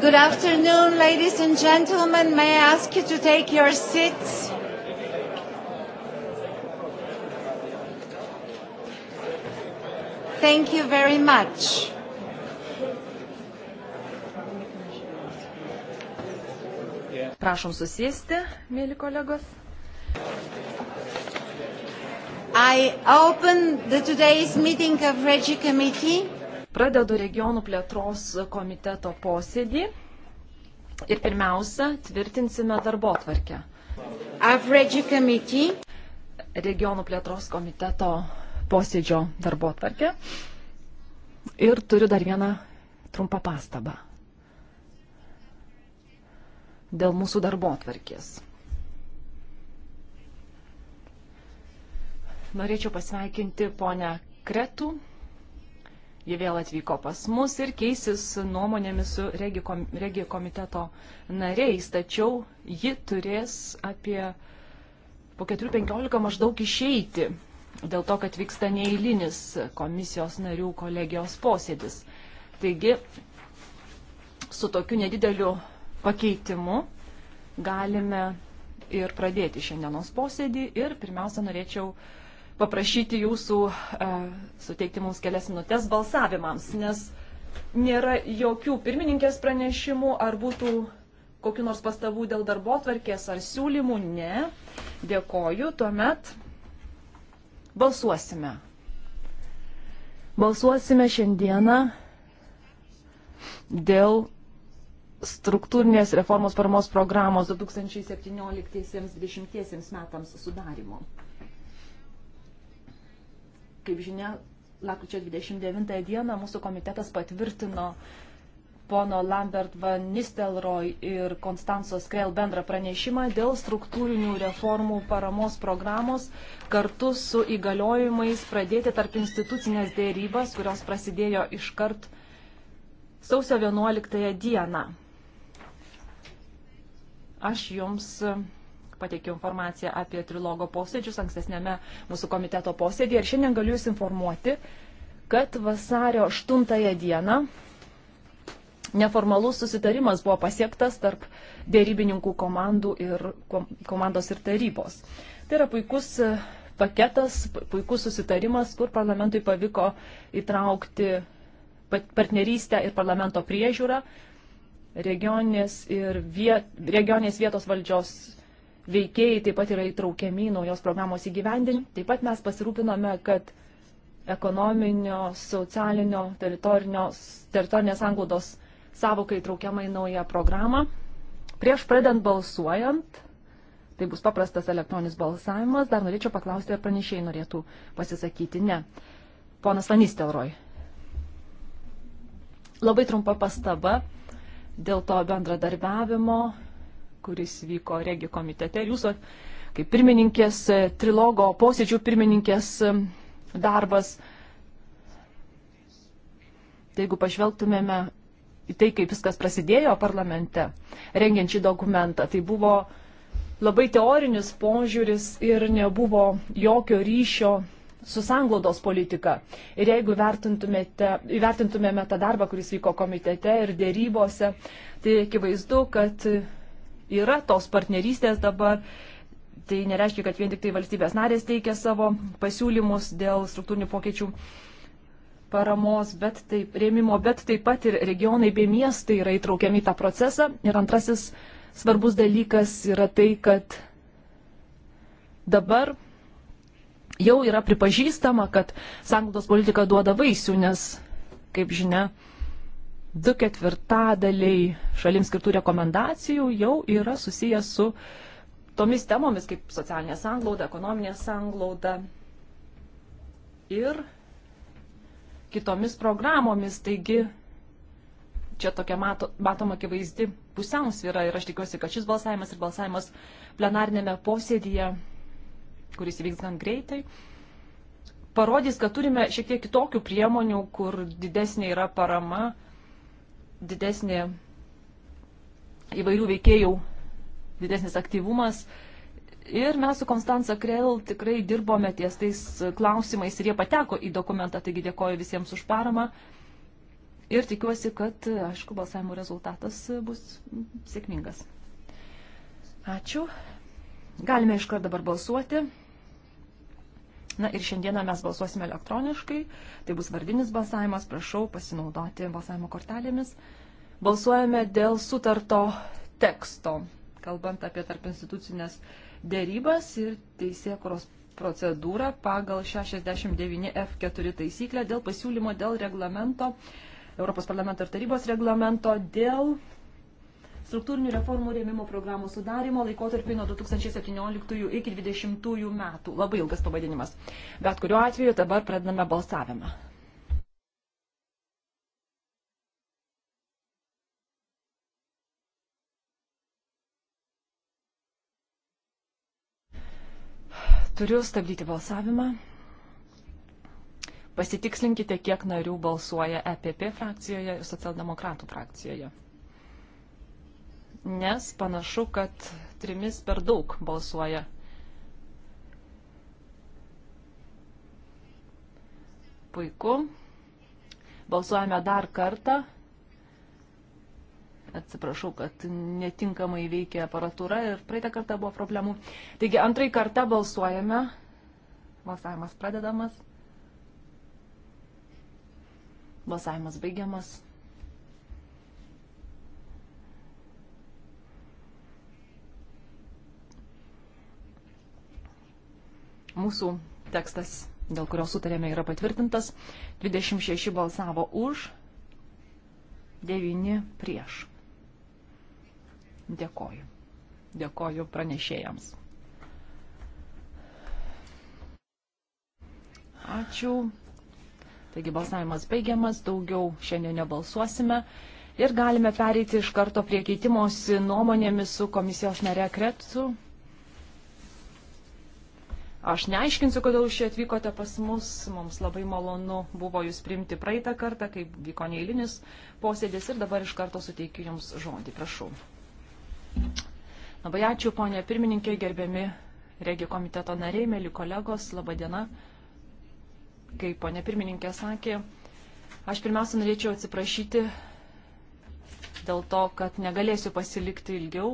Good afternoon, ladies and gentlemen. May I ask you to take your seats? Thank you very much. Prašom susėsti, mėly kolegos. I open the today's meeting of Regi Committee. Pradedu regionų plėtros komiteto posėdį ir pirmiausia, tvirtinsime darbo tvarkę. Regionų plėtros komiteto posėdžio darbo tvarkę. Ir turiu dar vieną trumpą pastabą dėl mūsų darbo tvarkės. Norėčiau pasveikinti ponę Kretų, Ji vėl atvyko pas mus ir keisis nuomonėmis su regi, kom, regi komiteto nariais, tačiau ji turės apie po 4.15 maždaug išeiti dėl to, kad vyksta neįlinis komisijos narių kolegijos posėdis. Taigi, su tokiu nedideliu pakeitimu galime ir pradėti šiandienos posėdį ir pirmiausia norėčiau uh, paprašyti jūsų e, suteikti mums kelias minutės balsavimams, nes nėra jokių pirmininkės pranešimų ar būtų kokiu nors pastabų dėl darbo tvarkės ar siūlymų. Ne. Dėkoju. Tuomet balsuosime. Balsuosime šiandieną dėl struktūrinės reformos paramos programos 2017-2020 metams sudarimo. Kaip žinia, lakryčio 29 dieną mūsų komitetas patvirtino pono Lambert van Nistelrooy ir Konstantos Krell bendrą pranešimą dėl struktūrinių reformų paramos programos kartu su įgaliojimais pradėti tarp institucinės dėrybas, kurios prasidėjo iškart sausio 11 dieną. Aš jums pateikiau informaciją apie trilogo posėdžius ankstesnėme mūsų komiteto posėdėje ir šiandien galiu Jūs informuoti, kad vasario 8 dieną neformalus susitarimas buvo pasiektas tarp dėrybininkų komandų ir komandos ir tarybos. Tai yra puikus e, paketas, puikus susitarimas, kur parlamentui pavyko įtraukti partnerystę ir parlamento priežiūrą regioninės ir viet, regioninės vietos valdžios veikėjai taip pat yra įtraukiami į naujos programos įgyvendinimą. Taip pat mes pasirūpinome, kad ekonominio, socialinio, teritorinės anglodos savokai įtraukiama į naują programą. Prieš pradant balsuojant, tai bus paprastas elektroninis balsavimas, dar norėčiau paklausti, ar pranešėjai norėtų pasisakyti. Ne. Ponas Vanistelroj. Labai trumpa pastaba dėl to bendradarbiavimo kuris vyko regi komitete ir jūsų kaip pirmininkės, e, trilogo posėdžių pirmininkės e, darbas. Tai jeigu pažvelgtumėme į tai, kaip viskas prasidėjo parlamente, rengiant šį dokumentą, tai buvo labai teorinis požiūris ir nebuvo jokio ryšio su sanglaudos politika. Ir jeigu įvertintumėme tą darbą, kuris vyko komitete ir dėrybose, tai akivaizdu, kad yra tos partnerystės dabar. Tai nereiškia, kad vien tik tai valstybės narės teikia savo pasiūlymus dėl struktūrinių pokyčių paramos, bet taip, rėmimo, bet taip pat ir regionai bei miestai yra įtraukiami į tą procesą. Ir antrasis svarbus dalykas yra tai, kad dabar jau yra pripažįstama, kad sanglaudos politika duoda vaisių, nes, kaip žinia, du ketvirtadaliai šalims skirtų rekomendacijų jau yra susijęs su tomis temomis kaip socialinė sanglauda, ekonominė sanglauda ir kitomis programomis. Taigi čia tokia mato, matoma akivaizdi pusiausvyra ir aš tikiuosi, kad šis balsavimas ir balsavimas plenarinėme posėdėje, kuris įvyks gan greitai, parodys, kad turime šiek tiek kitokių priemonių, kur didesnė yra parama didesnė įvairių veikėjų, didesnis aktyvumas. Ir mes su Konstanca Krell tikrai dirbome ties tais klausimais ir jie pateko į dokumentą, taigi dėkoju visiems už paramą. Ir tikiuosi, kad, aišku, balsavimo rezultatas bus sėkmingas. Ačiū. Galime iškart dabar balsuoti. Na ir šiandieną mes balsuosime elektroniškai, tai bus vardinis balsavimas, prašau pasinaudoti balsavimo kortelėmis. Balsuojame dėl sutarto teksto, kalbant apie tarp institucinės dėrybas ir teisėkuros procedūrą pagal 69F4 taisyklę dėl pasiūlymo dėl reglamento, Europos parlamento ir tarybos reglamento dėl struktūrinių reformų rėmimo programų sudarimo laikotarpį nuo 2017 iki 2020 metų. Labai ilgas pavadinimas. Bet kuriuo atveju dabar pradedame balsavimą. Turiu stabdyti balsavimą. Pasitikslinkite, kiek narių balsuoja EPP frakcijoje ir socialdemokratų frakcijoje nes panašu, kad trimis per daug balsuoja. Puiku. Balsuojame dar kartą. Atsiprašau, kad netinkamai veikia aparatūra ir praeitą kartą buvo problemų. Taigi antrai kartą balsuojame. Balsavimas pradedamas. Balsavimas baigiamas. Mūsų tekstas, dėl kurio sutarėme, yra patvirtintas. 26 balsavo už, 9 prieš. Dėkoju. Dėkoju pranešėjams. Ačiū. Taigi balsavimas baigiamas, daugiau šiandien nebalsuosime. Ir galime pereiti iš karto prie keitimosi nuomonėmis su komisijos nare Kretsu. Aš neaiškinsiu, kodėl jūs čia atvykote pas mus. Mums labai malonu buvo jūs priimti praeitą kartą, kai vyko neįlinis posėdis ir dabar iš karto suteikiu jums žodį. Prašau. Labai ačiū, ponė pirmininkė, gerbiami regio komiteto nariai, mėly kolegos, laba diena. Kaip ponė pirmininkė sakė, aš pirmiausia norėčiau atsiprašyti dėl to, kad negalėsiu pasilikti ilgiau,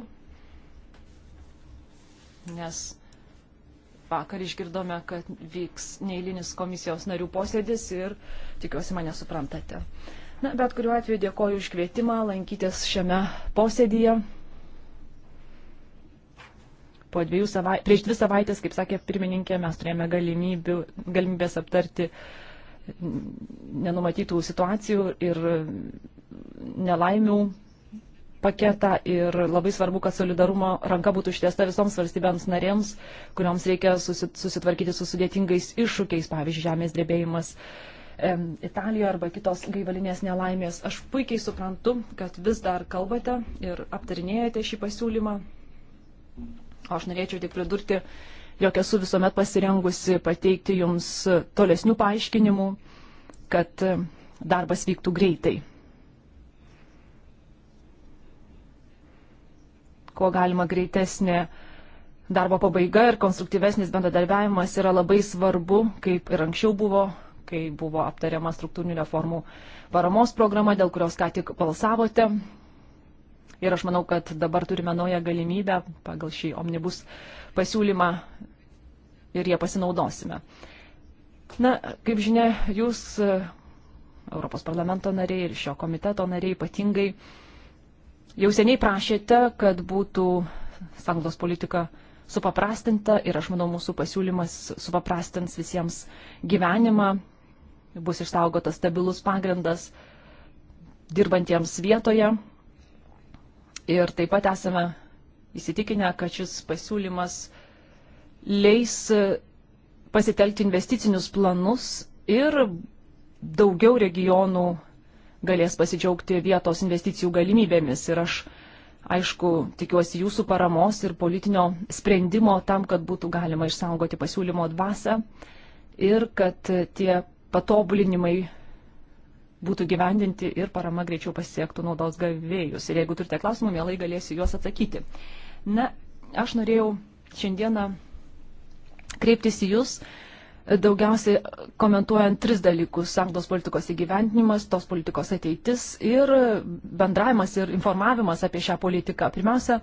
nes vakar išgirdome, kad vyks neįlinis komisijos narių posėdis ir tikiuosi mane suprantate. Na, bet kuriuo atveju dėkoju už kvietimą lankytis šiame posėdyje. Po dviejų savaitės, prieš dvi savaitės, kaip sakė pirmininkė, mes turėjome galimybės aptarti nenumatytų situacijų ir nelaimių paketą ir labai svarbu, kad solidarumo ranka būtų ištiesta visoms valstybėms narėms, kurioms reikia susitvarkyti su sudėtingais iššūkiais, pavyzdžiui, žemės drebėjimas. Italijoje arba kitos gaivalinės nelaimės. Aš puikiai suprantu, kad vis dar kalbate ir aptarinėjate šį pasiūlymą. O aš norėčiau tik pridurti, jog esu visuomet pasirengusi pateikti jums tolesnių paaiškinimų, kad darbas vyktų greitai. kuo galima greitesnė darbo pabaiga ir konstruktyvesnis bendradarbiavimas yra labai svarbu, kaip ir anksčiau buvo, kai buvo aptariama struktūrinių reformų paramos programa, dėl kurios ką tik balsavote. Ir aš manau, kad dabar turime naują galimybę pagal šį omnibus pasiūlymą ir jie pasinaudosime. Na, kaip žinia, jūs, Europos parlamento nariai ir šio komiteto nariai, ypatingai uh, Jau seniai prašėte, kad būtų sanglos politika supaprastinta ir aš manau, mūsų pasiūlymas supaprastins visiems gyvenimą, bus išsaugotas stabilus pagrindas dirbantiems vietoje. Ir taip pat esame įsitikinę, kad šis pasiūlymas leis pasitelkti investicinius planus ir daugiau regionų galės pasidžiaugti vietos investicijų galimybėmis. Ir aš, aišku, tikiuosi jūsų paramos ir politinio sprendimo tam, kad būtų galima išsaugoti pasiūlymo dvasę ir kad tie patobulinimai būtų gyvendinti ir parama greičiau pasiektų naudos gavėjus. Ir jeigu turite klausimų, mielai galėsiu juos atsakyti. Na, aš norėjau šiandieną kreiptis į Jūs daugiausiai komentuojant tris dalykus - sankdos politikos įgyvendinimas, tos politikos ateitis ir bendravimas ir informavimas apie šią politiką. Pirmiausia,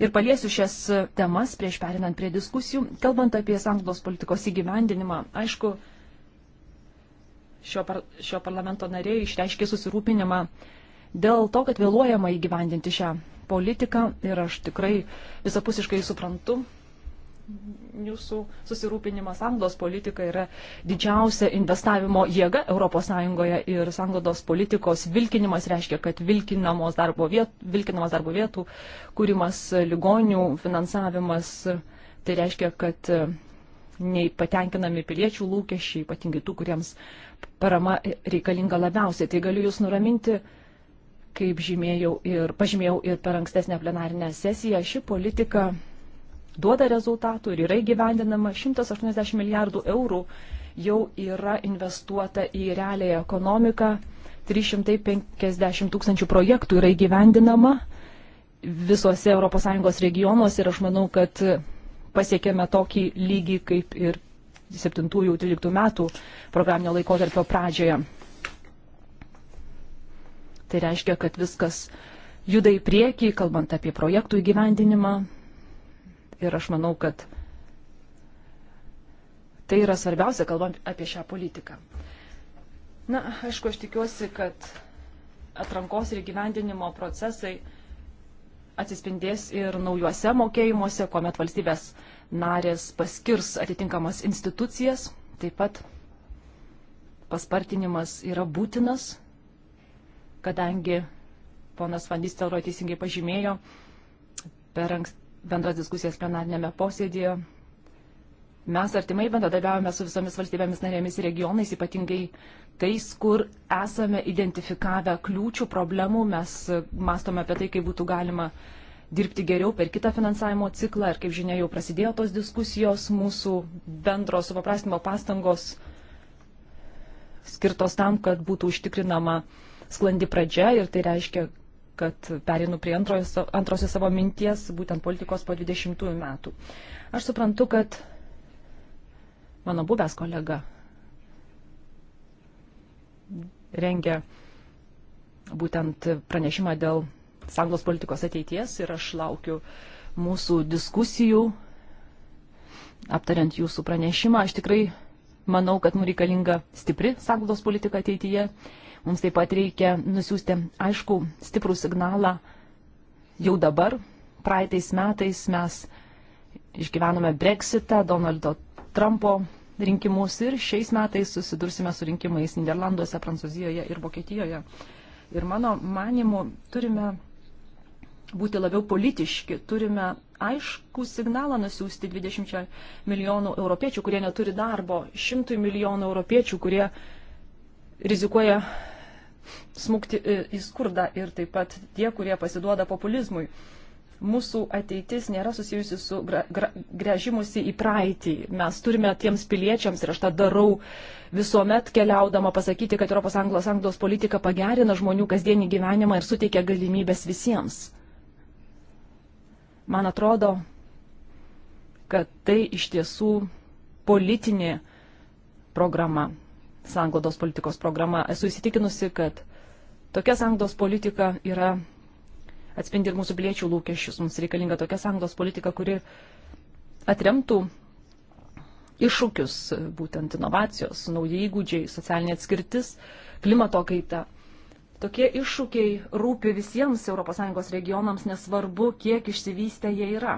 ir paliesiu šias temas prieš perinant prie diskusijų. Kalbant apie sankdos politikos įgyvendinimą, aišku, šio, par, šio parlamento nariai išreiškė susirūpinimą dėl to, kad vėluojama įgyvendinti šią politiką ir aš tikrai visapusiškai suprantu jūsų susirūpinimas anglos politika yra didžiausia investavimo jėga ES ir anglos politikos vilkinimas reiškia, kad vilkinamos darbo, viet, vilkinamos darbo vietų, kūrimas ligonių finansavimas, tai reiškia, kad nei patenkinami piliečių lūkesčiai, ypatingai tų, kuriems parama reikalinga labiausiai. Tai galiu jūs nuraminti kaip žymėjau ir pažymėjau ir per ankstesnę plenarinę sesiją, ši politika duoda rezultatų ir yra įgyvendinama. 180 milijardų eurų jau yra investuota į realiąją ekonomiką, 350 tūkstančių projektų yra įgyvendinama visose ES regionuose ir aš manau, kad pasiekėme tokį lygį kaip ir 7-13 metų programinio laikotarpio pradžioje. Tai reiškia, kad viskas juda į priekį, kalbant apie projektų įgyvendinimą, Ir aš manau, kad tai yra svarbiausia, kalbant apie šią politiką. Na, aišku, aš tikiuosi, kad atrankos ir gyvendinimo procesai atsispindės ir naujuose mokėjimuose, kuomet valstybės narės paskirs atitinkamas institucijas. Taip pat paspartinimas yra būtinas, kadangi ponas Vandys Telro teisingai pažymėjo, per ankst bendras diskusijas plenarnėme posėdėje. Mes artimai bendradarbiavome su visomis valstybėmis narėmis ir regionais, ypatingai tais, kur esame identifikavę kliūčių problemų, mes mastome apie tai, kaip būtų galima dirbti geriau per kitą finansavimo ciklą ir kaip žinia jau prasidėjo tos diskusijos, mūsų bendros supaprastinimo pastangos skirtos tam, kad būtų užtikrinama sklandi pradžia ir tai reiškia, kad perinu prie antrosios savo minties, būtent politikos po 20 metų. Aš suprantu, kad mano buvęs kolega rengia būtent pranešimą dėl sąjungos politikos ateities ir aš laukiu mūsų diskusijų, aptariant jūsų pranešimą. Aš tikrai manau, kad mums reikalinga stipri sąjungos politika ateityje Mums taip pat reikia nusiųsti aišku stiprų signalą jau dabar. Praeitais metais mes išgyvenome Brexitą, Donaldo Trumpo rinkimus ir šiais metais susidursime su rinkimais Niderlanduose, Prancūzijoje ir Vokietijoje. Ir mano manimu, turime būti labiau politiški, turime aišku signalą nusiųsti 20 milijonų europiečių, kurie neturi darbo, 100 milijonų europiečių, kurie uh, rizikuoja smukti e, į skurdą ir taip pat tie, kurie pasiduoda populizmui. Mūsų ateitis nėra susijusi su grėžimusi į praeitį. Mes turime tiems piliečiams, ir aš tą darau visuomet keliaudama, pasakyti, kad Europos Anglos Anglos politika pagerina žmonių kasdienį gyvenimą ir suteikia galimybės visiems. Man atrodo, kad tai iš tiesų politinė programa sangodos politikos programa. Esu įsitikinusi, kad tokia sangodos politika yra atspindi ir mūsų piliečių lūkesčius. Mums reikalinga tokia sangodos politika, kuri atremtų iššūkius, būtent inovacijos, nauji įgūdžiai, socialinė atskirtis, klimato kaita. Tokie iššūkiai rūpi visiems ES regionams, nesvarbu, kiek išsivystę jie yra.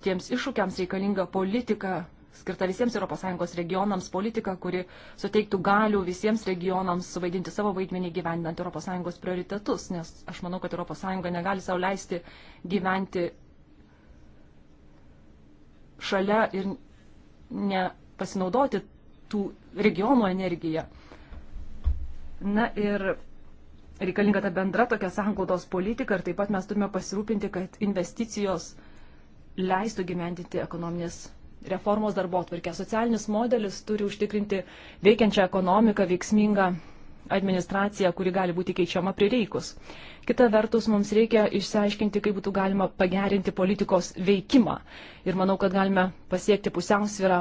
Tiems iššūkiams reikalinga politika, skirta visiems ES regionams politika, kuri suteiktų galių visiems regionams suvaidinti savo vaidmenį gyvendant ES prioritetus, nes aš manau, kad ES negali savo leisti gyventi šalia ir nepasinaudoti tų regionų energiją. Na ir reikalinga ta bendra tokia sanglaudos politika ir taip pat mes turime pasirūpinti, kad investicijos leistų gyvendinti ekonominės reformos darbo atvarkę. Socialinis modelis turi užtikrinti veikiančią ekonomiką, veiksmingą administraciją, kuri gali būti keičiama prireikus. Kita vertus, mums reikia išsiaiškinti, kaip būtų galima pagerinti politikos veikimą. Ir manau, kad galime pasiekti pusiausvyrą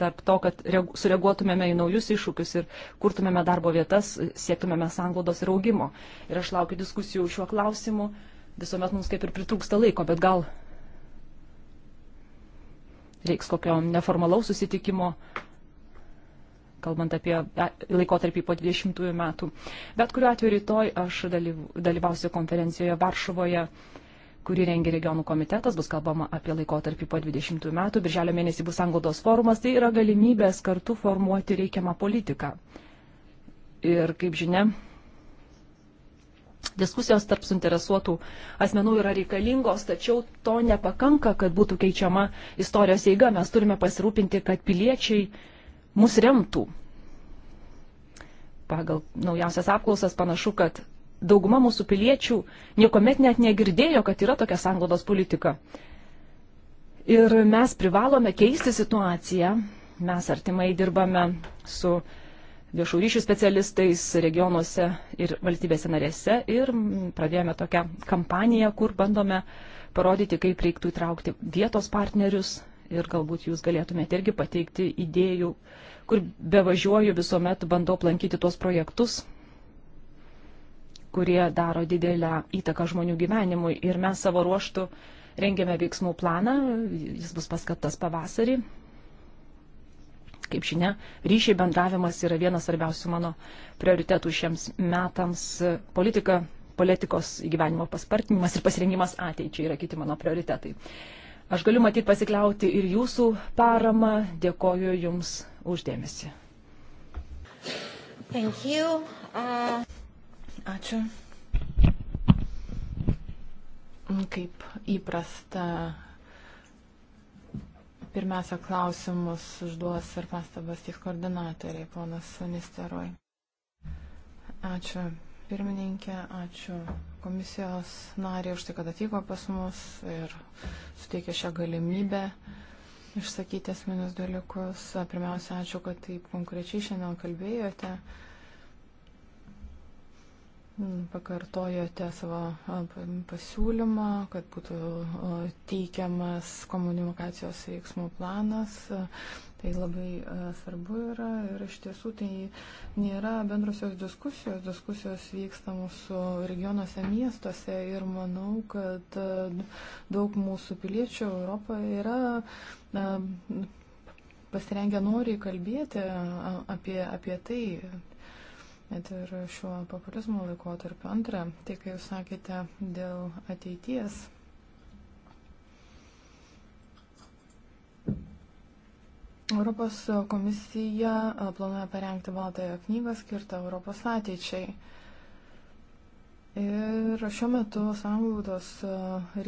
tarp to, kad sureaguotumėme į naujus iššūkius ir kurtumėme darbo vietas, siektumėme sanglaudos ir augimo. Ir aš laukiu diskusijų šiuo klausimu. Visuomet mums kaip ir pritrūksta laiko, bet gal reiks kokio neformalaus susitikimo, kalbant apie laikotarpį po 20 metų. Bet kuriuo atveju rytoj aš dalyvausiu konferencijoje Varšuvoje kuri rengia regionų komitetas, bus kalbama apie laikotarpį po 20 metų, birželio mėnesį bus anglodos forumas, tai yra galimybės kartu formuoti reikiamą politiką. Ir kaip žinia, diskusijos tarp suinteresuotų asmenų yra reikalingos, tačiau to nepakanka, kad būtų keičiama istorijos eiga. Mes turime pasirūpinti, kad piliečiai mus remtų. Pagal naujausias apklausas panašu, kad dauguma mūsų piliečių niekuomet net negirdėjo, kad yra tokia sanglodos politika. Ir mes privalome keisti situaciją. Mes artimai dirbame su viešų ryšių specialistais regionuose ir valstybėse narėse ir pradėjome tokią kampaniją, kur bandome parodyti, kaip reiktų įtraukti vietos partnerius ir galbūt jūs galėtumėte irgi pateikti idėjų, kur bevažiuoju visuomet bandau aplankyti tuos projektus, kurie daro didelę įtaką žmonių gyvenimui ir mes savo ruoštų rengėme veiksmų planą, jis bus paskaptas pavasarį Kaip žinia, ryšiai bendravimas yra vienas svarbiausių mano prioritetų šiems metams. Politika, politikos įgyvenimo paspartinimas ir pasirinkimas ateičiai yra kiti mano prioritetai. Aš galiu matyti pasikliauti ir jūsų paramą. Dėkoju Jums uždėmesi. Uh... Ačiū. Kaip įprasta Pirmiausia, klausimus užduos ir pastabas tiek koordinatoriai, ponas Sanisteroj. Ačiū pirmininkė, ačiū komisijos nariai už tai, kad atvyko pas mus ir suteikė šią galimybę išsakyti esminius dalykus. Pirmiausia, ačiū, kad taip konkrečiai šiandien kalbėjote. Uh, Pakartojote savo pasiūlymą, kad būtų teikiamas komunikacijos veiksmų planas. Tai labai svarbu yra ir iš tiesų tai nėra bendrosios diskusijos. Diskusijos vyksta mūsų regionuose, miestuose ir manau, kad daug mūsų piliečių Europoje yra. Na, pasirengę nori kalbėti apie, apie tai, net ir šiuo populizmo laikotarpiu. Antra, tai kai jūs sakėte dėl ateities. Europos komisija planuoja parengti baltąją knygą skirtą Europos ateičiai. Ir šiuo metu sąnglaudos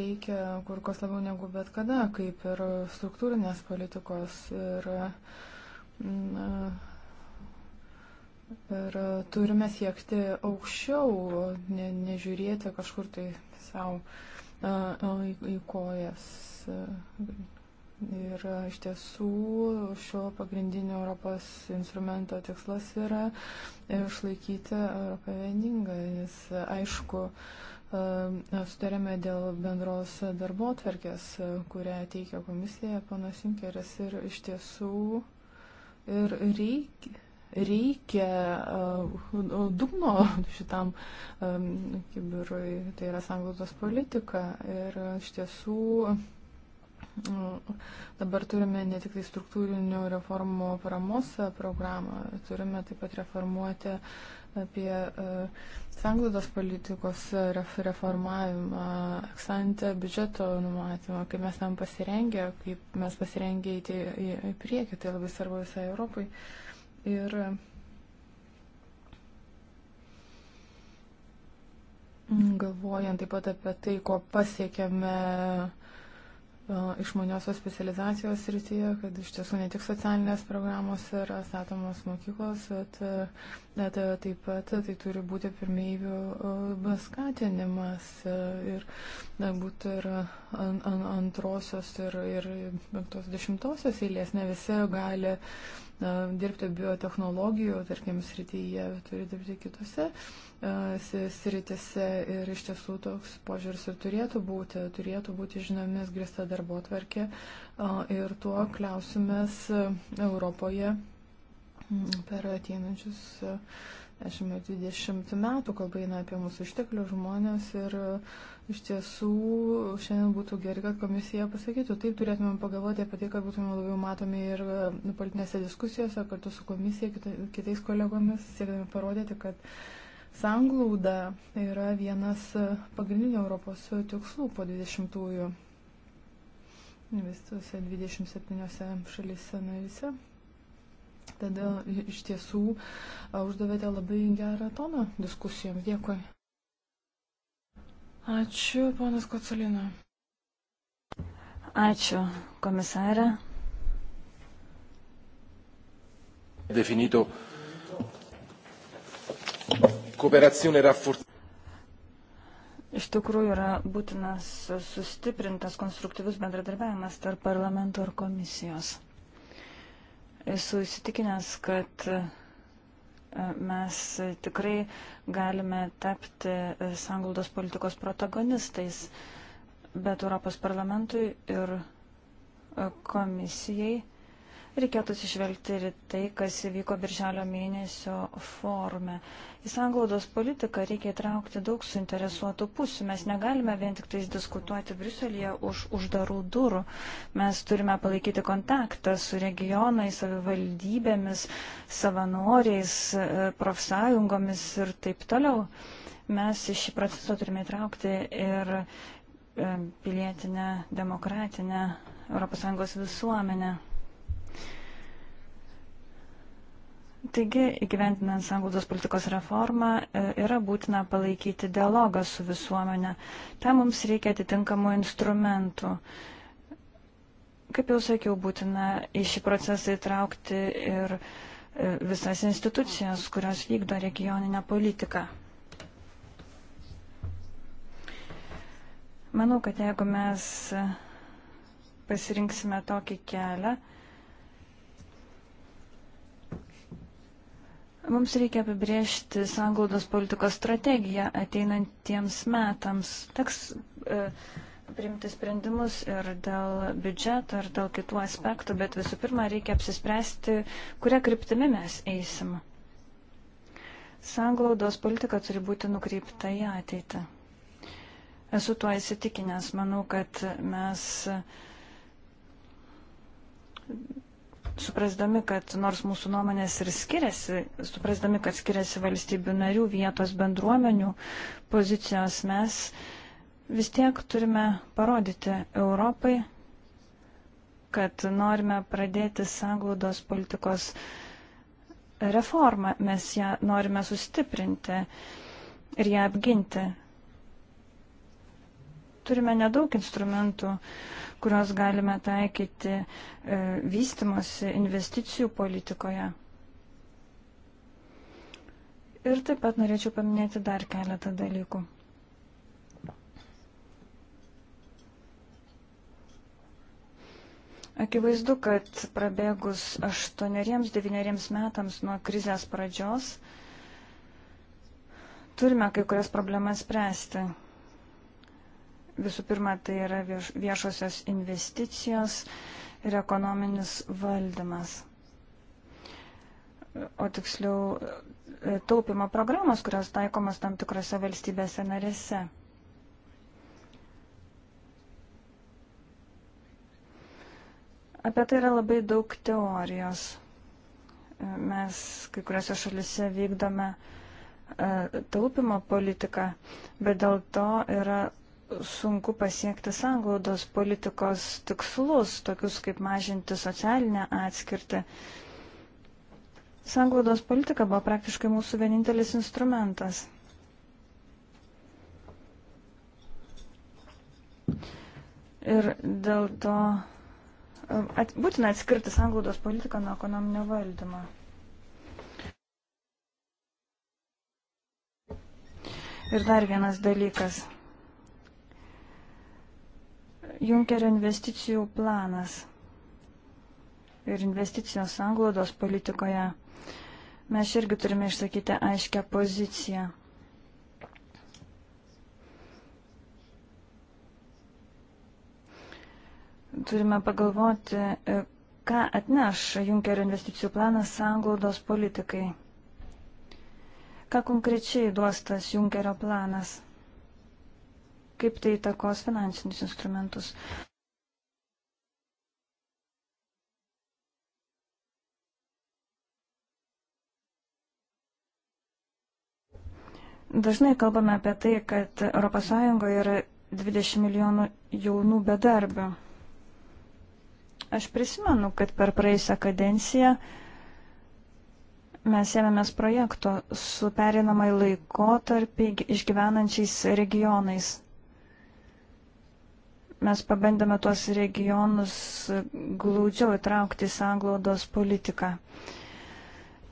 reikia kur kas labiau negu bet kada, kaip ir struktūrinės politikos ir na, Ir e, turime siekti aukščiau, ne, nežiūrėti kažkur tai savo e, į, į kojas. Ir e, iš tiesų šio pagrindinio Europos instrumento tikslas yra išlaikyti Europą vieningą, nes aišku, sutarėme dėl bendros darbo atverkės, kurią teikia komisija panas Junkeris ir iš tiesų ir reikia reikia e, dugno šitam e, kiberui, tai yra sanglaudos politika. Ir iš tiesų e, dabar turime ne tik tai struktūrinių reformų paramos programą, turime taip pat reformuoti apie sanglaudos politikos reformavimą, eksantę biudžeto numatymą, kaip mes tam pasirengę, kaip mes pasirengę į, į, į priekį, tai labai svarbu visai Europai. Uh, Ir mm, galvojant taip pat apie tai, ko pasiekėme e, išmaniosios specializacijos rytyje, kad iš tiesų ne tik socialinės programos yra statomos mokyklos, bet, e, bet e, taip pat tai turi būti pirmybių skatinimas ir galbūt ir antrosios ir, ir penktosios dešimtosios eilės ne visi gali dirbti biotehnologijų, tarkim, srityje, turi dirbti kitose sritise ir iš tiesų toks požiūris ir turėtų būti, turėtų būti žinomis grįsta darbo tvarkė ir tuo kliausimės Europoje per ateinančius 10-20 metų, kalba eina apie mūsų išteklių žmonės ir e, iš tiesų šiandien būtų gerai, kad komisija pasakytų. Taip turėtumėm pagalvoti apie tai, kad būtume labiau matomi ir e, politinėse diskusijose kartu su komisija, kita, kitais kolegomis, siekdami parodyti, kad sanglauda yra vienas e, pagrindinių Europos tikslų po 20-ųjų visose 27 šalyse narise. Tada iš tiesų uždavėte labai gerą toną diskusijoms. Dėkui. Ačiū, ponas Kocolina. Ačiū, komisarė. Definito kooperazione rafforzata. Iš tikrųjų yra būtinas sustiprintas konstruktyvus bendradarbiavimas tarp parlamento ir komisijos. Esu įsitikinęs, kad e, mes tikrai galime tapti sanglaudos politikos protagonistais, bet Europos parlamentui ir e, komisijai reikėtų atsižvelgti ir tai, kas įvyko birželio mėnesio forume. Į sanglaudos politiką reikia įtraukti daug suinteresuotų pusių. Mes negalime vien tik tais diskutuoti Briuselėje už uždarų durų. Mes turime palaikyti kontaktą su regionais, savivaldybėmis, savanoriais, profsąjungomis ir taip toliau. Mes į šį procesą turime įtraukti ir e, pilietinę, demokratinę ES visuomenę. Taigi, įgyventinant sanglaudos politikos reformą, e, yra būtina palaikyti dialogą su visuomenė. Tam mums reikia atitinkamų instrumentų. Kaip jau sakiau, būtina į šį procesą įtraukti ir e, visas institucijas, kurios vykdo regioninę politiką. Manau, kad jeigu mes e, pasirinksime tokį kelią, Mums reikia apibriežti sanglaudos politikos strategiją ateinantiems metams. Teks e, priimti sprendimus ir dėl biudžeto, ir dėl kitų aspektų, bet visų pirma reikia apsispręsti, kurią kryptimi mes eisim. Sanglaudos politika turi būti nukreipta į ateitį. Esu tuo įsitikinęs. Manau, kad mes suprasdami, kad nors mūsų nuomonės ir skiriasi, suprasdami, kad skiriasi valstybių narių, vietos bendruomenių pozicijos, mes vis tiek turime parodyti Europai, kad norime pradėti sanglaudos politikos reformą, mes ją norime sustiprinti ir ją apginti. Turime nedaug instrumentų, kuriuos galime taikyti e, vystimosi investicijų politikoje. Ir taip pat norėčiau paminėti dar keletą dalykų. Akivaizdu, kad prabėgus aštuoneriems, devyneriems metams nuo krizės pradžios turime kai kurias problemas spręsti. Visų pirma, tai yra vieš, viešosios investicijos ir ekonominis valdymas. O tiksliau, e, taupimo programos, kurios taikomas tam tikrose valstybėse narėse. Apie tai yra labai daug teorijos. E, mes kai kuriuose šalise vykdome e, taupimo politiką, bet dėl to yra sunku pasiekti sanglaudos politikos tikslus, tokius kaip mažinti socialinę atskirtį. Sanglaudos politika buvo praktiškai mūsų vienintelis instrumentas. Ir dėl to at, būtina atskirti sanglaudos politiką nuo ekonominio valdymo. Ir dar vienas dalykas – Junkerio investicijų planas ir investicijos anglodos politikoje. Mes irgi turime išsakyti aiškę poziciją. Turime pagalvoti, ką atneš Junkerio investicijų planas anglodos politikai. Ką konkrečiai duos tas Junkerio planas? kaip tai įtakos finansinius instrumentus. Dažnai kalbame apie tai, kad ES yra 20 milijonų jaunų bedarbių. Aš prisimenu, kad per praeisą kadenciją mes ėmėmės projekto su perinamai laikotarpį išgyvenančiais regionais mes pabandėme tuos regionus glaudžiau įtraukti į sanglaudos politiką.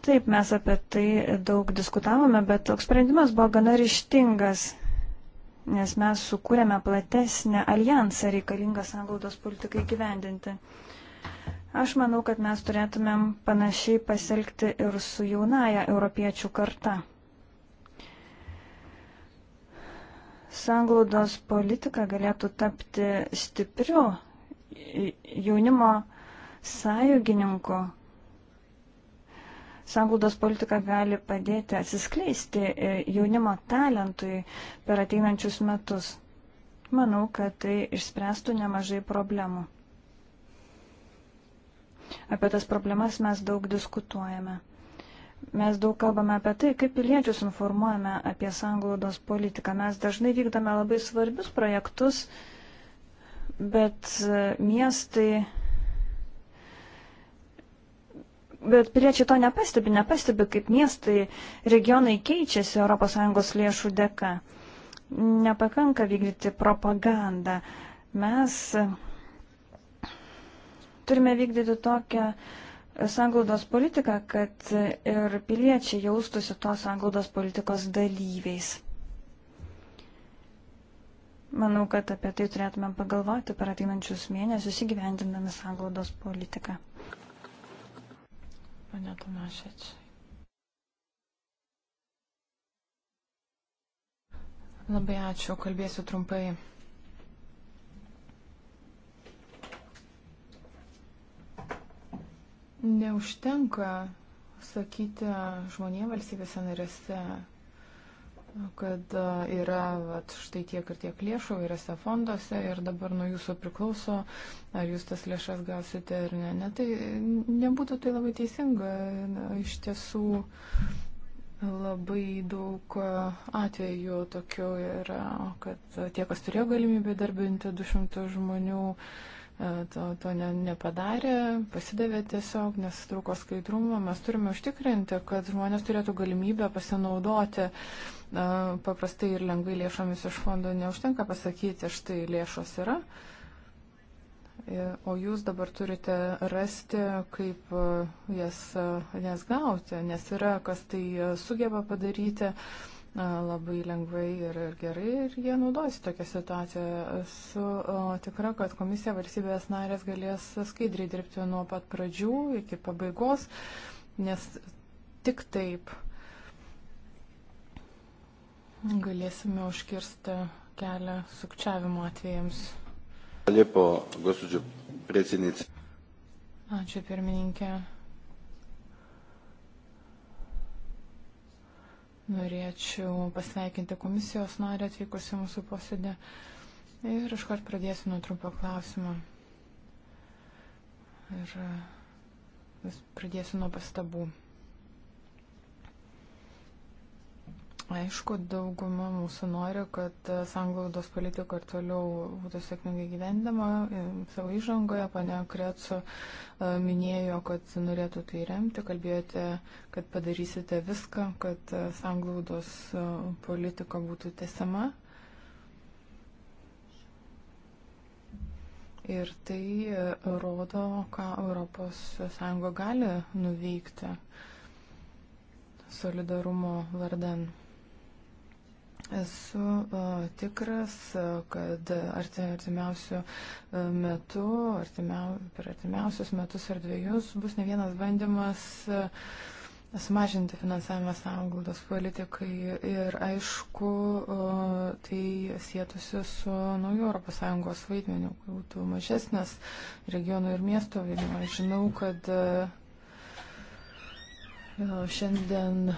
Taip, mes apie tai daug diskutavome, bet toks sprendimas buvo gana ryštingas, nes mes sukūrėme platesnę alijansą reikalingą sanglaudos politikai gyvendinti. Aš manau, kad mes turėtumėm panašiai pasielgti ir su jaunaja europiečių karta. sanglaudos politika galėtų tapti stipriu jaunimo sąjungininku. Sanglaudos politika gali padėti atsiskleisti e, jaunimo talentui per ateinančius metus. Manau, kad tai išspręstų nemažai problemų. Apie tas problemas mes daug diskutuojame. Mes daug kalbame apie tai, kaip piliečius informuojame apie sanglaudos politiką. Mes dažnai vykdame labai svarbius projektus, bet e, miestai. Bet piliečiai to nepastebi, nepastebi, kaip miestai, regionai keičiasi ES lėšų dėka. Nepakanka vykdyti propagandą. Mes e, turime vykdyti tokią uh, sanglaudos politiką, kad ir piliečiai jaustųsi tos sanglaudos politikos dalyviais. Manau, kad apie tai turėtumėm pagalvoti per ateinančius mėnesius įgyvendindami sanglaudos politiką. Pane Tomašeč. Labai ačiū, kalbėsiu trumpai. neužtenka sakyti žmonėms valstybėse narėse, kad e, yra vat, štai tiek ir tiek lėšų įvairiose fonduose ir dabar nuo jūsų priklauso, ar jūs tas lėšas gausite ar ne. ne tai nebūtų tai labai teisinga. Iš tiesų labai daug e, atvejų tokių yra, kad tie, kas turėjo galimybę darbinti 200 žmonių, E, to, to ne, nepadarė, pasidavė tiesiog, nes trūko skaidrumo. Mes turime užtikrinti, kad žmonės turėtų galimybę pasinaudoti e, paprastai ir lengvai lėšomis iš fondo. Neužtenka pasakyti, štai lėšos yra. E, o jūs dabar turite rasti, kaip jas, jas gauti, nes yra, kas tai sugeba padaryti. Uh, labai lengvai ir, ir gerai ir jie naudojasi tokią situaciją. Esu tikra, kad komisija valstybės narės galės skaidriai dirbti nuo pat pradžių iki pabaigos, nes tik taip galėsime užkirsti kelią sukčiavimo atvejams. Lijepo, gospođo predsjednice. Ačiū pirmininkė. Norėčiau pasveikinti komisijos narį atvykusi mūsų posėdė ir iškart pradėsiu nuo trumpo klausimo. Ir e, pradėsiu nuo pastabų. Aišku, dauguma mūsų nori, kad e, sanglaudos politika ir toliau būtų sėkmingai gyvendama. E, savo įžangoje pane Kretsu e, minėjo, kad norėtų tai remti, kalbėjote, kad padarysite viską, kad sanglaudos politika būtų tesama. Ir tai rodo, ką ES gali nuveikti solidarumo vardan. Esu tikras, kad artimiausių metų, artimiau, per artimiausius metus ar dviejus bus ne vienas bandymas sumažinti finansavimą sąnglaudos politikai ir aišku, tai sėtusi su nauju ES vaidmeniu, būtų mažesnis regionų ir miesto vaidmuo. Žinau, kad šiandien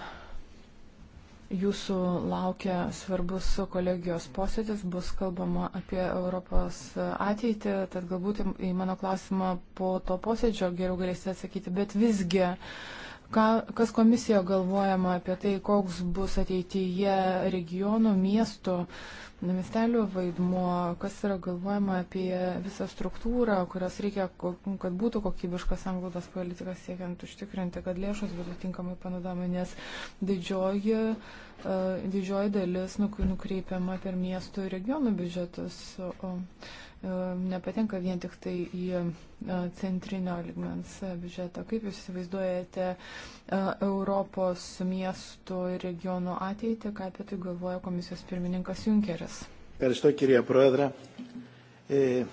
Jūsų laukia svarbus kolegijos posėdis, bus kalbama apie Europos ateitį, tad galbūt į mano klausimą po to posėdžio geriau galėsite atsakyti, bet visgi uh, Ką, kas komisijoje galvojama apie tai, koks bus ateityje regionų, miestų, miestelių vaidmuo, kas yra galvojama apie visą struktūrą, kurios reikia, kad būtų kokybiškas anglodas politikas siekiant užtikrinti, kad lėšos būtų tinkamai panaudojama, nes didžioji, e, didžioji dalis nukreipiama per miestų ir regionų biudžetus. O, E, nepatenka vien tik tai į e, centrinio ligmens biudžetą. Kaip Jūs įsivaizduojate e, Europos miestų ir regionų ateitį, ką apie tai galvoja komisijos pirmininkas Junkeris? Ευχαριστώ κυρία Πρόεδρε. Ε,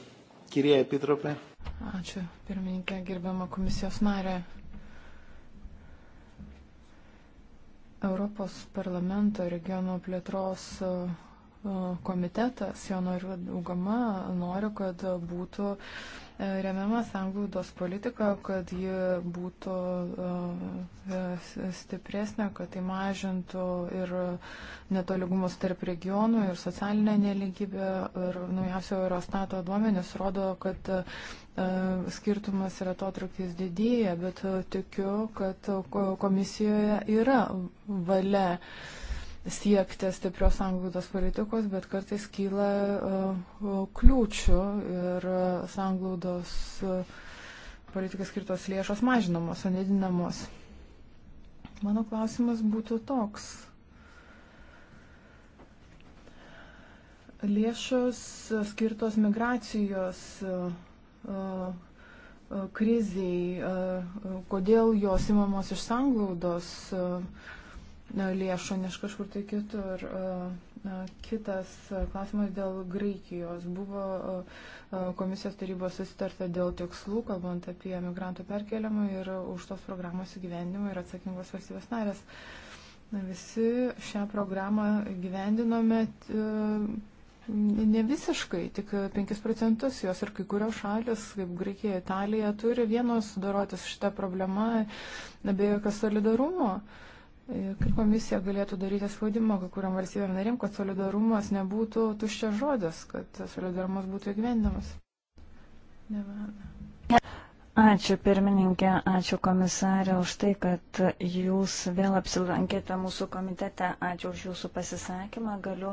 κυρία Επίτροπε. Ačiū, pirmininkė, gerbiama komisijos narė. Europos parlamento regiono plėtros komitetas, jo noriu daugama, noriu, kad būtų e, remiama sanglaudos politika, kad ji būtų e, stipresnė, kad tai mažintų ir netoligumus tarp regionų ir socialinę neligybę. Ir naujausio Eurostato duomenys rodo, kad e, skirtumas ir atotrukis didėja, bet tikiu, kad komisijoje yra valia siekti stiprios sanglaudos politikos, bet kartais kyla e, kliūčių ir e, sanglaudos e, politikai skirtos lėšos mažinamos, o nedinamos. Mano klausimas būtų toks. Lėšos skirtos migracijos kriziai, kodėl jos imamos iš sanglaudos lėšų, ne iš kažkur tai kitur. Kitas klausimas dėl Graikijos. Buvo komisijos tarybos susitarta dėl tikslų, kalbant apie migrantų perkeliamą ir už tos programos įgyvendimą ir atsakingos valstybės narės. Visi šią programą gyvendinome ne visiškai, tik 5 procentus jos ir kai kurios šalis, kaip Graikija, Italija, turi vienos dorotis šitą problemą be jokios solidarumo. Uh, E, Kaip komisija galėtų daryti spaudimą kai kuriam valstybėm narim, kad solidarumas nebūtų tuščias žodis, kad solidarumas būtų įgyvendinamas? Ačiū pirmininkė, ačiū komisarė už tai, kad jūs vėl apsilankėte mūsų komitete. Ačiū už jūsų pasisakymą. Galiu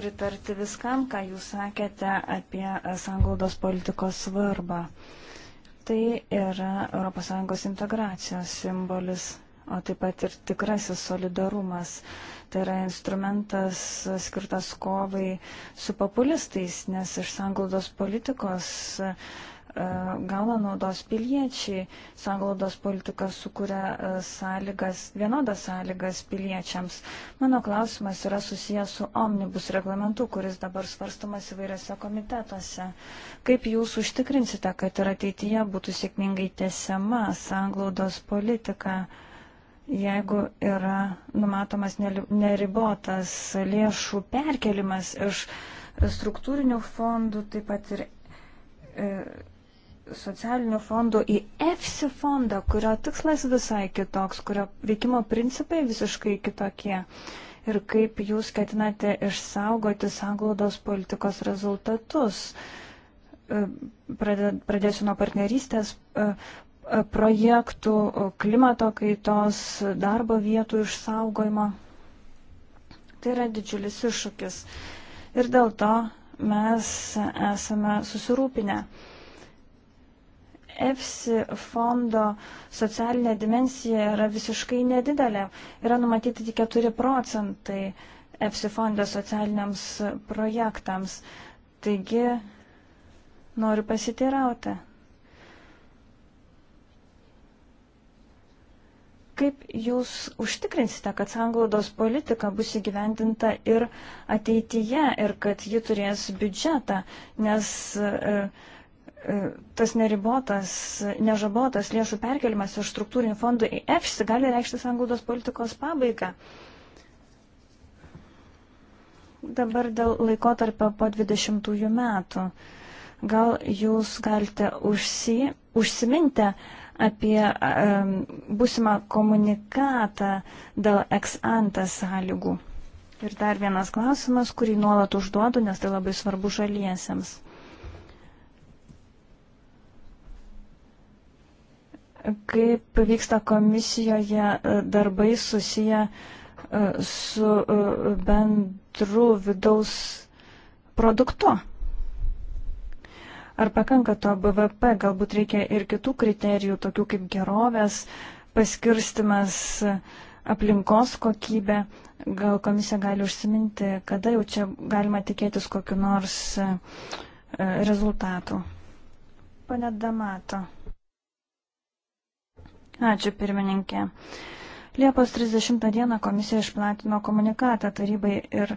pritarti viskam, ką jūs sakėte apie sanglaudos politikos svarbą. Tai yra ES integracijos simbolis o taip pat ir tikrasis solidarumas. Tai yra instrumentas skirtas kovai su populistais, nes iš sanglaudos politikos e, gauna naudos piliečiai. Sanglaudos politika sukuria e, sąlygas, vienodas sąlygas piliečiams. Mano klausimas yra susijęs su omnibus reglamentu, kuris dabar svarstamas įvairiose komitetuose. Kaip jūs užtikrinsite, kad ir ateityje būtų sėkmingai tesiama sanglaudos politika? jeigu yra numatomas neribotas lėšų perkelimas iš struktūrinių fondų, taip pat ir e, socialinių fondų į EFSI fondą, kurio tikslas visai kitoks, kurio veikimo principai visiškai kitokie. Ir kaip jūs ketinate išsaugoti sanglaudos politikos rezultatus? E, pradėsiu nuo partnerystės e, projektų, klimato kaitos, darbo vietų išsaugojimo. Tai yra didžiulis iššūkis. Ir dėl to mes esame susirūpinę. EFSI fondo socialinė dimensija yra visiškai nedidelė. Yra numatyti tik 4 procentai EFSI fondo socialiniams projektams. Taigi noriu pasiteirauti, Kaip jūs užtikrinsite, kad sanglaudos politika bus įgyvendinta ir ateityje ir kad ji turės biudžetą, nes e, e, tas neribotas, nežabotas lėšų perkelimas iš struktūrinių fondų į EFSI gali reikšti sanglaudos politikos pabaigą. Dabar dėl laikotarpio po 20 metų. Gal jūs galite užsi, užsiminti, apie um, būsimą komunikatą dėl ex-ante sąlygų. Ir dar vienas klausimas, kurį nuolat užduodu, nes tai labai svarbu žaliesiems. Kaip vyksta komisijoje e, darbai susiję e, su e, bendru vidaus produktu? Ar pakanka to BVP, galbūt reikia ir kitų kriterijų, tokių kaip gerovės, paskirstimas, aplinkos kokybė. Gal komisija gali užsiminti, kada jau čia galima tikėtis kokiu nors e, rezultatu. Pane Damato. Ačiū pirmininkė. Liepos 30 dieną komisija išplatino komunikatą tarybai ir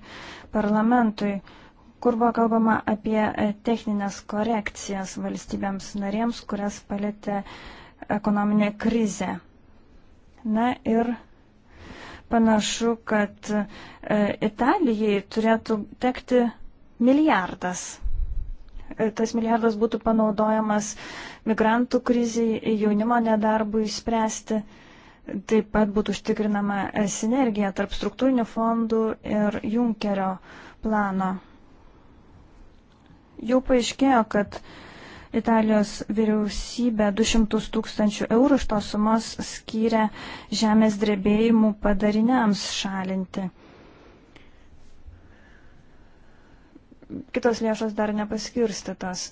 parlamentui kur buvo kalbama apie e, techninės korekcijas valstybėms narėms, kurias palėtė ekonominė krizė. Na ir panašu, kad e, Italijai turėtų tekti milijardas e, tas milijardas būtų panaudojamas migrantų kriziai, jaunimo nedarbui spręsti. Taip pat būtų užtikrinama sinergija tarp struktūrinių fondų ir Junkerio plano. Jau paaiškėjo, kad Italijos vyriausybė 200 tūkstančių eurų iš tos sumos skyrė žemės drebėjimų padariniams šalinti. Kitos lėšos dar nepaskirstytos.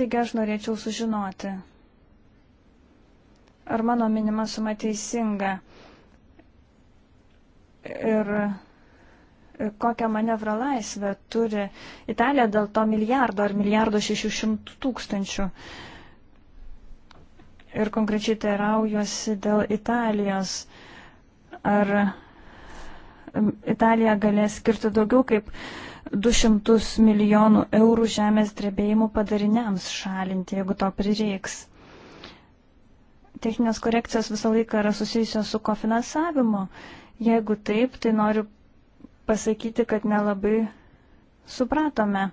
Taigi aš norėčiau sužinoti, ar mano minima suma teisinga ir kokią manevro laisvę turi Italija dėl to milijardo ar milijardo šešių šimtų tūkstančių. Ir konkrečiai teiraujuosi dėl Italijos. Ar Italija galės skirti daugiau kaip 200 milijonų eurų žemės drebėjimų padariniams šalinti, jeigu to prireiks. Techninės korekcijos visą laiką yra susijusios su kofinansavimu. Jeigu taip, tai noriu pasakyti, kad nelabai supratome,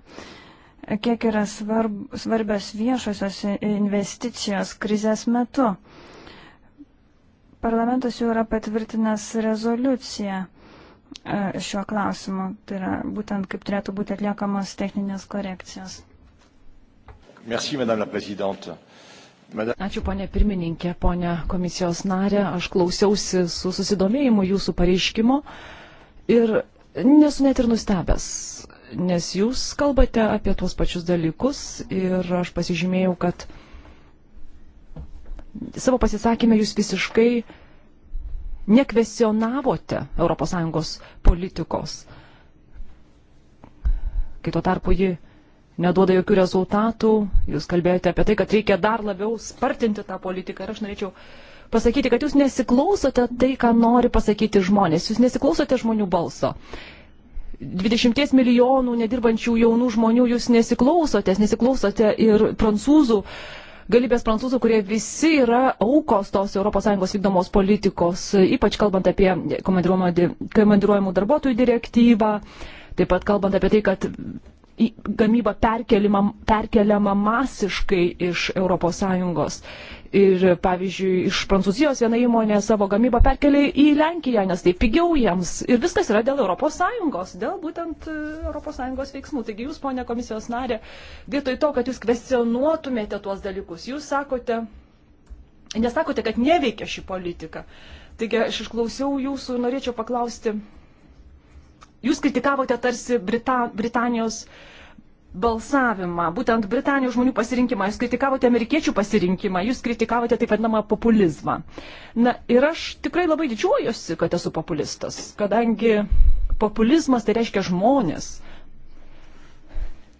kiek yra svarb, svarbios viešosios investicijos krizės metu. Parlamentas jau yra patvirtinęs rezoliuciją e, šiuo klausimu, tai yra būtent kaip turėtų būti atliekamos techninės korekcijos. Merci, Madame la Présidente. Ačiū, ponė pirmininkė, ponė komisijos narė. Aš klausiausi su susidomėjimu jūsų pareiškimo ir nesu net ir nustebęs, nes jūs kalbate apie tuos pačius dalykus ir aš pasižymėjau, kad savo pasisakymę jūs visiškai nekvesionavote ES politikos, kai tuo tarpu ji neduoda jokių rezultatų, jūs kalbėjote apie tai, kad reikia dar labiau spartinti tą politiką ir aš norėčiau pasakyti, kad jūs nesiklausote tai, ką nori pasakyti žmonės, jūs nesiklausote žmonių balso. 20 milijonų nedirbančių jaunų žmonių jūs nesiklausotės, nesiklausote ir prancūzų, galybės prancūzų, kurie visi yra aukos tos ES vykdomos politikos, ypač kalbant apie komandiruojamų darbuotojų direktyvą, taip pat kalbant apie tai, kad gamyba perkeliama, perkeliama masiškai iš ES. Ir pavyzdžiui, iš Prancūzijos viena įmonė savo gamybą perkelia į Lenkiją, nes tai pigiau jiems. Ir viskas yra dėl ES, dėl būtent ES veiksmų. Taigi jūs, ponė komisijos narė, vietoj to, kad jūs kvestionuotumėte tuos dalykus, jūs sakote, nesakote, kad neveikia ši politika. Taigi aš išklausiau jūsų ir norėčiau paklausti, jūs kritikavote tarsi Brita, Britanijos uh, balsavimą, būtent Britanijos žmonių pasirinkimą, jūs kritikavote amerikiečių pasirinkimą, jūs kritikavote taip vadinamą populizmą. Na ir aš tikrai labai didžiuojuosi, kad esu populistas, kadangi populizmas tai reiškia žmonės.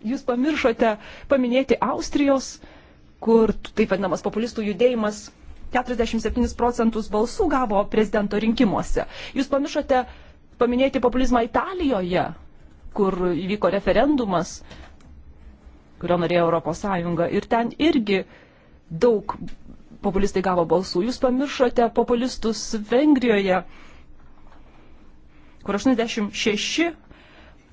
Jūs pamiršote paminėti Austrijos, kur taip vadinamas populistų judėjimas 47 procentus balsų gavo prezidento rinkimuose. Jūs pamiršote paminėti populizmą Italijoje, kur įvyko referendumas kurio norėjo Europos Sąjunga. Ir ten irgi daug populistai gavo balsų. Jūs pamiršote populistus Vengrijoje, kur 86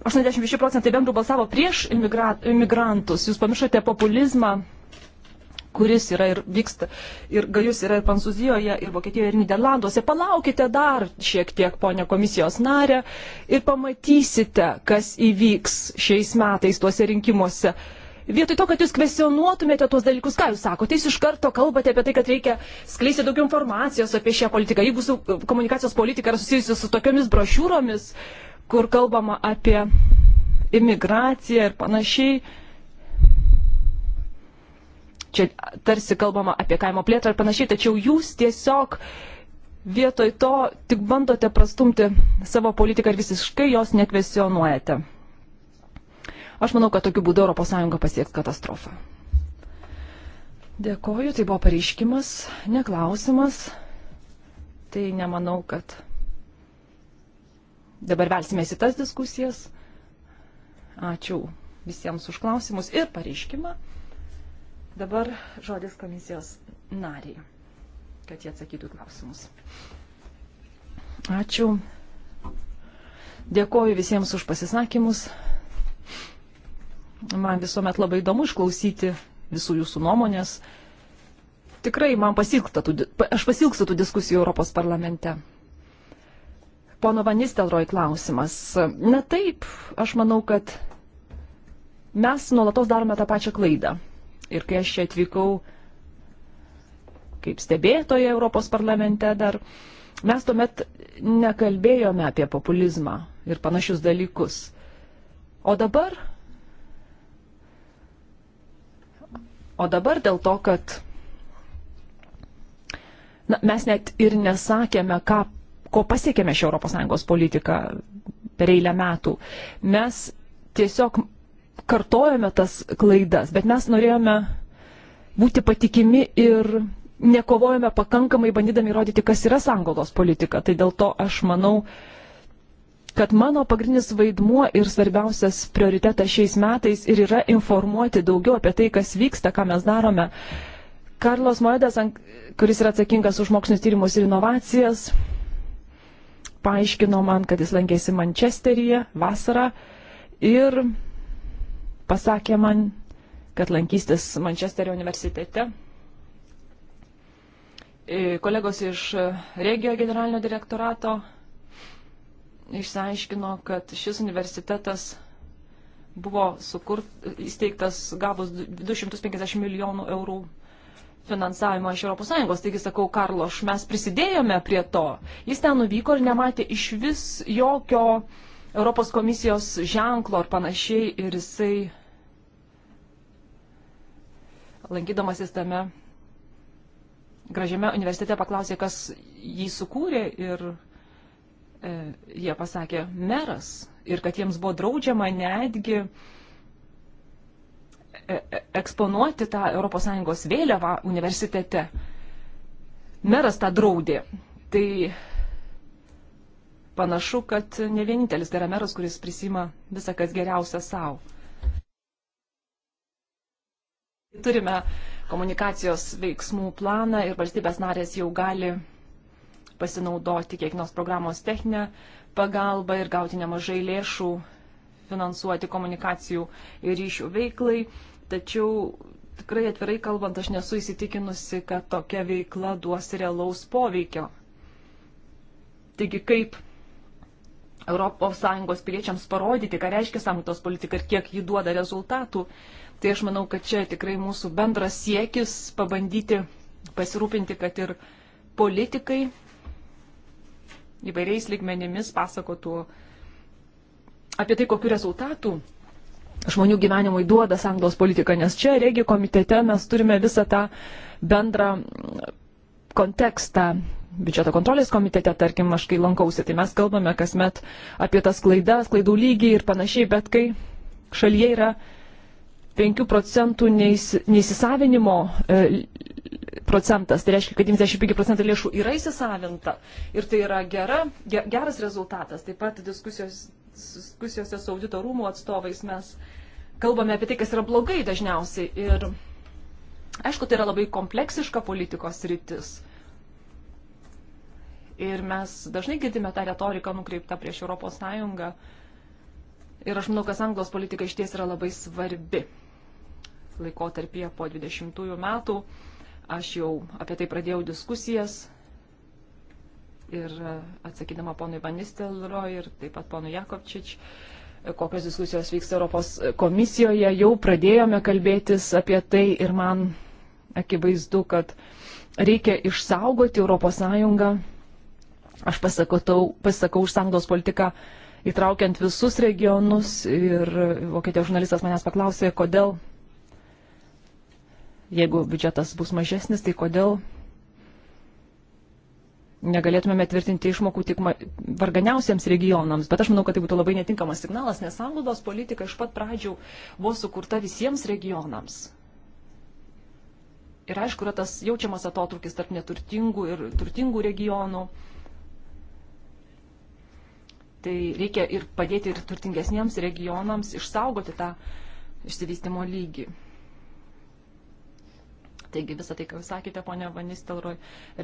86 procentai vengrų balsavo prieš imigrantus. Jūs pamiršote populizmą, kuris yra ir vyksta, ir gajus yra ir Prancūzijoje, ir Vokietijoje, ir Niderlanduose. Palaukite dar šiek tiek, ponia komisijos narė, ir pamatysite, kas įvyks šiais metais tuose rinkimuose vietoj to, kad jūs kvesionuotumėte tuos dalykus, ką jūs sakote, jūs iš karto kalbate apie tai, kad reikia skleisti daugiau informacijos apie šią politiką. Jeigu su komunikacijos politika yra susijusi su tokiomis brošiūromis, kur kalbama apie imigraciją ir panašiai, čia tarsi kalbama apie kaimo plėtrą ir panašiai, tačiau jūs tiesiog vietoj to tik bandote prastumti savo politiką ir visiškai jos nekvesionuojate. Aš manau, kad tokiu būdu ES pasieks katastrofą. Dėkoju, tai buvo pareiškimas, neklausimas. Tai nemanau, kad dabar velsimės į tas diskusijas. Ačiū visiems už klausimus ir pareiškimą. Dabar žodis komisijos nariai, kad jie atsakytų klausimus. Ačiū. Dėkoju visiems už pasisakymus. Man visuomet labai įdomu išklausyti visų jūsų nuomonės. Tikrai man pasilgta tų, aš pasilgsiu tų diskusijų Europos parlamente. Pono Vanistelroj klausimas. Na taip, aš manau, kad mes nuolatos darome tą pačią klaidą. Ir kai aš čia atvykau kaip stebėtoja Europos parlamente dar, mes tuomet nekalbėjome apie populizmą ir panašius dalykus. O dabar O dabar dėl to, kad na, mes net ir nesakėme, ką, ko pasiekėme šią ES politiką per eilę metų, mes tiesiog kartojame tas klaidas, bet mes norėjome būti patikimi ir nekovojame pakankamai bandydami įrodyti, kas yra sanglaudos politika. Tai dėl to aš manau, uh, kad mano pagrindinis vaidmuo ir svarbiausias prioritetas šiais metais ir yra informuoti daugiau apie tai, kas vyksta, ką mes darome. Karlos Moedas, kuris yra atsakingas už mokslinius tyrimus ir inovacijas, paaiškino man, kad jis lankėsi Mančesteryje vasarą ir pasakė man, kad lankystis Mančesterio universitete. E, kolegos iš regio generalinio direktorato išsiaiškino, kad šis universitetas buvo sukurt, įsteigtas gavus 250 milijonų eurų finansavimą iš ES. Taigi sakau, Karloš, mes prisidėjome prie to. Jis ten nuvyko ir nematė iš vis jokio Europos komisijos ženklo ar panašiai ir jisai lankydamasis tame gražiame universitete paklausė, kas jį sukūrė ir E, jie pasakė meras ir kad jiems buvo draudžiama netgi e, e, eksponuoti tą ES vėliavą universitete. Meras tą draudė. Tai panašu, kad ne vienintelis tai yra meras, kuris prisima visą, kas geriausia savo. Turime komunikacijos veiksmų planą ir valstybės narės jau gali pasinaudoti kiekvienos programos techninę pagalbą ir gauti nemažai lėšų finansuoti komunikacijų ir ryšių veiklai. Tačiau tikrai atvirai kalbant, aš nesu įsitikinusi, kad tokia veikla duos realaus poveikio. Taigi kaip ES piliečiams parodyti, ką reiškia sanktos politika ir kiek ji duoda rezultatų, tai aš manau, kad čia tikrai mūsų bendras siekis pabandyti pasirūpinti, kad ir politikai įvairiais ligmenimis pasakotų apie tai, kokiu rezultatu žmonių gyvenimui duoda sanglos politika, nes čia regi komitete mes turime visą tą bendrą kontekstą. Biudžeto kontrolės komitete, tarkim, aš kai lankausi, tai mes kalbame kasmet apie tas klaidas, klaidų lygį ir panašiai, bet kai šalyje yra 5 procentų neįsisavinimo e, procentas. Tai reiškia, kad 95 procentai lėšų yra įsisavinta ir tai yra gera, geras rezultatas. Taip pat diskusijos, diskusijose su audito rūmų atstovais mes kalbame apie tai, kas yra blogai dažniausiai. Ir aišku, tai yra labai kompleksiška politikos rytis. Ir mes dažnai girdime tą retoriką nukreiptą prieš ES. Ir aš manau, kad anglos politika iš ties yra labai svarbi laikotarpyje po 20 metų. Aš jau apie tai pradėjau diskusijas ir e, atsakydama ponui Vanistelro ir taip pat ponui Jakovčič, e, kokios diskusijos vyksta Europos komisijoje, jau pradėjome kalbėtis apie tai ir man akivaizdu, kad reikia išsaugoti Europos Sąjungą. Aš pasakau, pasakau už sąjungos politiką įtraukiant visus regionus ir vokietijos žurnalistas manęs paklausė, kodėl jeigu biudžetas bus mažesnis, tai kodėl negalėtumėme tvirtinti išmokų tik varganiausiems regionams. Bet aš manau, kad tai būtų labai netinkamas signalas, nes sanglaudos politika iš pat pradžių buvo sukurta visiems regionams. Ir aišku, yra tas jaučiamas atotrukis tarp neturtingų ir turtingų regionų. Tai reikia ir padėti ir turtingesniems regionams išsaugoti tą išsivystimo lygį. Taigi visą tai, ką jūs sakėte, ponia Vanistelroj,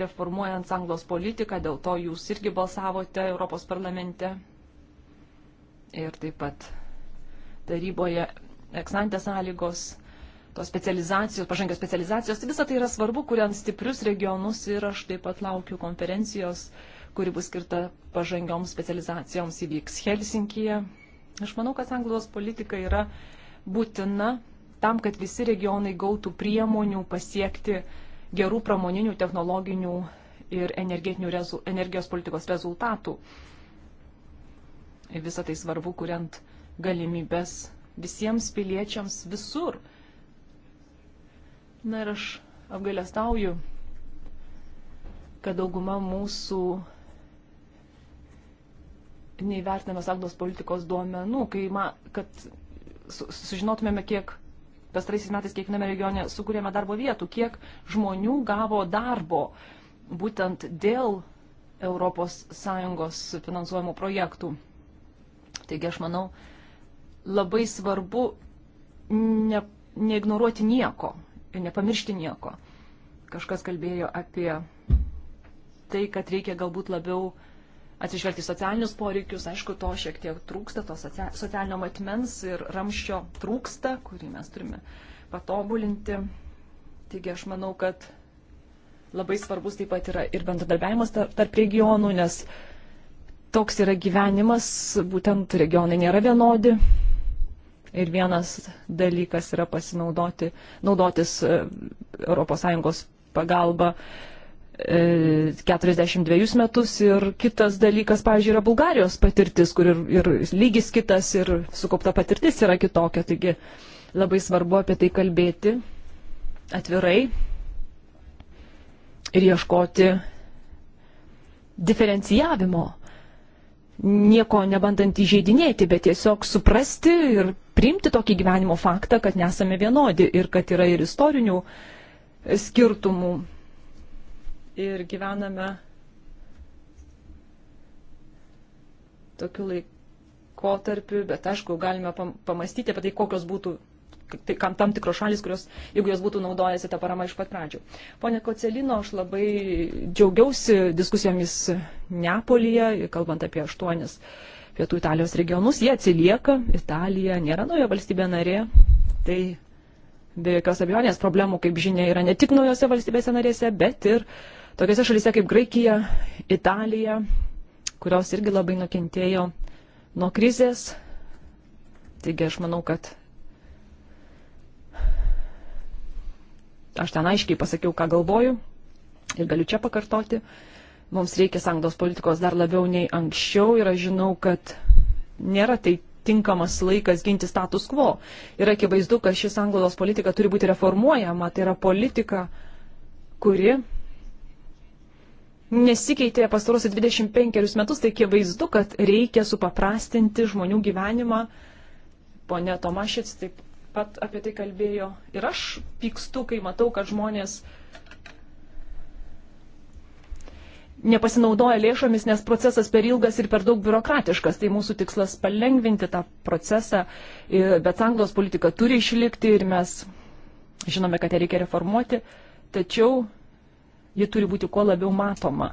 reformuojant sanglos politiką, dėl to jūs irgi balsavote Europos parlamente ir taip pat taryboje eksantės sąlygos, tos specializacijos, pažangios specializacijos, tai visą tai yra svarbu, kuriant stiprius regionus ir aš taip pat laukiu konferencijos, kuri bus skirta pažangioms specializacijoms įvyks Helsinkije. Aš manau, kad sanglos politika yra būtina tam, kad visi regionai gautų priemonių pasiekti gerų pramoninių, technologinių ir rezu, energijos politikos rezultatų. Ir visą tai svarbu, kuriant galimybės visiems piliečiams visur. Na ir aš apgailestauju, kad dauguma mūsų neįvertiname sanglos politikos duomenų, kai ma, kad sužinotumėme, kiek pastaraisiais metais kiekviename regione sukūrėme darbo vietų, kiek žmonių gavo darbo būtent dėl ES finansuojamų projektų. Taigi aš manau, labai svarbu ne, neignoruoti nieko ir nepamiršti nieko. Kažkas kalbėjo apie tai, kad reikia galbūt labiau atsižvelgti socialinius poreikius. Aišku, to šiek tiek trūksta, to socialinio matmens ir ramščio trūksta, kurį mes turime patobulinti. Taigi aš manau, kad labai svarbus taip pat yra ir bendradarbiavimas tarp regionų, nes toks yra gyvenimas, būtent regionai nėra vienodi. Ir vienas dalykas yra pasinaudoti, naudotis ES pagalba 42 e, metus ir kitas dalykas, pavyzdžiui, yra Bulgarijos patirtis, kur ir, ir lygis kitas ir sukaupta patirtis yra kitokia, taigi labai svarbu apie tai kalbėti atvirai ir ieškoti diferencijavimo, nieko nebandant įžeidinėti, bet tiesiog suprasti ir priimti tokį gyvenimo faktą, kad nesame vienodi ir kad yra ir istorinių skirtumų ir gyvename tokiu laikotarpiu, bet aišku, galime pamastyti apie tai, kokios būtų tai, kam tam tikros šalis, kurios, jeigu jos būtų naudojasi tą paramą iš pat pradžių. Pone Kocelino, aš labai džiaugiausi diskusijomis Neapolyje, kalbant apie aštuonis pietų Italijos regionus. Jie atsilieka, Italija nėra nauja valstybė narė, tai be jokios abejonės problemų, kaip žinia, yra ne tik naujose valstybėse narėse, bet ir uh, Tokiose šalyse kaip Graikija, Italija, kurios irgi labai nukentėjo nuo krizės. Taigi aš manau, kad aš ten aiškiai pasakiau, ką galvoju ir galiu čia pakartoti. Mums reikia sangdos politikos dar labiau nei anksčiau ir aš žinau, kad nėra tai tinkamas laikas ginti status quo. Ir akivaizdu, kad ši sanglos politika turi būti reformuojama, tai yra politika, kuri nesikeitė pastarosius 25 metus, tai akivaizdu, kad reikia supaprastinti žmonių gyvenimą. Pone Tomašits taip pat apie tai kalbėjo ir aš pykstu, kai matau, kad žmonės nepasinaudoja lėšomis, nes procesas per ilgas ir per daug biurokratiškas. Tai mūsų tikslas palengvinti tą procesą, bet anglos politika turi išlikti ir mes žinome, kad ją reikia reformuoti. Tačiau ji turi būti kuo labiau matoma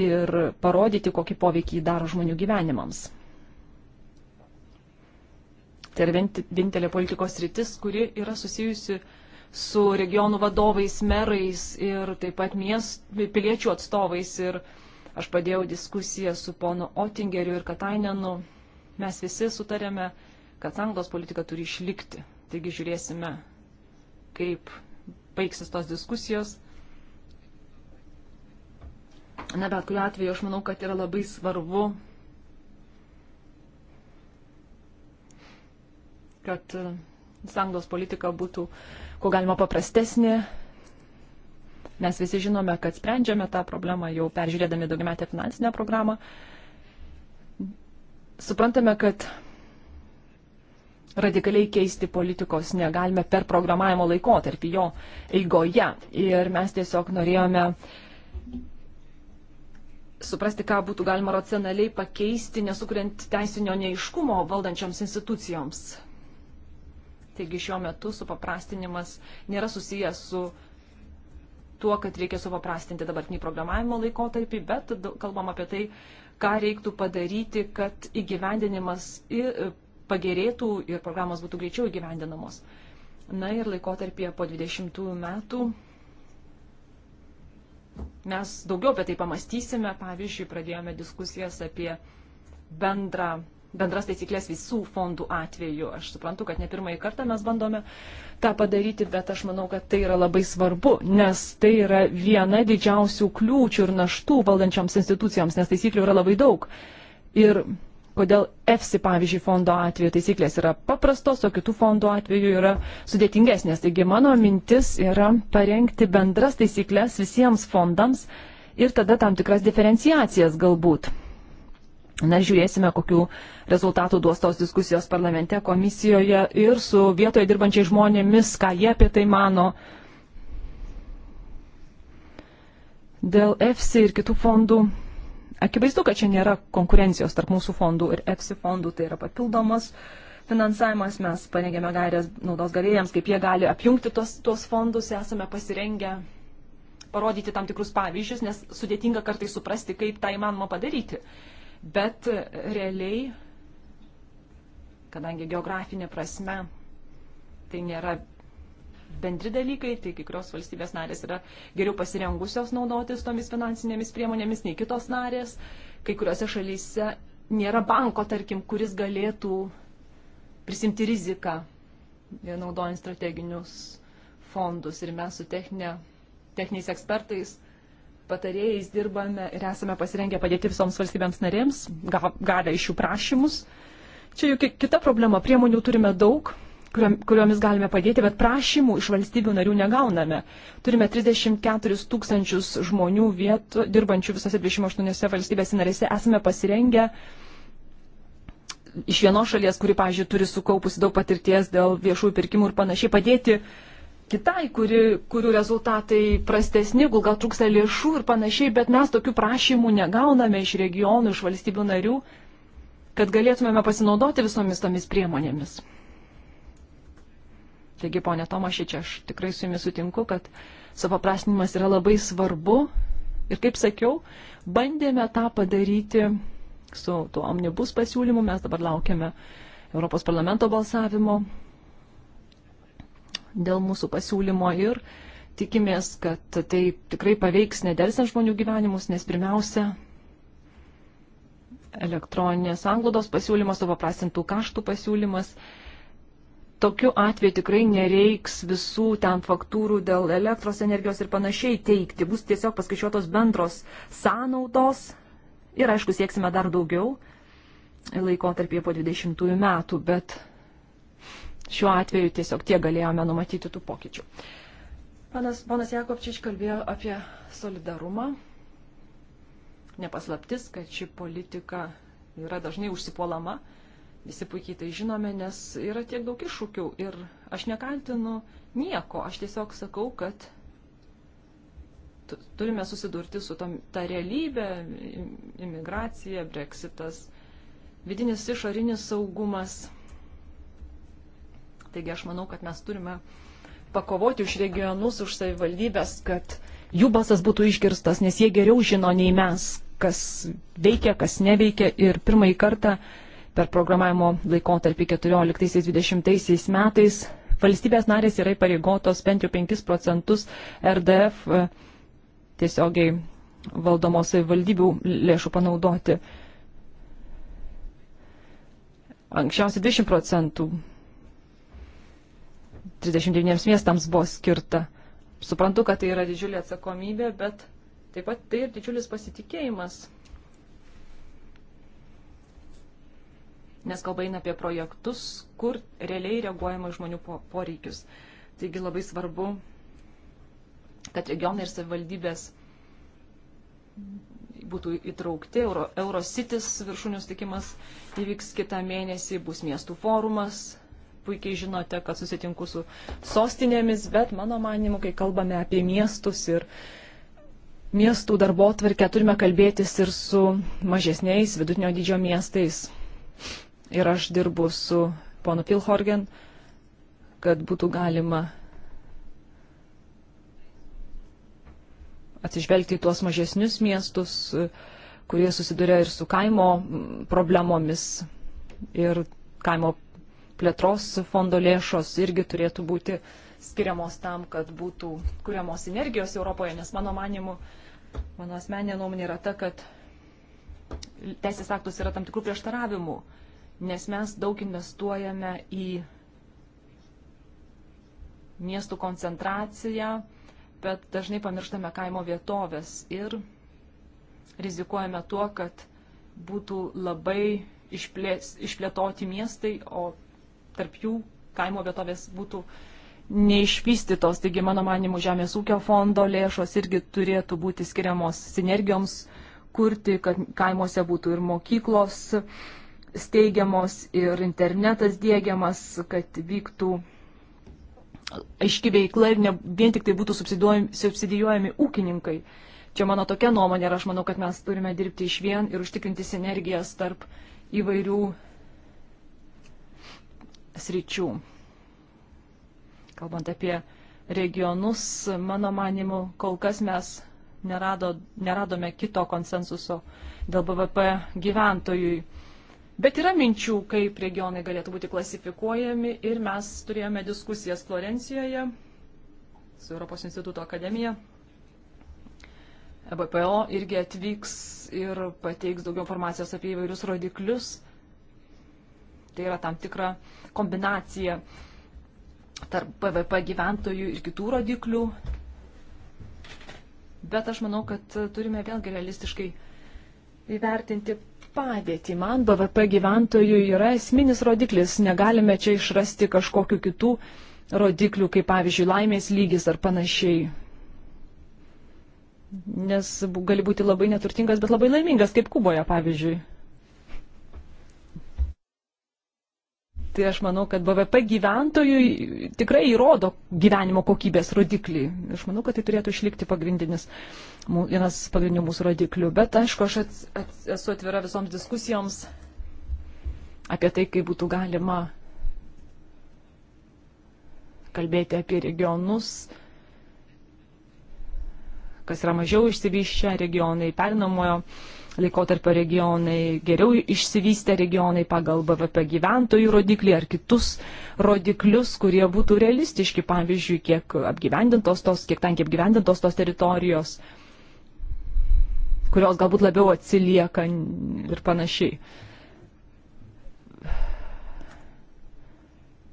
ir parodyti, kokį poveikį jį daro žmonių gyvenimams. Tai yra vienintelė politikos rytis, kuri yra susijusi su regionų vadovais, merais ir taip pat miest, piliečių atstovais. Ir aš padėjau diskusiją su ponu Otingeriu ir Katainenu. Mes visi sutarėme, kad anglos politika turi išlikti. Taigi žiūrėsime, kaip baigsis tos diskusijos Na, bet kuriu atveju aš manau, kad yra labai svarbu, kad e, sanglos politika būtų kuo galima paprastesnė. Mes visi žinome, kad sprendžiame tą problemą jau peržiūrėdami daugiametę finansinę programą. Suprantame, kad radikaliai keisti politikos negalime per programavimo laikotarpį jo eigoje. Ir mes tiesiog norėjome uh, suprasti, ką būtų galima racionaliai pakeisti, nesukuriant teisinio neiškumo valdančioms institucijoms. Taigi šiuo metu supaprastinimas nėra susijęs su tuo, kad reikia supaprastinti dabartinį programavimo laikotarpį, bet kalbam apie tai, ką reiktų padaryti, kad įgyvendinimas e, pagerėtų ir programos būtų greičiau įgyvendinamos. Na ir laikotarpėje po 20 metų Mes daugiau apie tai pamastysime. Pavyzdžiui, pradėjome diskusijas apie bendrą, bendras taisyklės visų fondų atveju. Aš suprantu, kad ne pirmąjį kartą mes bandome tą padaryti, bet aš manau, kad tai yra labai svarbu, nes tai yra viena didžiausių kliūčių ir naštų valdančioms institucijoms, nes taisyklių yra labai daug. Ir kodėl EFSI, pavyzdžiui, fondo atveju taisyklės yra paprastos, o kitų fondų atveju yra sudėtingesnės. Taigi mano mintis yra parengti bendras taisyklės visiems fondams ir tada tam tikras diferenciacijas galbūt. Na, žiūrėsime, kokiu rezultatu duos tos diskusijos parlamente, komisijoje ir su vietoje dirbančiai žmonėmis, ką jie apie tai mano. Dėl EFSI ir kitų fondų Akivaizdu, kad čia nėra konkurencijos tarp mūsų fondų ir EPSI fondų, tai yra papildomas finansavimas, mes parengėme gairės naudos galėjams, kaip jie gali apjungti tos, tos fondus, esame pasirengę parodyti tam tikrus pavyzdžius, nes sudėtinga kartai suprasti, kaip tą įmanoma padaryti. Bet realiai, kadangi geografinė prasme tai nėra bendri dalykai, tai kai kurios valstybės narės yra geriau pasirengusios naudotis tomis finansinėmis priemonėmis nei kitos narės. Kai kuriuose šalyse nėra banko, tarkim, kuris galėtų prisimti riziką e, naudojant strateginius fondus. Ir mes su techninė, techniais ekspertais patarėjais dirbame ir esame pasirengę padėti visoms valstybėms narėms, gavę iš jų prašymus. Čia juk kita problema, priemonių turime daug, kuriomis galime padėti, bet prašymų iš valstybių narių negauname. Turime 34 tūkstančius žmonių vietų, dirbančių visose 28 valstybėse narėse, esame pasirengę iš vienos šalies, kuri, pavyzdžiui, turi sukaupusi daug patirties dėl viešųjų pirkimų ir panašiai, padėti kitai, kuri, kurių rezultatai prastesni, gal trūksta lėšų ir panašiai, bet mes tokių prašymų negauname iš regionų, iš valstybių narių, kad galėtumėme pasinaudoti visomis tomis priemonėmis. Taigi, ponė Tomašič, aš tikrai su jumis sutinku, kad supaprastinimas yra labai svarbu. Ir kaip sakiau, bandėme tą padaryti su tuo omnibus pasiūlymu, mes dabar laukiame Europos parlamento balsavimo dėl mūsų pasiūlymo ir tikimės, kad tai tikrai paveiks nedelsiant žmonių gyvenimus, nes pirmiausia, elektroninės anglodos pasiūlymas, supaprastintų kaštų pasiūlymas tokiu atveju tikrai nereiks visų ten faktūrų dėl elektros energijos ir panašiai teikti. Bus tiesiog paskaičiuotos bendros sąnaudos ir aišku sieksime dar daugiau laikotarpyje po 20 metų, bet šiuo atveju tiesiog tie galėjome numatyti tų pokyčių. Panas, panas Jakobčič kalbėjo apie solidarumą. Nepaslaptis, kad ši politika yra dažnai užsipuolama. Uh, Visi puikiai tai žinome, nes yra tiek daug iššūkių ir aš nekaltinu nieko, aš tiesiog sakau, kad turime susidurti su tom, ta realybė, imigracija, breksitas, vidinis išorinis saugumas. Taigi aš manau, kad mes turime pakovoti už regionus, už savivaldybės, kad jų balsas būtų išgirstas, nes jie geriau žino nei mes, kas veikia, kas neveikia. Ir pirmąjį kartą per programavimo laikotarpį 14-20 metais valstybės narės yra įpareigotos bent jau 5 procentus RDF e, tiesiogiai valdomos savivaldybių lėšų panaudoti. Anksčiausiai 20 procentų 39 miestams buvo skirta. Suprantu, kad tai yra didžiulė atsakomybė, bet taip pat tai ir didžiulis pasitikėjimas nes kalba eina apie projektus, kur realiai reaguojama žmonių poreikius. Taigi labai svarbu, kad regionai ir savivaldybės būtų įtraukti. Euro, Eurocitis viršūnių stikimas įvyks kitą mėnesį, bus miestų forumas. Puikiai žinote, kad susitinku su sostinėmis, bet mano manimu, kai kalbame apie miestus ir miestų darbo tvarkę, turime kalbėtis ir su mažesniais vidutinio dydžio miestais ir aš dirbu su ponu Pilhorgen, kad būtų galima atsižvelgti į tuos mažesnius miestus, kurie susiduria ir su kaimo mm, problemomis. Ir kaimo plėtros fondo lėšos irgi turėtų būti skiriamos tam, kad būtų kuriamos energijos Europoje, nes mano manimu, mano asmeninė nuomonė yra ta, kad teisės aktus yra tam tikrų prieštaravimų nes mes daug investuojame į miestų koncentraciją, bet dažnai pamirštame kaimo vietovės ir rizikuojame tuo, kad būtų labai išplės, išplėtoti miestai, o tarp jų kaimo vietovės būtų neišvystytos. Taigi, mano manimu, Žemės ūkio fondo lėšos irgi turėtų būti skiriamos sinergijoms kurti, kad kaimuose būtų ir mokyklos, steigiamos ir internetas dėgiamas, kad vyktų aiški veikla ir ne vien tik tai būtų subsidijuojami ūkininkai. Čia mano tokia nuomonė ir aš manau, kad mes turime dirbti iš vien ir užtikrinti sinergijas tarp įvairių sričių. Kalbant apie regionus, mano manimu, kol kas mes nerado, neradome kito konsensuso dėl BVP gyventojui Bet yra minčių, kaip regionai galėtų būti klasifikuojami ir mes turėjome diskusijas Florencijoje su Europos instituto akademija. EBPO irgi atvyks ir pateiks daugiau informacijos apie įvairius rodiklius. Tai yra tam tikra kombinacija tarp PVP gyventojų ir kitų rodiklių. Bet aš manau, kad turime vėlgi realistiškai įvertinti padėtį. Man BVP gyventojų yra esminis rodiklis, negalime čia išrasti kažkokiu kitų rodiklių, kaip pavyzdžiui laimės lygis ar panašiai. Nes gali būti labai neturtingas, bet labai laimingas, kaip Kuboje, pavyzdžiui. tai aš manau, kad BVP gyventojui tikrai įrodo gyvenimo kokybės rodiklį. Aš manau, kad tai turėtų išlikti pagrindinis, vienas pagrindinių mūsų rodiklių. Bet aišku, aš ats, ats, esu atvira visoms diskusijoms apie tai, kaip būtų galima kalbėti apie regionus, kas yra mažiau išsivyščia regionai perinamojo laikotarpio regionai, geriau išsivystę regionai pagal BVP gyventojų rodiklį ar kitus rodiklius, kurie būtų realistiški, pavyzdžiui, kiek apgyvendintos tos, kiek tankiai apgyvendintos tos teritorijos, kurios galbūt labiau atsilieka ir panašiai.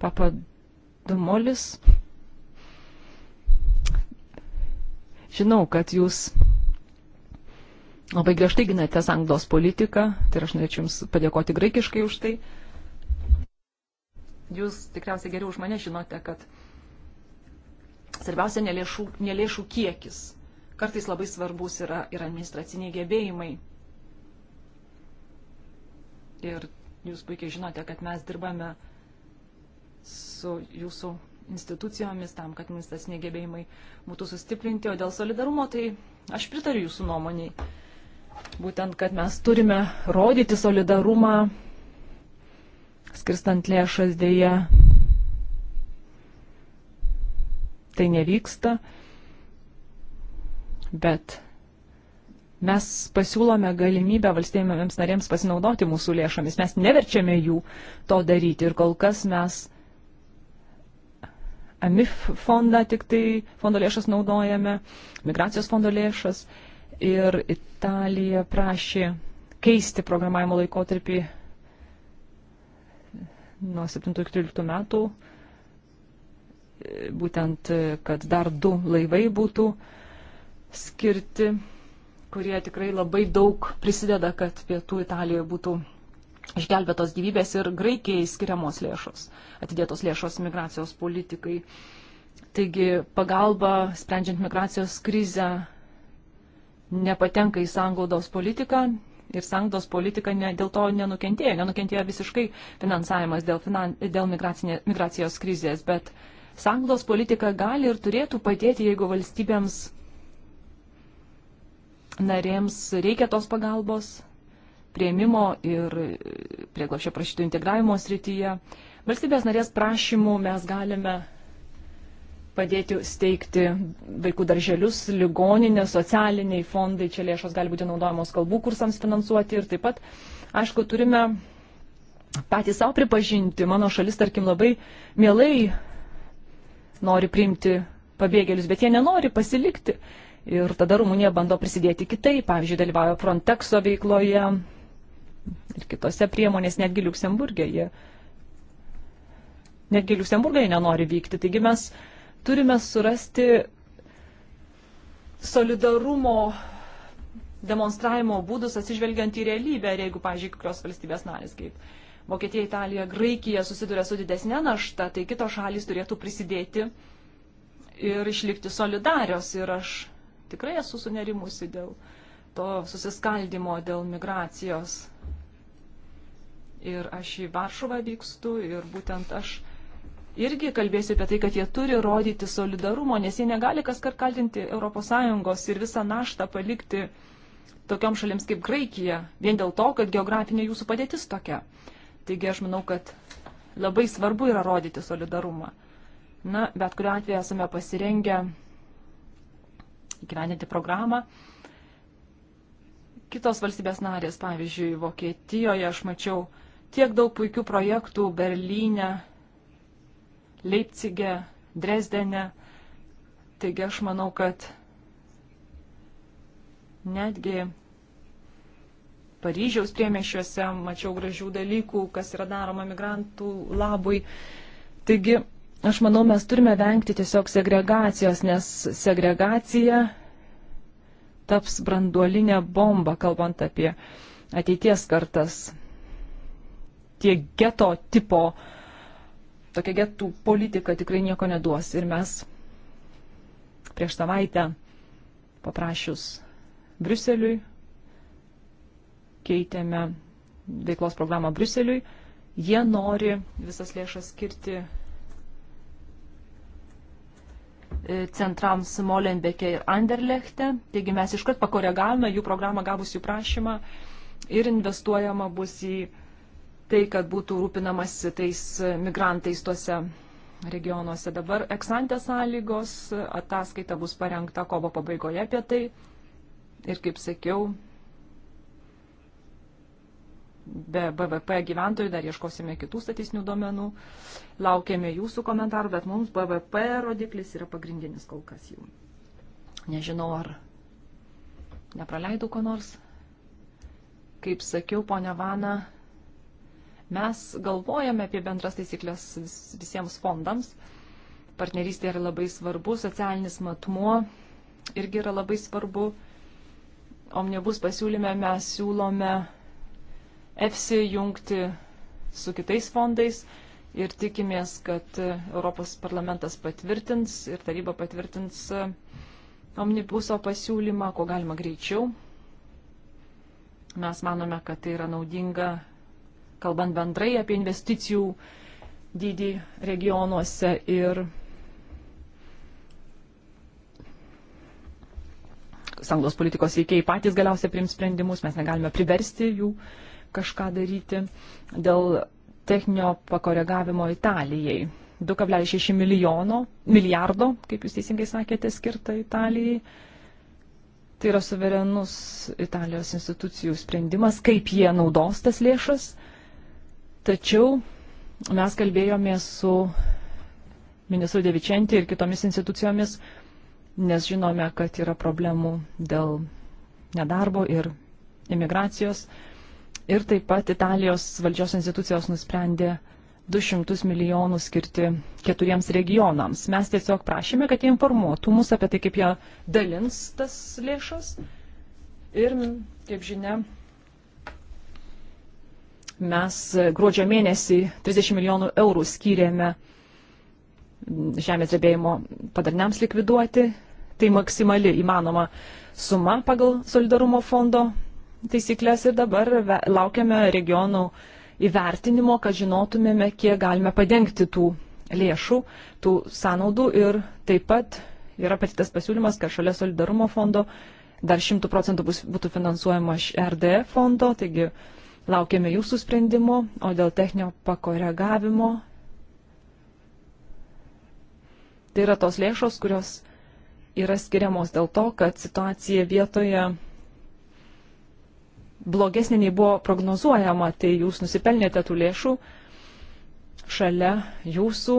Papadomolis. Žinau, kad jūs labai griežtai ginate sanglos politiką, tai aš norėčiau Jums padėkoti graikiškai už tai. Jūs tikriausiai geriau už mane žinote, kad svarbiausia nelėšų, nelėšų kiekis. Kartais labai svarbus yra ir administraciniai gebėjimai. Ir jūs puikiai žinote, kad mes dirbame su jūsų institucijomis tam, kad administraciniai gebėjimai būtų sustiprinti, o dėl solidarumo tai aš pritariu jūsų nuomoniai. Būtent, kad mes turime rodyti solidarumą, skirstant lėšas dėje. Tai nevyksta, bet mes pasiūlome galimybę valstybėms narėms pasinaudoti mūsų lėšomis. Mes neverčiame jų to daryti ir kol kas mes AMIF fondą tik tai fondo lėšas naudojame, migracijos fondo lėšas ir Italija prašė keisti programavimo laikotarpį nuo 7-13 metų, būtent, kad dar du laivai būtų skirti, kurie tikrai labai daug prisideda, kad pietų Italijoje būtų išgelbėtos gyvybės ir Graikijai skiriamos lėšos, atidėtos lėšos migracijos politikai. Taigi pagalba, sprendžiant migracijos krizę, nepatenka į sanglaudos politiką ir sanglaudos politika ne, dėl to nenukentėjo, nenukentėjo visiškai finansavimas dėl, finan, dėl migracijos krizės, bet sanglaudos politika gali ir turėtų padėti, jeigu valstybėms narėms reikia tos pagalbos prieimimo ir prieglašio prašytų integravimo srityje. Valstybės narės prašymų mes galime padėti steigti vaikų darželius, ligoninę, socialiniai fondai, čia lėšos gali būti naudojamos kalbų kursams finansuoti ir taip pat, aišku, turime patys savo pripažinti, mano šalis, tarkim, labai mielai nori priimti pabėgėlius, bet jie nenori pasilikti. Ir tada Rumunija bando prisidėti kitaip, pavyzdžiui, dalyvauja Frontexo veikloje ir kitose priemonės, netgi Luksemburgė. Jie, netgi Luksemburgai nenori vykti. Taigi mes turime surasti solidarumo demonstravimo būdus atsižvelgiant į realybę, ir jeigu, pažiūrėk, kokios valstybės narės kaip Vokietija, Italija, Graikija susiduria su didesnė našta, tai kitos šalys turėtų prisidėti ir išlikti solidarios. Ir aš tikrai esu sunerimusi dėl to susiskaldimo, dėl migracijos. Ir aš į Varšuvą vykstu ir būtent aš irgi kalbėsiu apie tai, kad jie turi rodyti solidarumo, nes jie negali kas kart kaltinti ES ir visą naštą palikti tokiom šalims kaip Graikija, vien dėl to, kad geografinė jūsų padėtis tokia. Taigi aš manau, kad labai svarbu yra rodyti solidarumą. Na, bet kuriuo atveju esame pasirengę įgyvendinti programą. Kitos valstybės narės, pavyzdžiui, Vokietijoje aš mačiau tiek daug puikių projektų Berlyne, Leipcige, Dresdene. Taigi aš manau, kad netgi Paryžiaus priemešiuose mačiau gražių dalykų, kas yra daroma migrantų labui. Taigi, aš manau, mes turime vengti tiesiog segregacijos, nes segregacija taps branduolinė bomba, kalbant apie ateities kartas. Tie geto tipo uh, tokia getų politika tikrai nieko neduos. Ir mes prieš savaitę paprašius Bruseliui keitėme veiklos programą Bruseliui. Jie nori visas lėšas skirti e, centrams Molenbeke ir Anderlechte. Taigi mes iškart pakoregavome jų programą gavus jų prašymą ir investuojama bus į tai, kad būtų rūpinamasi tais migrantais tuose regionuose. Dabar eksantės sąlygos, ataskaita bus parengta kovo pabaigoje apie tai. Ir kaip sakiau, be BVP gyventojų dar ieškosime kitų statistinių duomenų. Laukiame jūsų komentarų, bet mums BVP rodiklis yra pagrindinis kol kas jau. Nežinau, ar nepraleidau ko nors. Kaip sakiau, ponia Vana, Mes galvojame apie bendras taisyklės visiems fondams. Partnerystė yra labai svarbu, socialinis matmuo irgi yra labai svarbu. Omnibus pasiūlyme mes siūlome EFSI jungti su kitais fondais ir tikimės, kad Europos parlamentas patvirtins ir taryba patvirtins omnibuso pasiūlymą, ko galima greičiau. Mes manome, kad tai yra naudinga kalbant bendrai apie investicijų dydį regionuose ir sanglos politikos veikėjai patys galiausiai priims sprendimus, mes negalime priversti jų kažką daryti dėl techninio pakoregavimo Italijai. 2,6 milijono, milijardo, kaip jūs teisingai sakėte, skirta Italijai. Tai yra suverenus Italijos institucijų sprendimas, kaip jie naudos tas lėšas. Tačiau mes kalbėjome su ministru Devičenti ir kitomis institucijomis, nes žinome, kad yra problemų dėl nedarbo ir imigracijos. Ir taip pat Italijos valdžios institucijos nusprendė 200 milijonų skirti keturiems regionams. Mes tiesiog prašėme, kad jie informuotų mus apie tai, kaip jie dalins tas lėšas. Ir, kaip žinia, Mes e, gruodžio mėnesį 30 milijonų eurų skyrėme žemės drebėjimo padarniams likviduoti. Tai maksimali įmanoma suma pagal solidarumo fondo taisyklės ir dabar laukiame regionų įvertinimo, kad žinotumėme, kiek galime padengti tų lėšų, tų sąnaudų ir taip pat yra patytas pasiūlymas, kad šalia solidarumo fondo dar 100 procentų bus, būtų finansuojama iš RDF e fondo, taigi Laukiame jūsų sprendimo, o dėl techninio pakoregavimo tai yra tos lėšos, kurios yra skiriamos dėl to, kad situacija vietoje blogesnė nei buvo prognozuojama, tai jūs nusipelnėte tų lėšų šalia jūsų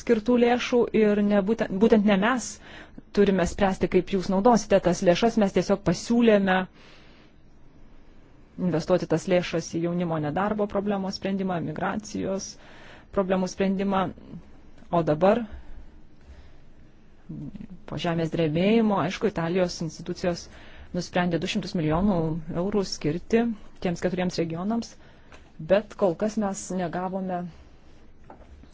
skirtų lėšų ir ne, būtent, būtent ne mes turime spręsti, kaip jūs naudosite tas lėšas, mes tiesiog pasiūlėme uh, investuoti tas lėšas į jaunimo nedarbo problemos sprendimą, migracijos problemų sprendimą. O dabar po žemės drebėjimo, aišku, Italijos institucijos nusprendė 200 milijonų eurų skirti tiems keturiems regionams, bet kol kas mes negavome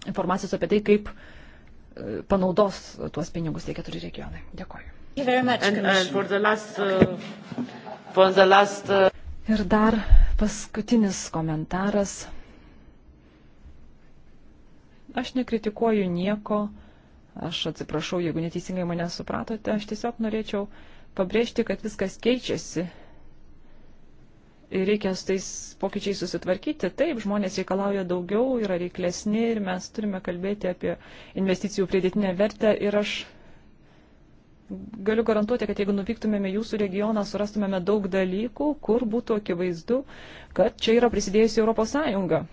informacijos apie tai, kaip e, panaudos tuos pinigus tie keturi regionai. Dėkoju. And, and last, uh, last, uh... Ir dar paskutinis komentaras. Aš nekritikuoju nieko, aš atsiprašau, jeigu neteisingai mane supratote, aš tiesiog norėčiau pabrėžti, kad viskas keičiasi ir reikia su tais pokyčiais susitvarkyti. Taip, žmonės reikalauja daugiau, yra reiklesni ir mes turime kalbėti apie investicijų pridėtinę vertę ir aš galiu garantuoti, kad jeigu nuvyktumėme jūsų regioną, surastumėme daug dalykų, kur būtų akivaizdu, kad čia yra prisidėjusi Europos Sąjunga.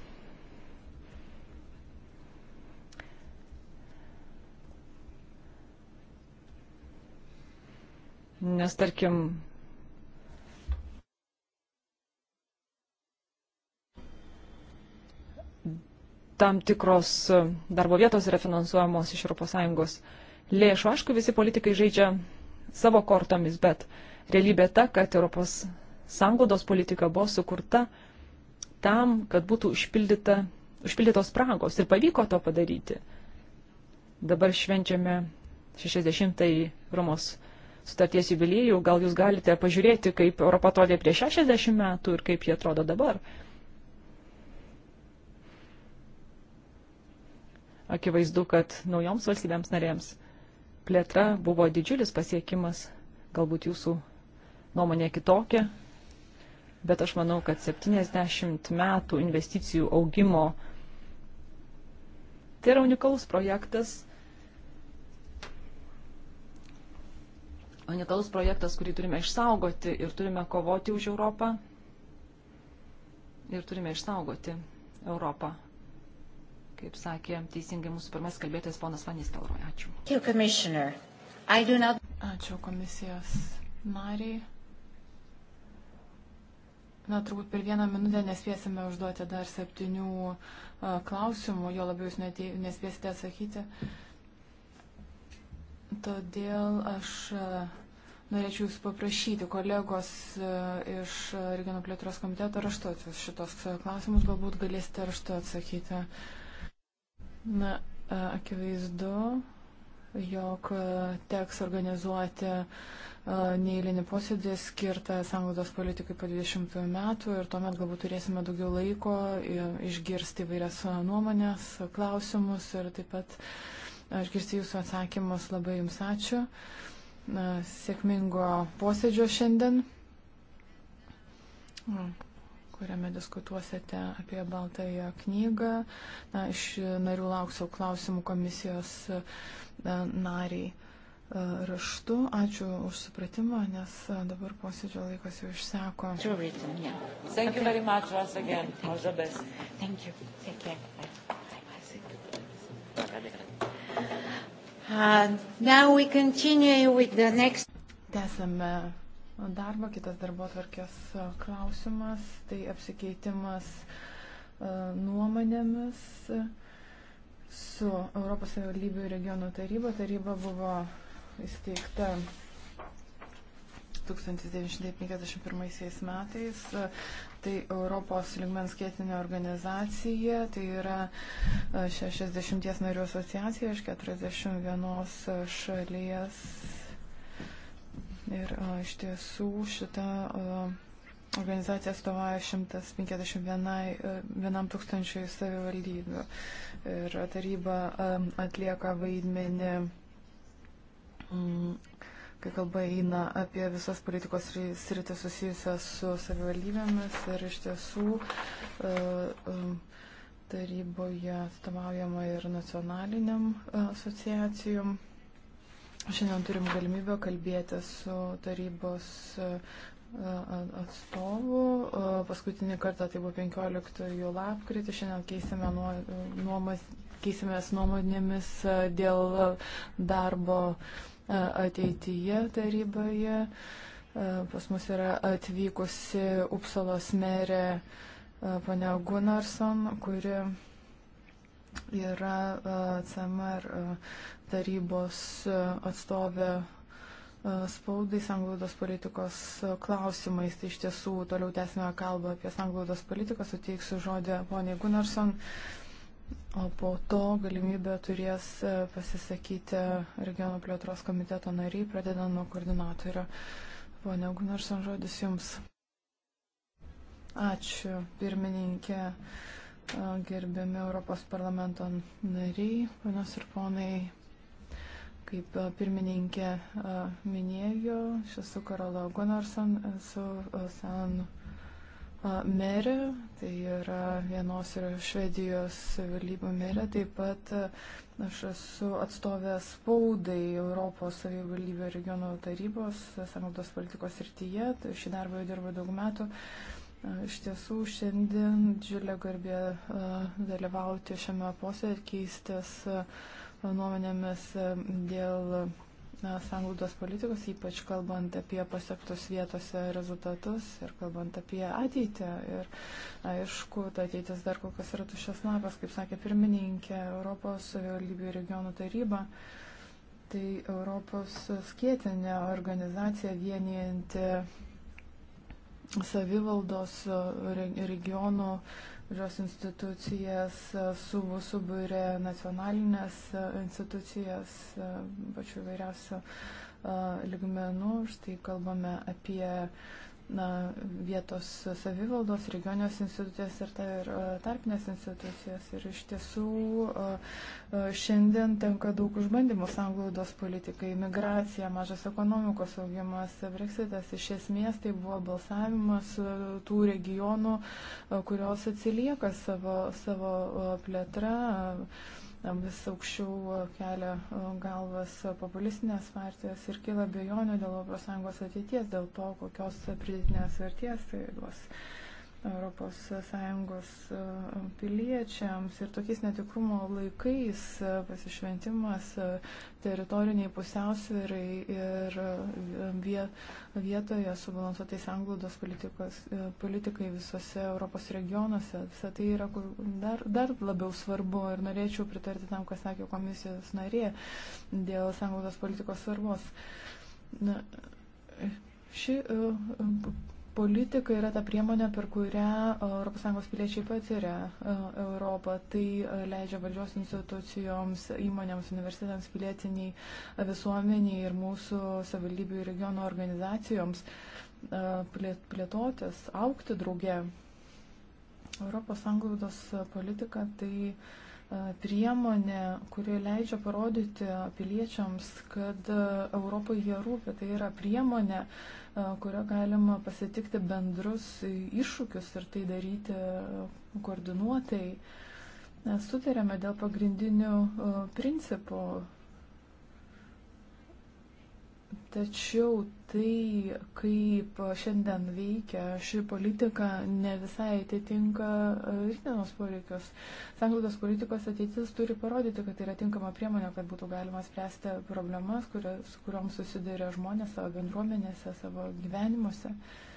Nes tarkim, tam tikros darbo vietos yra finansuojamos iš ES lėšų. Aišku, visi politikai žaidžia savo kortomis, bet realybė ta, kad Europos sanglaudos politika buvo sukurta tam, kad būtų užpildyta, užpildytos spragos ir pavyko to padaryti. Dabar švenčiame 60-ąjį Romos sutarties jubiliejų, gal jūs galite pažiūrėti, kaip Europa atrodė prieš 60 metų ir kaip jie atrodo dabar. Akivaizdu, kad naujoms valstybėms narėms plėtra buvo didžiulis pasiekimas, galbūt jūsų nuomonė kitokia, bet aš manau, kad 70 metų investicijų augimo tai yra unikalus projektas, unikalus projektas, kurį turime išsaugoti ir turime kovoti už Europą ir turime išsaugoti Europą kaip sakė teisingai mūsų pirmas kalbėtojas ponas Vanis Tauroj. Ačiū. Ačiū komisijos nariai. Na, turbūt per vieną minutę nespėsime užduoti dar septynių uh, klausimų, jo labiau jūs netė, nespėsite atsakyti. Todėl aš uh, norėčiau jūs paprašyti, kolegos iš regionų plėtros komiteto raštu atsius šitos klausimus, galbūt galėsite raštu atsakyti. Uh, Na, akivaizdu, jog teks organizuoti neįlinį posėdį skirtą sanglaudos politikai po 20 metų ir tuomet galbūt turėsime daugiau laiko išgirsti vairias nuomonės, klausimus ir taip pat išgirsti jūsų atsakymus. Labai jums ačiū. Sėkmingo posėdžio šiandien. Mm kuriame diskutuosite apie Baltąją knygą. Na, iš narių lauksiu klausimų komisijos nariai raštu. Ačiū už supratimą, nes dabar posėdžio laikas jau išseko. Written, yeah. Thank you very much once again. All the best. Thank you. Take care. And now we continue with the next. Tęsame darbą. Kitas darbo tvarkės e, klausimas - tai apsikeitimas e, nuomonėmis su Europos savivaldybių regionų taryba. Taryba buvo įsteigta 1951 metais. Tai Europos ligmens kėtinė organizacija, tai yra 60 e, narių asociacija iš 41 šalies Ir a, iš tiesų šita a, organizacija atstovauja 151 tūkstančiui savivaldybių. Ir taryba a, atlieka vaidmenį. Mm, kai kalba eina apie visas politikos sritį susijusias su savivaldybėmis ir iš tiesų taryboje atstovaujama ir nacionaliniam asociacijom. Šiandien turim galimybę kalbėti su tarybos e, atstovų. E, paskutinį kartą tai buvo 15 lapkritį. Šiandien keisime nuomas, keisimės nuomonėmis e, dėl darbo ateityje taryboje. Pas mus yra atvykusi Upsalos merė ponia Gunnarsson, kuri yra e, CMR e, tarybos e, atstovė spaudai sanglaudos politikos klausimais. Tai iš tiesų toliau tęsime kalbą apie sanglaudos politiką, suteiksiu žodį poniai Gunarson, o po to galimybę turės pasisakyti regiono plėtros komiteto nariai, pradedant nuo koordinatorio. Pone Gunarson, žodis jums. Ačiū, pirmininkė. Uh, gerbiami Europos parlamento nariai, ponios ir ponai, kaip pirmininkė minėjo, aš esu Karola Gunnarson, esu San merė, tai yra vienos yra Švedijos valdybų merė, taip pat aš esu atstovęs spaudai Europos savivaldybių regionų tarybos, samaldos politikos rytyje, tai šį darbą jau dirbu daug metų. Iš tiesų, šiandien didžiulė garbė dalyvauti šiame posėdė, keistis nuomonėmis dėl sanglaudos politikos, ypač kalbant apie pasiektus vietose rezultatus ir kalbant apie ateitį. Ir aišku, ta ateitis dar kol kas yra tuščias lapas, kaip sakė pirmininkė Europos lygių regionų taryba. Tai Europos skėtinė organizacija vienijanti savivaldos e, regionų žios institucijas, subų e, subūrė nacionalinės e, institucijas, pačių vairiausių ligmenų. Štai kalbame apie na, vietos savivaldos, regionios institucijas ir, ta, ir e, tarpinės institucijas. Ir iš tiesų e, e, šiandien tenka daug užbandymų sanglaudos politikai, migracija, mažas ekonomikos augimas, breksitas. Iš esmės tai buvo balsavimas tų regionų, kurios atsilieka savo, savo plėtra vis aukščiau kelia e, galvas populistinės partijos ir kyla bejonių dėl ES ateities, dėl to, kokios pridėtinės verties tai duos. Uh, ES e, piliečiams ir tokiais netikrumo laikais e, pasišventimas e, teritoriniai pusiausvirai ir vietoje subalansuotai sanglaudos politikai visose Europos regionuose. Visą tai yra dar, dar labiau svarbu ir norėčiau pritarti tam, ką sakė komisijos narė dėl sanglaudos politikos svarbos. Na, ši uh, Politika yra ta priemonė, per kurią ES piliečiai patiria e, Europą. Tai e, leidžia valdžios institucijoms, įmonėms, universitetams, pilietiniai e, visuomeniai ir mūsų savivaldybių ir regiono organizacijoms plėtotis, aukti drauge. Europos sanglaudos politika tai E, priemonė, kuri leidžia parodyti piliečiams, kad e, Europai jie rūpi. Tai yra priemonė, e, kurio galima pasitikti bendrus iššūkius ir tai daryti koordinuotai. Mes sutarėme dėl pagrindinių principų. Tačiau tai, kaip šiandien veikia ši politika, ne visai atitinka e, rytdienos poreikius. Sanglaudos politikos ateitis turi parodyti, kad tai yra tinkama priemonė, kad būtų galima spręsti problemas, kuria, su kuriuom susiduria žmonės savo bendruomenėse, savo gyvenimuose. Uh,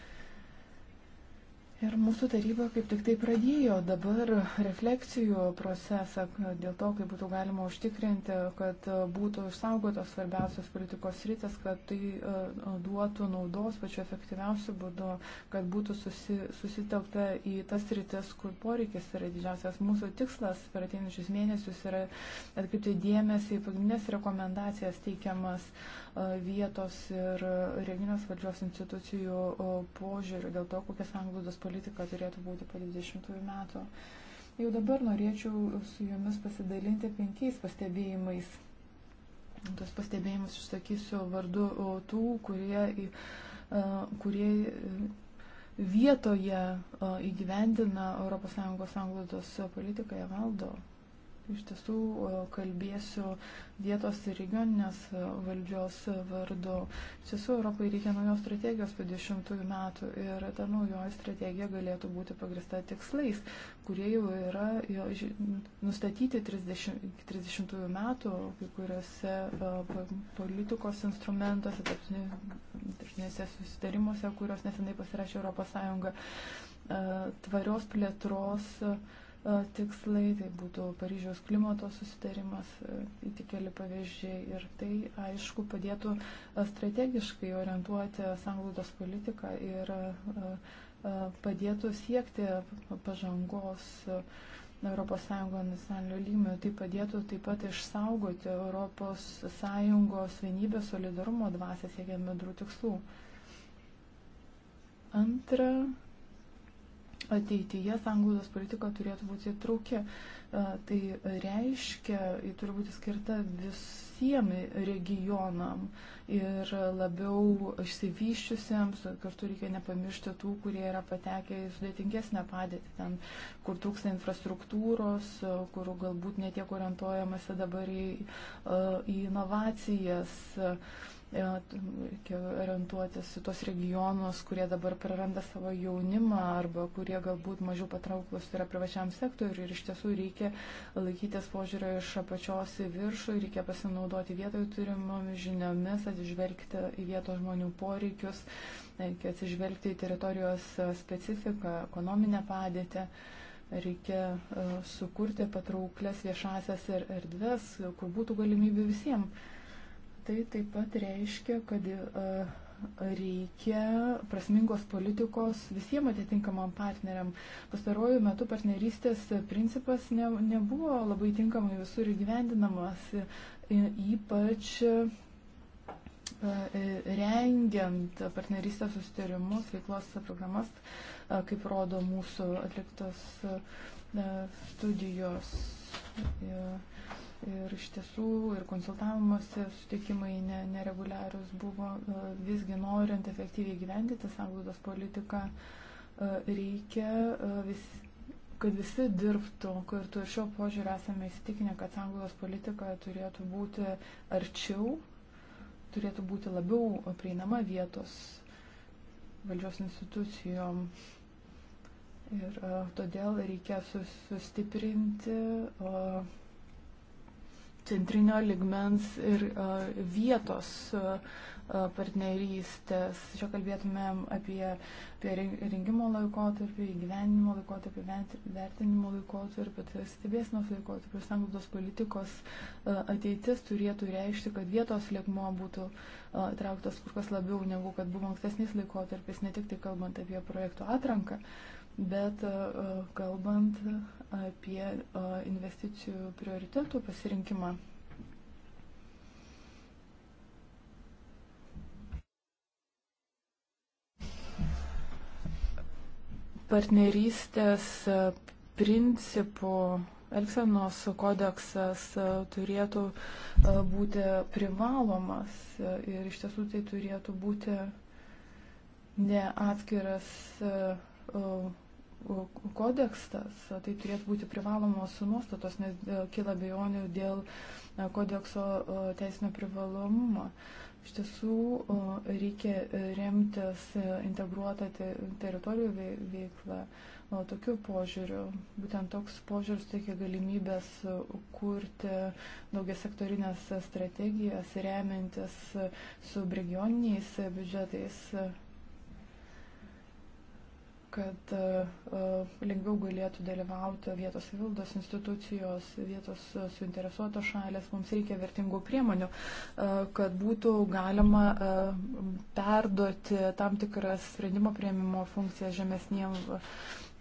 Ir mūsų taryba kaip tik tai pradėjo dabar refleksijų procesą dėl to, kaip būtų galima užtikrinti, kad būtų išsaugotos svarbiausios politikos rytis, kad tai e, duotų naudos pačiu efektyviausiu būdu, kad būtų susi, susitelkta į tas rytis, kur poreikis yra didžiausias. Mūsų tikslas per ateinančius mėnesius yra atkreipti dėmesį į pagrindinės rekomendacijas teikiamas uh, vietos ir regionės valdžios institucijų požiūrių dėl to, kokia sanglaudos politika turėtų būti po 20 metų. Jau dabar norėčiau su jumis pasidalinti penkiais pastebėjimais. Tos pastebėjimus išsakysiu vardu tų, kurie, kurie vietoje įgyvendina ES sanglaudos politiką, ją valdo. Iš tiesų kalbėsiu vietos ir regioninės e, valdžios vardu. Iš tiesų Europai reikia naujos strategijos po dešimtųjų metų ir ta naujoji strategija galėtų būti pagrista tikslais, kurie jau yra jo, ži, nustatyti 30, 30-ųjų metų kai kuriuose uh, politikos instrumentuose, tarptautinėse susitarimuose, kurios nesenai pasirašė ES uh, e, tvarios plėtros. Uh, E, tikslai, tai būtų Paryžiaus klimato susitarimas, e, tik keli pavyzdžiai. Ir tai, aišku, padėtų e, strategiškai orientuoti sanglaudos politiką ir padėtų siekti pažangos ES nacionaliniu lygmeniu. Tai padėtų taip pat išsaugoti ES vienybės solidarumo dvasę siekiant bendrų tikslų. Antra, ateityje sanglaudos politika turėtų būti įtrauki. E, tai reiškia, ji turi būti skirta visiems regionam ir labiau išsivyščiusiems, kartu reikia nepamiršti tų, kurie yra patekę į sudėtingesnę padėtį, ten, kur trūksta infrastruktūros, kur galbūt netiek orientuojamasi dabar į, e, į inovacijas E, reikia orientuotis į tos regionus, kurie dabar praranda savo jaunimą arba kurie galbūt mažiau patrauklus yra privačiam sektoriui ir iš tiesų reikia laikytis požiūrio iš apačios į viršų, reikia pasinaudoti vietoje turimomis žiniomis, atsižvelgti į vietos žmonių poreikius, reikia atsižvelgti į teritorijos specifiką, ekonominę padėtį reikia e, sukurti patrauklias viešasias er-, erdves, kur būtų galimybių visiems tai taip pat reiškia, kad e, reikia prasmingos politikos visiems atitinkamam partneriam. Pastaruoju metu partnerystės principas ne, nebuvo labai tinkamai visur įgyvendinamas, ypač e, e, rengiant partnerystės sustarimus, veiklos programas, kaip rodo mūsų atliktos studijos. Yeah. Ir iš tiesų ir konsultavimuose sutikimai ne, nereguliarius buvo, e, visgi norint efektyviai gyvendyti sąglaudos politiką, e, reikia e, vis, kad visi dirbtų kartu. Ir šio požiūrį esame įsitikinę, kad sąglaudos politika turėtų būti arčiau, turėtų būti labiau prieinama vietos valdžios institucijom. Ir uh, todėl reikia sus, sustiprinti. Uh, centrinio ligmens ir vietos partnerystės. Čia kalbėtumėm apie, apie rengimo laikotarpį, gyvenimo laikotarpį, vertinimo laikotarpį, tai stebėsnos laikotarpį, sanglaudos politikos ateitis turėtų reikšti, kad vietos lygmo būtų trauktas kur kas labiau negu kad buvo ankstesnis laikotarpis, ne tik tai kalbant apie projektų atranką, bet kalbant apie investicijų prioritetų pasirinkimą. Partnerystės principų Elksenos kodeksas turėtų būti privalomas ir iš tiesų tai turėtų būti ne atskiras kodeksas, tai turėtų būti privalomos nuostatos, nes e, kila bejonių dėl e, kodekso e, teisinio privalomumo. Iš tiesų reikia remtis integruotą teritorijų veiklą tokiu požiūriu. Būtent toks požiūris teikia galimybės kurti daugiasektorinės strategijas, remiantis su regioniniais biudžetais kad e, e, lengviau galėtų dalyvauti vietos savivaldos institucijos, vietos e, suinteresuotos šalės. Mums reikia vertingų priemonių, kad būtų galima perduoti tam tikras sprendimo prieimimo funkcijas žemesniem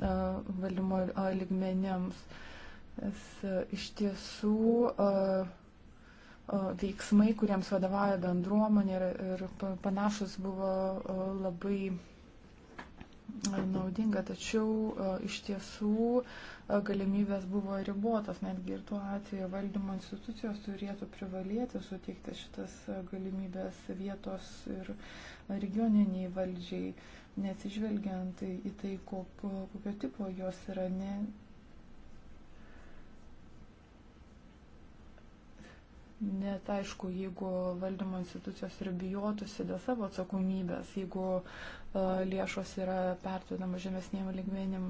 valdymo ligmenėms. Nes iš tiesų veiksmai, kuriems vadovauja bendruomenė ir, ir panašus buvo labai E, naudinga, tačiau e, iš tiesų e, galimybės buvo ribotos, netgi ir tuo atveju valdymo institucijos turėtų privalėti suteikti šitas galimybės vietos ir regioniniai valdžiai, neatsižvelgiant į tai, kokio, kokio tipo jos yra. Ne, Net aišku, jeigu valdymo institucijos ir bijotųsi dėl savo atsakomybės, jeigu uh, lėšos yra pertvedama žemesniem lygmenim,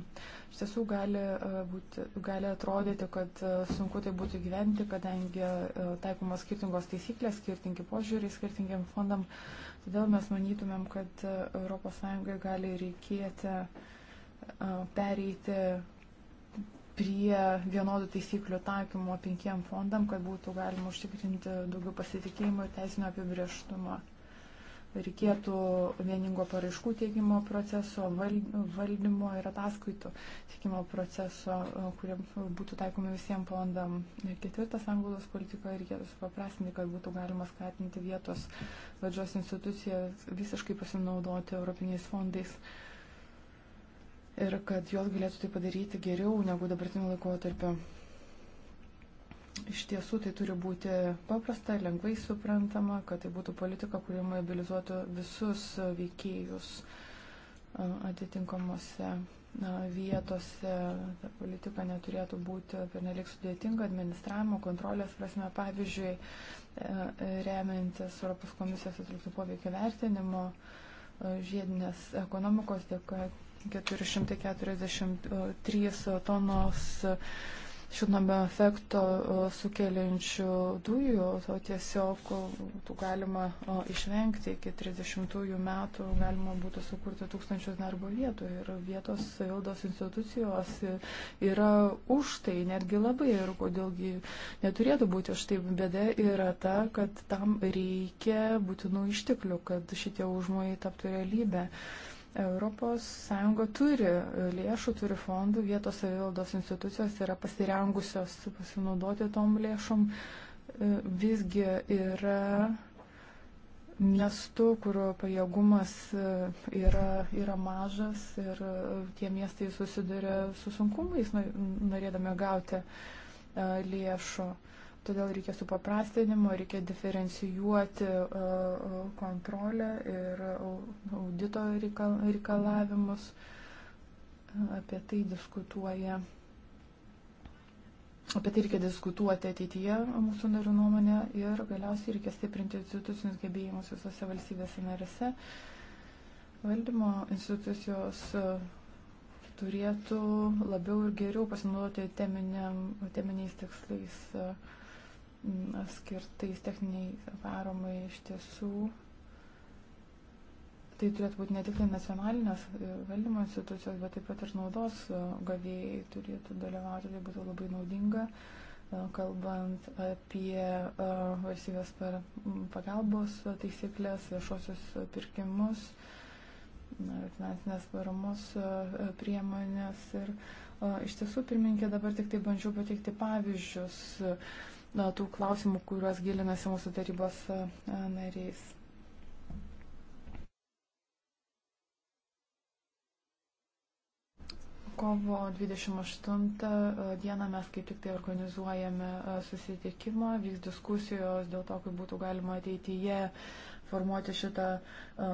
iš tiesų gali, uh, būti, gali atrodyti, kad uh, sunku tai būtų gyventi, kadangi uh, taikomas skirtingos taisyklės, skirtingi požiūriai, skirtingiam fondam. Todėl mes manytumėm, kad uh, ES gali reikėti uh, pereiti prie vienodų taisyklių taikymo penkiem fondam, kad būtų galima užtikrinti daugiau pasitikėjimo ir teisinio apibrieštumo. Reikėtų vieningo paraiškų teikimo proceso, valdymo ir ataskaitų teikimo proceso, kurie būtų taikomi visiems fondam. Ir ketvirtas anglos politika reikėtų supaprastinti, kad būtų galima skatinti vietos valdžios institucijas visiškai pasinaudoti europiniais fondais. Uh, ir kad jos galėtų tai padaryti geriau negu dabartiniu laikotarpiu. Iš tiesų tai turi būti paprasta, lengvai suprantama, kad tai būtų politika, kuri mobilizuotų visus veikėjus atitinkamuose vietose. Ta politika neturėtų būti pernelik sudėtinga administravimo, kontrolės prasme, pavyzdžiui, e, remiantis Europos komisijos atliktų poveikio vertinimo žiedinės ekonomikos dėka 443 tonos šiltnamio efekto sukeliančių dujų, o tiesiog tų galima išvengti iki 30 metų, galima būtų sukurti tūkstančius darbo vietų ir vietos savildos institucijos yra už tai, netgi labai ir kodėlgi neturėtų būti už tai. Bėda yra ta, kad tam reikia būtinų išteklių, kad šitie užmojai taptų realybę. Uh, Europos Sąjunga turi lėšų, turi fondų, vietos savivaldos institucijos yra pasirengusios pasinaudoti tom lėšom. E, visgi yra miestų, kurio pajėgumas e, yra, yra mažas ir e, tie miestai susiduria su sunkumais norėdami gauti lėšų. Todėl reikia supaprastinimo, reikia diferencijuoti e, e, kontrolę ir audito reikalavimus. Apie tai diskutuoja. Apie tai reikia diskutuoti ateityje mūsų narių nuomonė ir galiausiai reikia stiprinti institucinius gebėjimus visose valstybėse narėse. Valdymo institucijos e, turėtų labiau ir geriau pasinaudoti teminiam, teminiais tikslais. Uh, skirtais techniniai varomai iš tiesų. Tai turėtų būti ne tik tai nacionalinės e, valdymo institucijos, bet taip pat ir naudos e, gavėjai turėtų dalyvauti, tai būtų labai naudinga, e, kalbant apie valstybės pagalbos taisyklės, viešosius pirkimus, finansinės paramos priemonės. Ir iš tiesų, pirmininkė, dabar tik tai bandžiau pateikti pavyzdžius na, tų klausimų, kuriuos gilinasi mūsų tarybos e, nariais. Kovo 28 e, dieną mes kaip tik tai organizuojame e, susitikimą, vyks diskusijos dėl to, kaip būtų galima ateityje formuoti šitą e,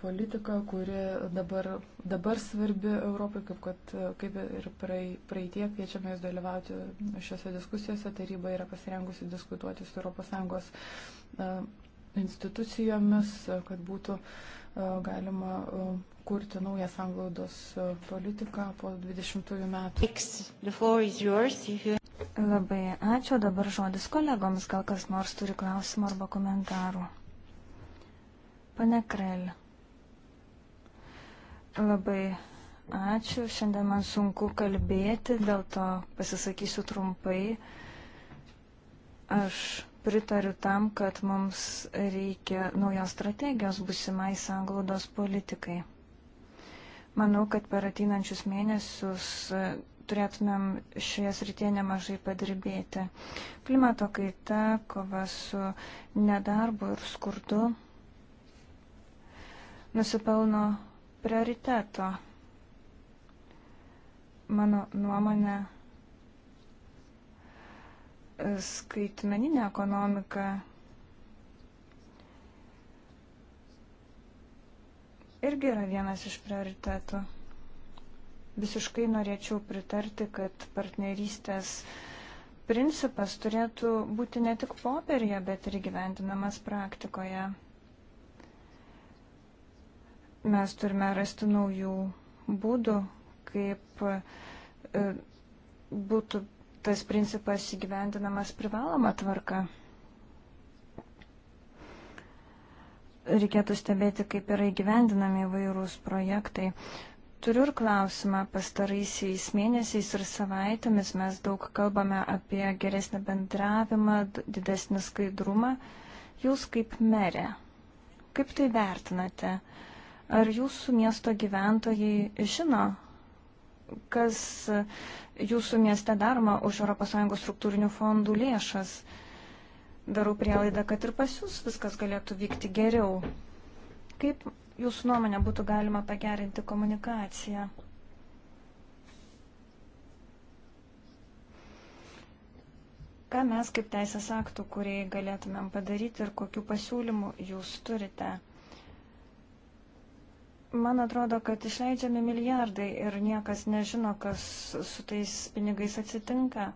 politiką, kuri dabar, dabar svarbi Europai, kaip, kad, kaip ir praeitie kviečiame jūs dalyvauti šiuose diskusijose. Taryba yra pasirengusi diskutuoti su ES institucijomis, kad būtų galima kurti naują sanglaudos politiką po 20 metų. Labai ačiū, dabar žodis kolegoms, gal kas nors turi klausimų arba komentarų. Pane Krel. Labai ačiū, šiandien man sunku kalbėti, dėl to pasisakysiu trumpai. Aš pritariu tam, kad mums reikia naujos strategijos busimai sanglaudos politikai. Manau, kad per ateinančius mėnesius e, turėtumėm šioje srityje nemažai padirbėti. Klimato kaita, kova su nedarbu ir skurdu nusipelno prioriteto. Mano nuomonė, e, skaitmeninė ekonomika irgi yra vienas iš prioritetų. Visiškai norėčiau pritarti, kad partnerystės principas turėtų būti ne tik popierėje, bet ir gyventinamas praktikoje. Mes turime rasti naujų būdų, kaip e, būtų tas principas įgyvendinamas privaloma tvarka. reikėtų stebėti, kaip yra įgyvendinami įvairūs projektai. Turiu ir klausimą. Pastaraisiais mėnesiais ir savaitėmis mes daug kalbame apie geresnį bendravimą, didesnį skaidrumą. Jūs kaip merė, kaip tai vertinate? Ar jūsų miesto gyventojai žino, kas e, jūsų mieste daroma už ES struktūrinių fondų lėšas? darau prielaidą, kad ir pas jūs viskas galėtų vykti geriau. Kaip jūsų nuomonė būtų galima pagerinti komunikaciją? Ką mes kaip teisės aktų, kurie galėtumėm padaryti ir kokiu pasiūlymu jūs turite? Man atrodo, kad išleidžiami milijardai ir niekas nežino, kas su tais pinigais atsitinka.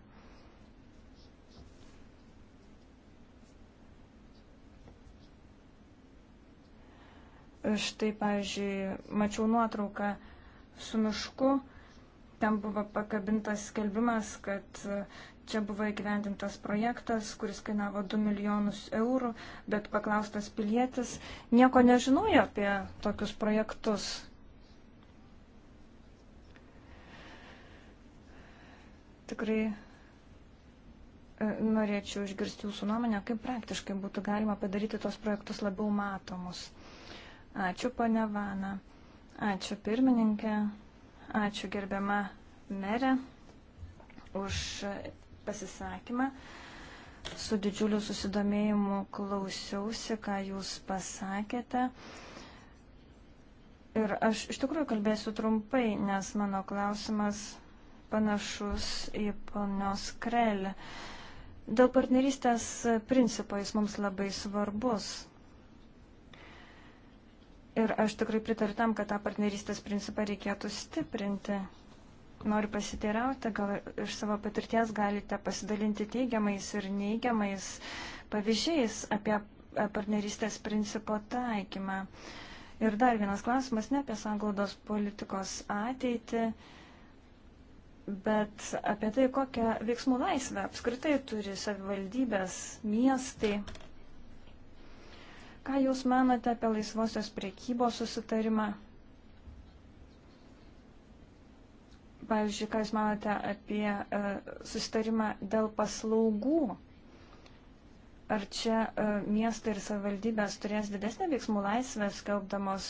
Štai, pavyzdžiui, mačiau nuotrauką su mišku, ten buvo pakabintas skelbimas, kad e, čia buvo įgyvendintas projektas, kuris kainavo 2 milijonus eurų, bet paklaustas pilietis nieko nežinojo apie tokius projektus. Tikrai e, norėčiau išgirsti jūsų nuomonę, kaip praktiškai būtų galima padaryti tos projektus labiau matomus. Ačiū, ponia Vana. Ačiū, pirmininkė. Ačiū, gerbiama merė, už pasisakymą. Su didžiuliu susidomėjimu klausiausi, ką jūs pasakėte. Ir aš iš tikrųjų kalbėsiu trumpai, nes mano klausimas panašus į ponios Krelį. Dėl partnerystės principo jis mums labai svarbus. Ir aš tikrai pritariu tam, kad tą partnerystės principą reikėtų stiprinti. Noriu pasiteirauti, gal iš savo patirties galite pasidalinti teigiamais ir neigiamais pavyzdžiais apie e, partnerystės principo taikymą. Ir dar vienas klausimas ne apie sanglaudos politikos ateitį, bet apie tai, kokią veiksmų laisvę apskritai turi savivaldybės, miestai. Ką Jūs manote apie laisvosios priekybos susitarimą? Pavyzdžiui, ką Jūs manote apie e, susitarimą dėl paslaugų? Ar čia e, miestai ir savivaldybės turės didesnį veiksmų laisvę, skelbdamos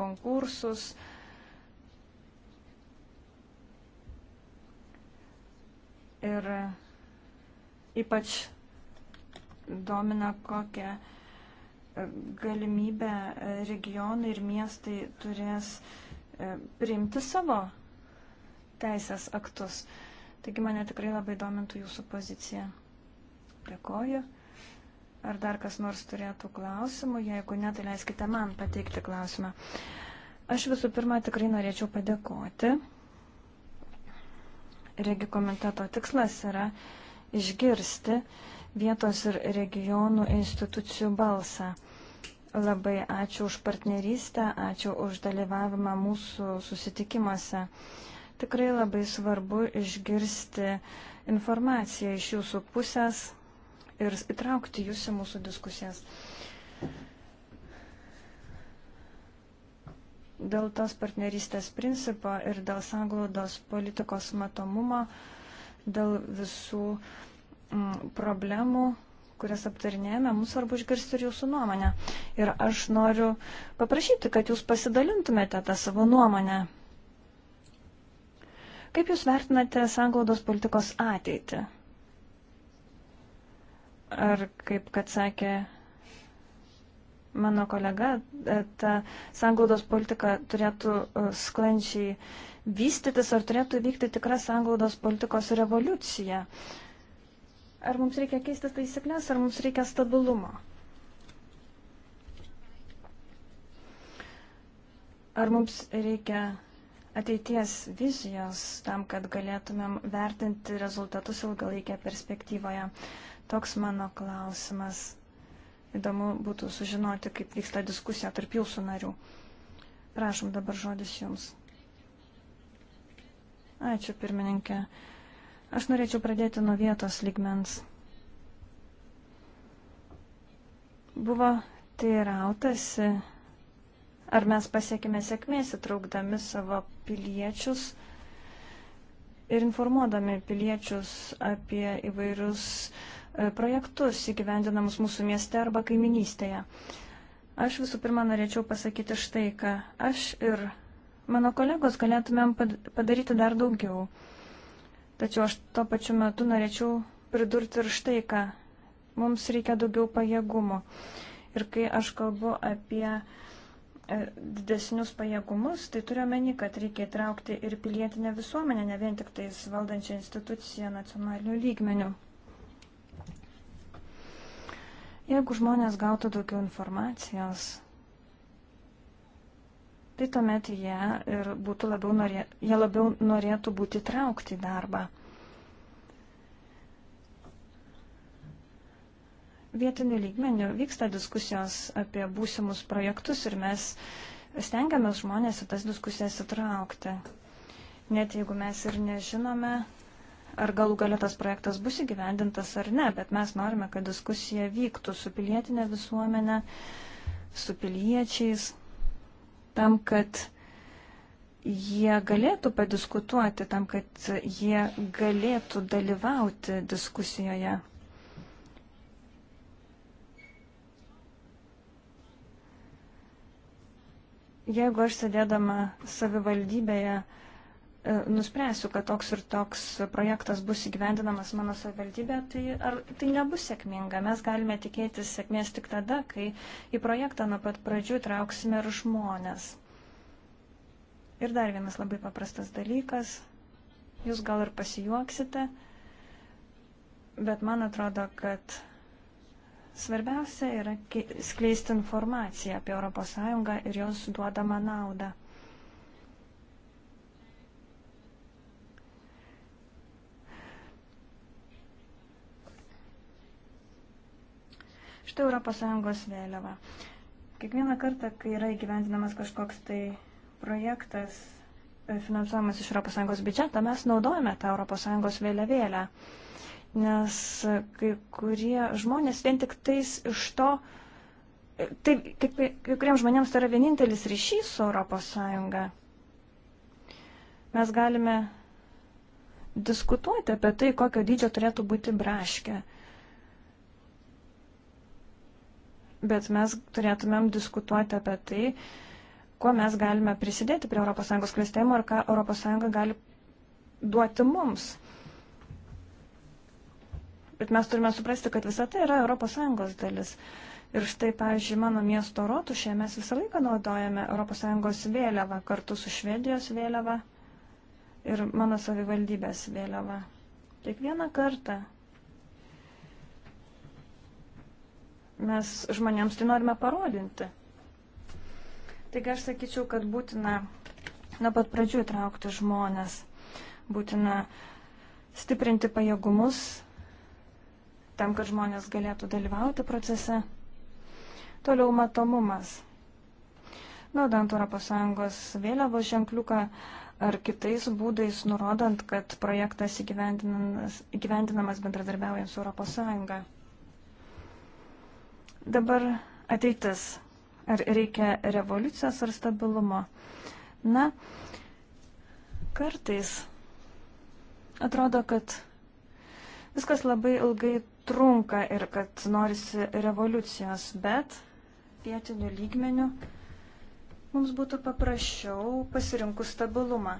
konkursus? Ir ypač domina kokią galimybę e, regionai ir miestai turės e, priimti savo teisės aktus. Taigi mane tikrai labai domintų jūsų pozicija. Dėkoju. Ar dar kas nors turėtų klausimų? Jeigu ne, tai leiskite man pateikti klausimą. Aš visų pirma tikrai norėčiau padėkoti. Regi komiteto tikslas yra išgirsti uh, vietos ir regionų institucijų balsą. Labai ačiū už partnerystę, ačiū už dalyvavimą mūsų susitikimuose. Tikrai labai svarbu išgirsti informaciją iš jūsų pusės ir įtraukti jūs į mūsų diskusijas. Dėl tos partnerystės principo ir dėl sanglaudos politikos matomumo, dėl visų uh, Mm, problemų, kurias aptarinėjame, mums svarbu išgirsti ir jūsų nuomonę. Ir aš noriu paprašyti, kad jūs pasidalintumėte tą savo nuomonę. Kaip jūs vertinate sanglaudos politikos ateitį? Ar kaip, kad sakė mano kolega, ta sanglaudos politika turėtų e, sklančiai vystytis, ar turėtų vykti tikra sanglaudos politikos revoliucija? Uh, Ar mums reikia keistis taisyklės, ar mums reikia stabilumo? Ar mums reikia ateities vizijos tam, kad galėtumėm vertinti rezultatus ilgalaikė perspektyvoje? Toks mano klausimas. Įdomu būtų sužinoti, kaip vyksta diskusija tarp jūsų narių. Prašom dabar žodis jums. Ačiū, pirmininkė. Aš norėčiau pradėti nuo vietos ligmens. Buvo teirautasi, ar mes pasiekime sėkmės įtraukdami savo piliečius ir informuodami piliečius apie įvairius e, projektus įgyvendinamus mūsų mieste arba kaiminystėje. Aš visų pirma norėčiau pasakyti štai, ką aš ir mano kolegos galėtumėm padaryti dar daugiau. Tačiau aš tuo pačiu metu norėčiau pridurti ir štai ką. Mums reikia daugiau pajėgumų. Ir kai aš kalbu apie e, didesnius pajėgumus, tai turiu meni, kad reikia įtraukti ir pilietinę visuomenę, ne vien tik tais valdančią instituciją nacionaliniu lygmeniu. Jeigu žmonės gautų daugiau informacijos, tai tuomet jie, ir būtų labiau norė, jie labiau norėtų būti traukti į darbą. Vietinių lygmenių vyksta diskusijos apie būsimus projektus ir mes stengiamės žmonės į tas diskusijas įtraukti. Net jeigu mes ir nežinome, ar galų galia tas projektas bus įgyvendintas ar ne, bet mes norime, kad diskusija vyktų su pilietinė visuomenė, su piliečiais tam, kad jie galėtų padiskutuoti, tam, kad jie galėtų dalyvauti diskusijoje. Jeigu aš sėdėdama savivaldybėje E, nuspręsiu, kad toks ir toks projektas bus įgyvendinamas mano savivaldybė, tai ar tai nebus sėkminga. Mes galime tikėtis sėkmės tik tada, kai į projektą nuo pat pradžių trauksime ir žmonės. Ir dar vienas labai paprastas dalykas. Jūs gal ir pasijuoksite, bet man atrodo, kad svarbiausia yra skleisti informaciją apie ES ir jos duodamą naudą. aukštai ES vėliava. Kiekvieną kartą, kai yra įgyvendinamas kažkoks tai projektas e, finansuojamas iš ES biudžeto, mes naudojame tą ES vėliavėlę. Nes kai kurie žmonės vien tik tais iš to, e, tai kai kuriems žmonėms tai yra vienintelis ryšys su ES. Mes galime diskutuoti apie tai, kokio dydžio turėtų būti braškė. bet mes turėtumėm diskutuoti apie tai, kuo mes galime prisidėti prie ES klėstėjimo ir ką ES gali duoti mums. Bet mes turime suprasti, kad visa tai yra ES dalis. Ir štai, pavyzdžiui, mano miesto rotušėje mes visą laiką naudojame ES vėliavą kartu su Švedijos vėliava ir mano savivaldybės vėliava. Kiekvieną kartą mes žmonėms tai norime parodinti. Taigi aš sakyčiau, kad būtina nuo pat pradžių įtraukti žmonės, būtina stiprinti pajėgumus tam, kad žmonės galėtų dalyvauti procese. Toliau matomumas. Naudant ES vėliavos ženkliuką ar kitais būdais nurodant, kad projektas įgyvendinamas bendradarbiaujant su ES. Dabar ateitis. Ar reikia revoliucijos ar stabilumo? Na, kartais atrodo, kad viskas labai ilgai trunka ir kad norisi revoliucijos, bet vietiniu lygmeniu mums būtų paprasčiau pasirinkus stabilumą.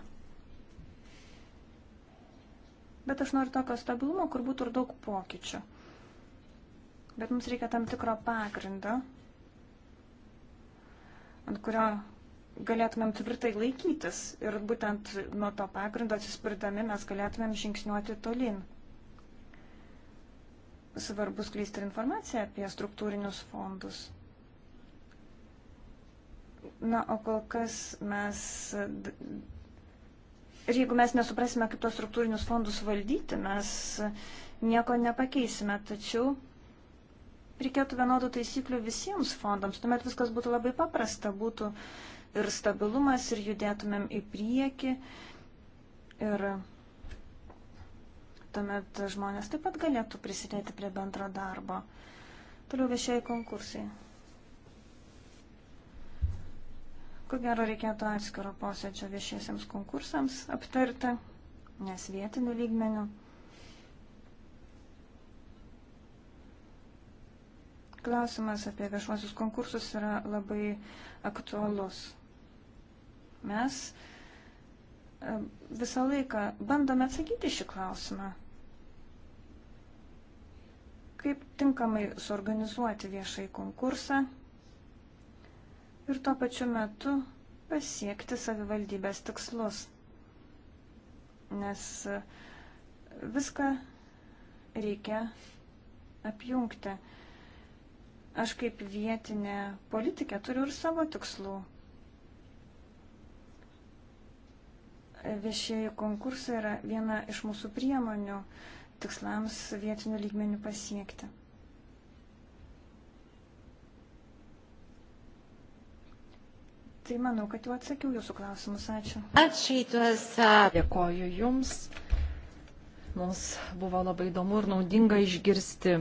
Bet aš noriu tokio stabilumo, kur būtų ir daug pokyčių bet mums reikia tam tikro pagrindo, ant kurio galėtumėm tvirtai laikytis ir būtent nuo to pagrindo atsispirdami mes galėtumėm žingsniuoti tolin. Svarbus klysti informaciją apie struktūrinius fondus. Na, o kol kas mes. Ir jeigu mes nesuprasime, kaip tos struktūrinius fondus valdyti, mes nieko nepakeisime. Tačiau reikėtų vienodų taisyklių visiems fondams. Tuomet viskas būtų labai paprasta, būtų ir stabilumas, ir judėtumėm į priekį. Ir tuomet žmonės taip pat galėtų prisidėti prie bendro darbo. Toliau viešieji konkursai. Ko gero reikėtų atskiro posėdžio viešiesiams konkursams aptarti, nes vietinių lygmenių. klausimas apie viešuosius konkursus yra labai aktualus. Mes e, visą laiką bandome atsakyti šį klausimą. Kaip tinkamai suorganizuoti viešai konkursą ir tuo pačiu metu pasiekti savivaldybės tikslus. Nes e, viską reikia apjungti. Aš kaip vietinė politikė turiu ir savo tikslų. Viešieji konkursai yra viena iš mūsų priemonių tikslams vietinių lygmenių pasiekti. Tai manau, kad jau atsakiau jūsų klausimus. Ačiū. Ačiū, tuos. Uh, Dėkoju jums. Mums buvo labai įdomu ir naudinga išgirsti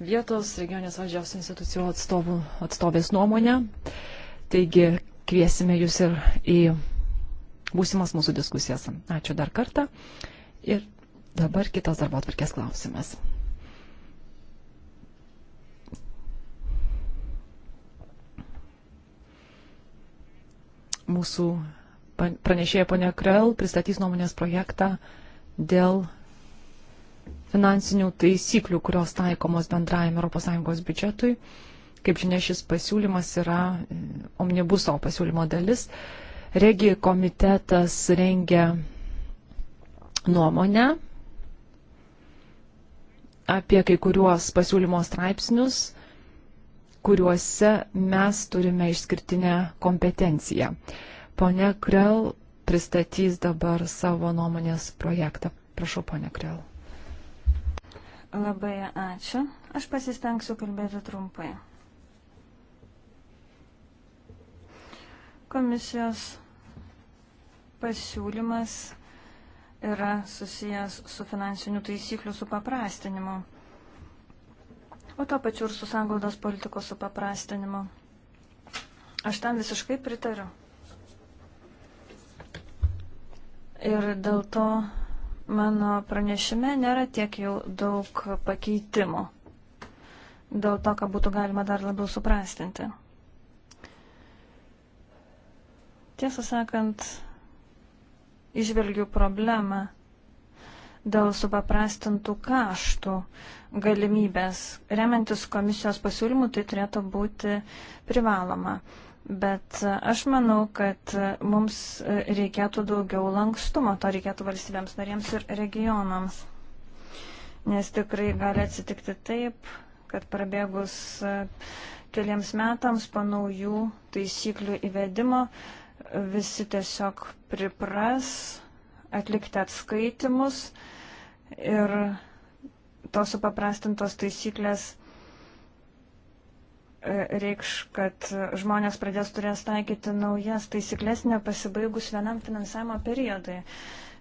vietos regionės valdžios institucijų atstovų, atstovės nuomonę. Taigi kviesime jūs ir į būsimas mūsų diskusijas. Ačiū dar kartą. Ir dabar kitas darbo atvarkės klausimas. Mūsų pranešėja ponia Krell pristatys nuomonės projektą dėl finansinių taisyklių, kurios taikomos bendrajam ES biudžetui. Kaip žinia, šis pasiūlymas yra e, omnibuso pasiūlymo dalis. Regi komitetas rengia nuomonę apie kai kuriuos pasiūlymo straipsnius, kuriuose mes turime išskirtinę kompetenciją. Pone Krell pristatys dabar savo nuomonės projektą. Prašau, pone Krell. Labai ačiū. Aš pasistengsiu kalbėti trumpai. Komisijos pasiūlymas yra susijęs su finansinių taisyklių supaprastinimu, o to pačiu ir su sanglaudos politikos supaprastinimu. Aš tam visiškai pritariu. Ir dėl to Mano pranešime nėra tiek jau daug pakeitimų dėl to, ką būtų galima dar labiau suprastinti. Tiesą sakant, išvelgiu problemą dėl supaprastintų kaštų galimybės. Remiantis komisijos pasiūlymų, tai turėtų būti privaloma. Bet aš manau, kad mums reikėtų daugiau lankstumo, to reikėtų valstybėms narėms ir regionams. Nes tikrai gali atsitikti taip, kad prabėgus keliams metams po naujų taisyklių įvedimo visi tiesiog pripras atlikti atskaitimus ir tos supaprastintos taisyklės e, reikš, kad žmonės pradės turės taikyti naujas taisyklės nepasibaigus vienam finansavimo periodui.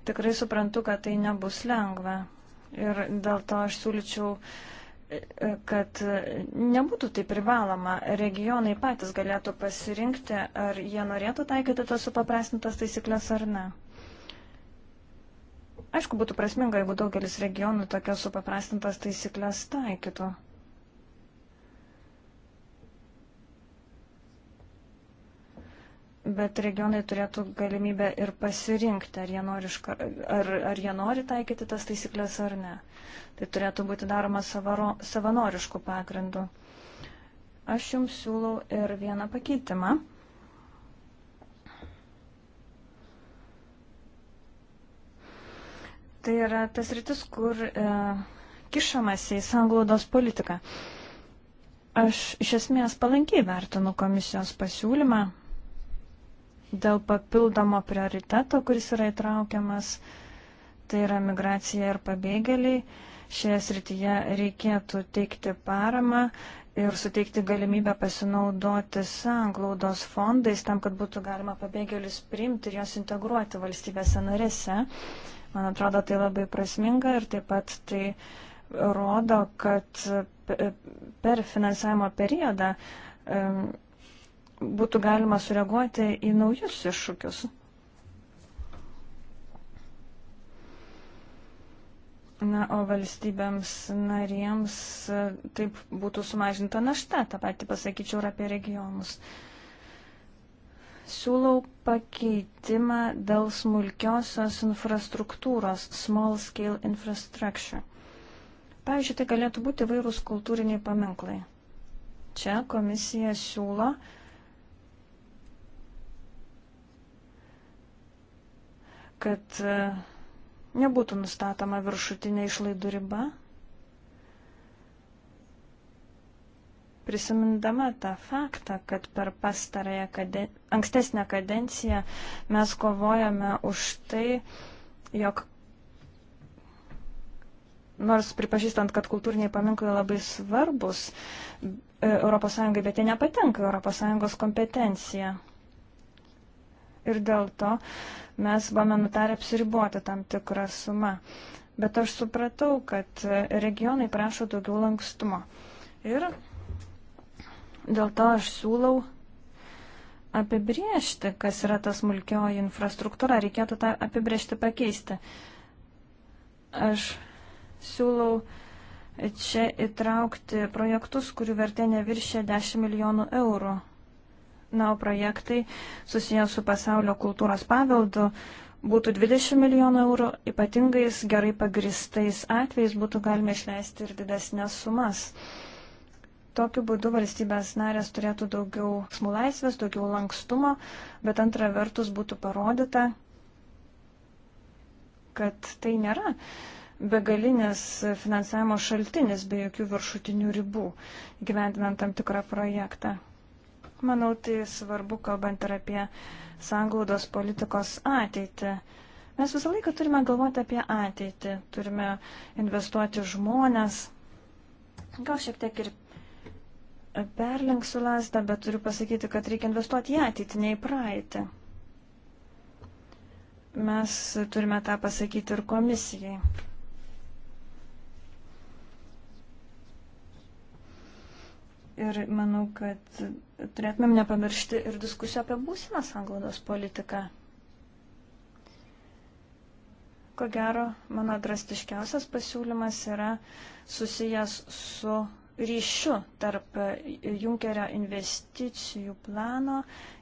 Tikrai suprantu, kad tai nebus lengva. Ir dėl to aš siūlyčiau, e, kad nebūtų tai privaloma. Regionai patys galėtų pasirinkti, ar jie norėtų taikyti tos supaprastintas taisyklės ar ne. Aišku, būtų prasminga, jeigu daugelis regionų tokias supaprastintas taisyklės taikytų. Bet regionai turėtų galimybę ir pasirinkti, ar jie nori, ar, ar jie nori taikyti tas taisyklės ar ne. Tai turėtų būti daroma savaro, savanoriškų pagrindų. Aš jums siūlau ir vieną pakeitimą. Tai yra tas rytis, kur e, kišamasi į sanglaudos politiką. Aš iš esmės palankiai vertinu komisijos pasiūlymą dėl papildomo prioriteto, kuris yra įtraukiamas, tai yra migracija ir pabėgėliai. Šioje srityje reikėtų teikti paramą ir suteikti galimybę pasinaudoti sanglaudos fondais tam, kad būtų galima pabėgėlius priimti ir juos integruoti valstybėse narėse. Uh, Man atrodo, tai labai prasminga ir taip pat tai rodo, kad per finansavimo periodą būtų galima sureaguoti į naujus iššūkius. Na, o valstybėms narėms e, taip būtų sumažinta našta, tą patį pasakyčiau ir apie regionus. Uh, Siūlau pakeitimą dėl smulkiosios infrastruktūros, small scale infrastructure. Pavyzdžiui, tai galėtų būti vairūs kultūriniai paminklai. Čia komisija siūlo kad e, nebūtų nustatoma viršutinė išlaidų riba, prisimindama tą faktą, kad per pastarąją kaden... ankstesnę kadenciją mes kovojame už tai, jog nors pripažįstant, kad kultūriniai paminklai labai svarbus ES, bet jie nepatenka ES kompetenciją. Ir dėl to mes buvome nutarę apsiriboti tam tikrą sumą. Bet aš supratau, kad regionai prašo daugiau lankstumo. Ir Dėl to aš siūlau apibriežti, kas yra ta smulkioji infrastruktūra. Reikėtų tą apibriežti pakeisti. Aš siūlau čia įtraukti projektus, kurių vertė neviršė 10 milijonų eurų. Na, o projektai susijęs su pasaulio kultūros paveldu būtų 20 milijonų eurų, ypatingais gerai pagristais atvejais būtų galima išleisti ir didesnės sumas. Uh, Tokiu būdu valstybės narės turėtų daugiau smų laisvės, daugiau lankstumo, bet antra vertus būtų parodyta, kad tai nėra begalinis finansavimo šaltinis be jokių viršutinių ribų, gyventinant tam tikrą projektą. Manau, tai svarbu, kalbant ir apie sanglaudos politikos ateitį. Mes visą laiką turime galvoti apie ateitį, turime investuoti žmonės, gal šiek tiek ir perlenksiu lasdą, bet turiu pasakyti, kad reikia investuoti į ateitį, ne į praeitį. Mes turime tą pasakyti ir komisijai. Ir manau, kad turėtumėm nepamiršti ir diskusijų apie būsimą sanglaudos politiką. Ko gero, mano drastiškiausias pasiūlymas yra susijęs su ryšiu tarp Junkerio investicijų plano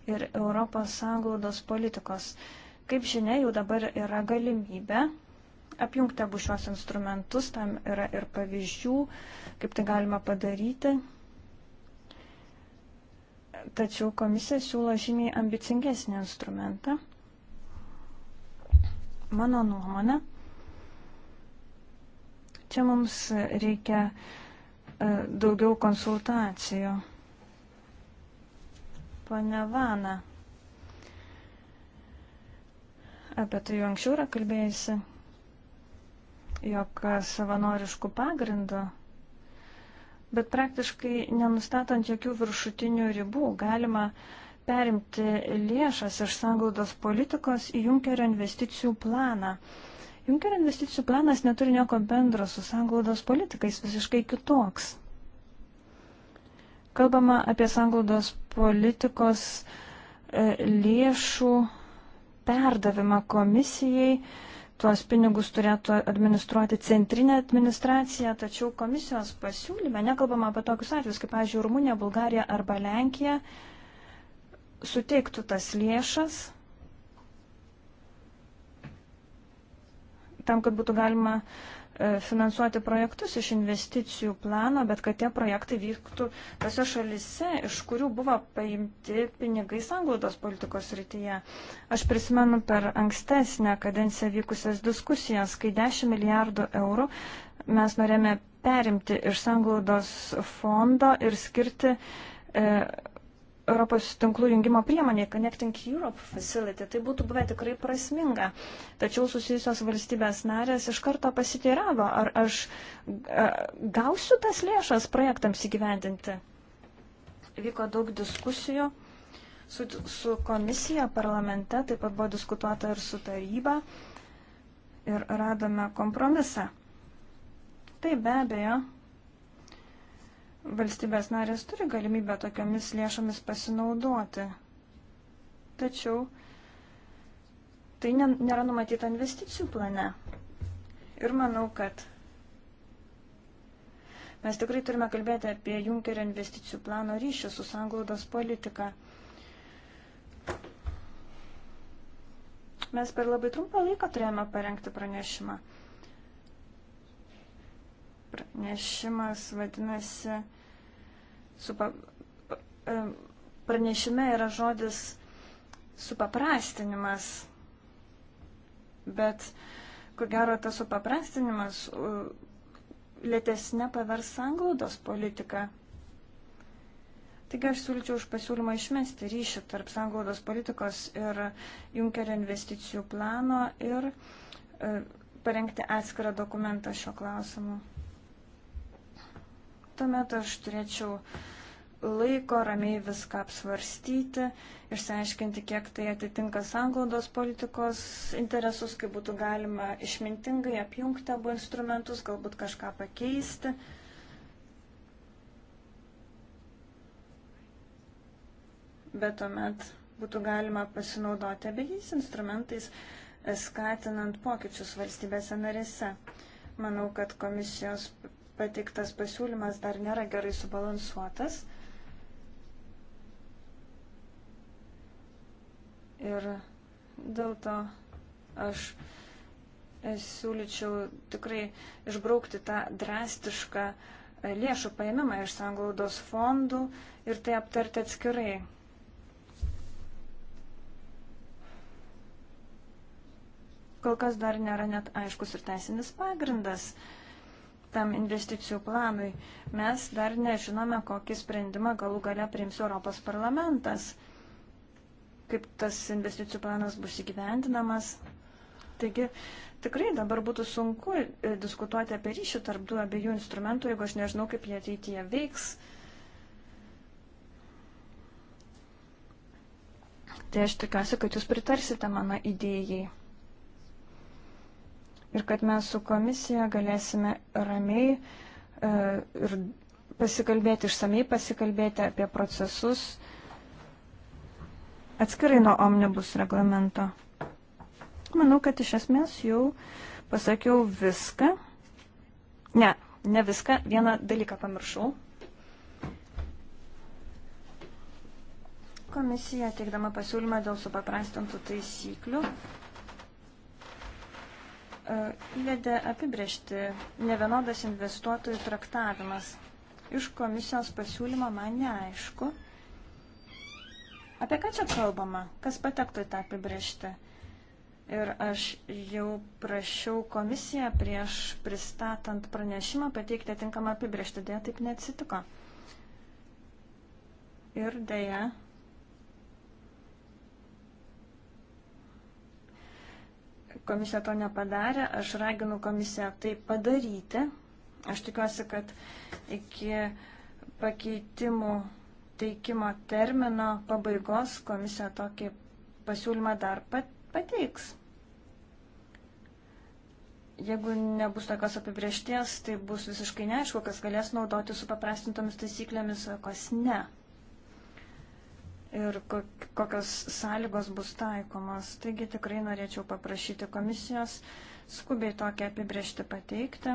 ir Europos sąnglaudos politikos. Kaip žinia, jau dabar yra galimybė apjungti abu šios instrumentus, tam yra ir pavyzdžių, kaip tai galima padaryti. Tačiau komisija siūlo žymiai ambicingesnį instrumentą. Mano nuomonė, čia mums reikia uh, E, daugiau konsultacijų. Pane Vana, apie tai jau anksčiau yra kalbėjusi, jog savanoriškų pagrindų, bet praktiškai nenustatant jokių viršutinių ribų galima perimti lėšas iš sanglaudos politikos į Junkerio investicijų planą. Uh, Junkerio investicijų planas neturi nieko bendro su sanglaudos politikais, visiškai kitoks. Kalbama apie sanglaudos politikos e, lėšų perdavimą komisijai. Tuos pinigus turėtų administruoti centrinė administracija, tačiau komisijos pasiūlyme nekalbama apie tokius atvejus, kaip, pavyzdžiui, Rumunija, Bulgarija arba Lenkija suteiktų tas lėšas tam, kad būtų galima e, finansuoti projektus iš investicijų plano, bet kad tie projektai vyktų tose šalise, iš kurių buvo paimti pinigai sanglaudos politikos rytyje. Aš prisimenu per ankstesnę kadenciją vykusias diskusijas, kai 10 milijardų eurų mes norėjome perimti iš sanglaudos fondo ir skirti e, Europos tinklų jungimo priemonė Connecting Europe Facility. Tai būtų buvę tikrai prasminga. Tačiau susijusios valstybės narės iš karto pasiteiravo, ar aš gausiu tas lėšas projektams įgyvendinti. Vyko daug diskusijų su, su komisija parlamente, taip pat buvo diskutuota ir su taryba ir radome kompromisą. Tai be abejo valstybės narės turi galimybę tokiamis lėšomis pasinaudoti. Tačiau tai nėra numatyta investicijų plane. Ir manau, kad mes tikrai turime kalbėti apie Junkerio investicijų plano ryšį su sanglaudos politika. Mes per labai trumpą laiką turėjome parengti pranešimą. Pranešimas vadinasi supa, pranešime yra žodis supaprastinimas, bet ko gero tas supaprastinimas lėtesnė pavers sanglaudos politiką. Taigi aš siūlyčiau už pasiūlymą išmesti ryšį tarp sanglaudos politikos ir Junkerio investicijų plano ir e, parengti atskirą dokumentą šio klausimu tuomet aš turėčiau laiko ramiai viską apsvarstyti, išsiaiškinti, kiek tai atitinka sanglaudos politikos interesus, kaip būtų galima išmintingai apjungti abu instrumentus, galbūt kažką pakeisti. Bet tuomet būtų galima pasinaudoti abiejais instrumentais, skatinant pokyčius valstybėse narėse. Manau, kad komisijos pateiktas pasiūlymas dar nėra gerai subalansuotas. Ir dėl to aš siūlyčiau tikrai išbraukti tą drastišką lėšų paėmimą iš sanglaudos fondų ir tai aptarti atskirai. Kol kas dar nėra net aiškus ir teisinis pagrindas. Uh, tam investicijų planui. Mes dar nežinome, kokį sprendimą galų gale priims Europos parlamentas, kaip tas investicijų planas bus įgyvendinamas. Taigi tikrai dabar būtų sunku e, diskutuoti apie ryšį tarp du abiejų instrumentų, jeigu aš nežinau, kaip jie ateityje veiks. Tai aš tikiuosi, kad jūs pritarsite mano idėjai ir kad mes su komisija galėsime ramiai e, ir pasikalbėti, išsamei pasikalbėti apie procesus atskirai nuo omnibus reglamento. Manau, kad iš esmės jau pasakiau viską. Ne, ne viską, vieną dalyką pamiršau. Komisija teikdama pasiūlymą dėl supaprastintų taisyklių įvedė apibriežti nevienodas investuotojų traktavimas. Iš komisijos pasiūlymo man neaišku. Apie ką čia kalbama? Kas patektų į tą apibriežti? Ir aš jau prašiau komisiją prieš pristatant pranešimą pateikti atinkamą apibriežtį, dėja taip neatsitiko. Ir dėja, komisija to nepadarė, aš raginu komisiją tai padaryti. Aš tikiuosi, kad iki pakeitimų teikimo termino pabaigos komisija tokį pasiūlymą dar pateiks. Jeigu nebus tokios apibriešties, tai bus visiškai neaišku, kas galės naudoti supaprastintomis taisyklėmis, o kas ne ir kokios sąlygos bus taikomos. Taigi tikrai norėčiau paprašyti komisijos skubiai tokią apibriežtį pateikti.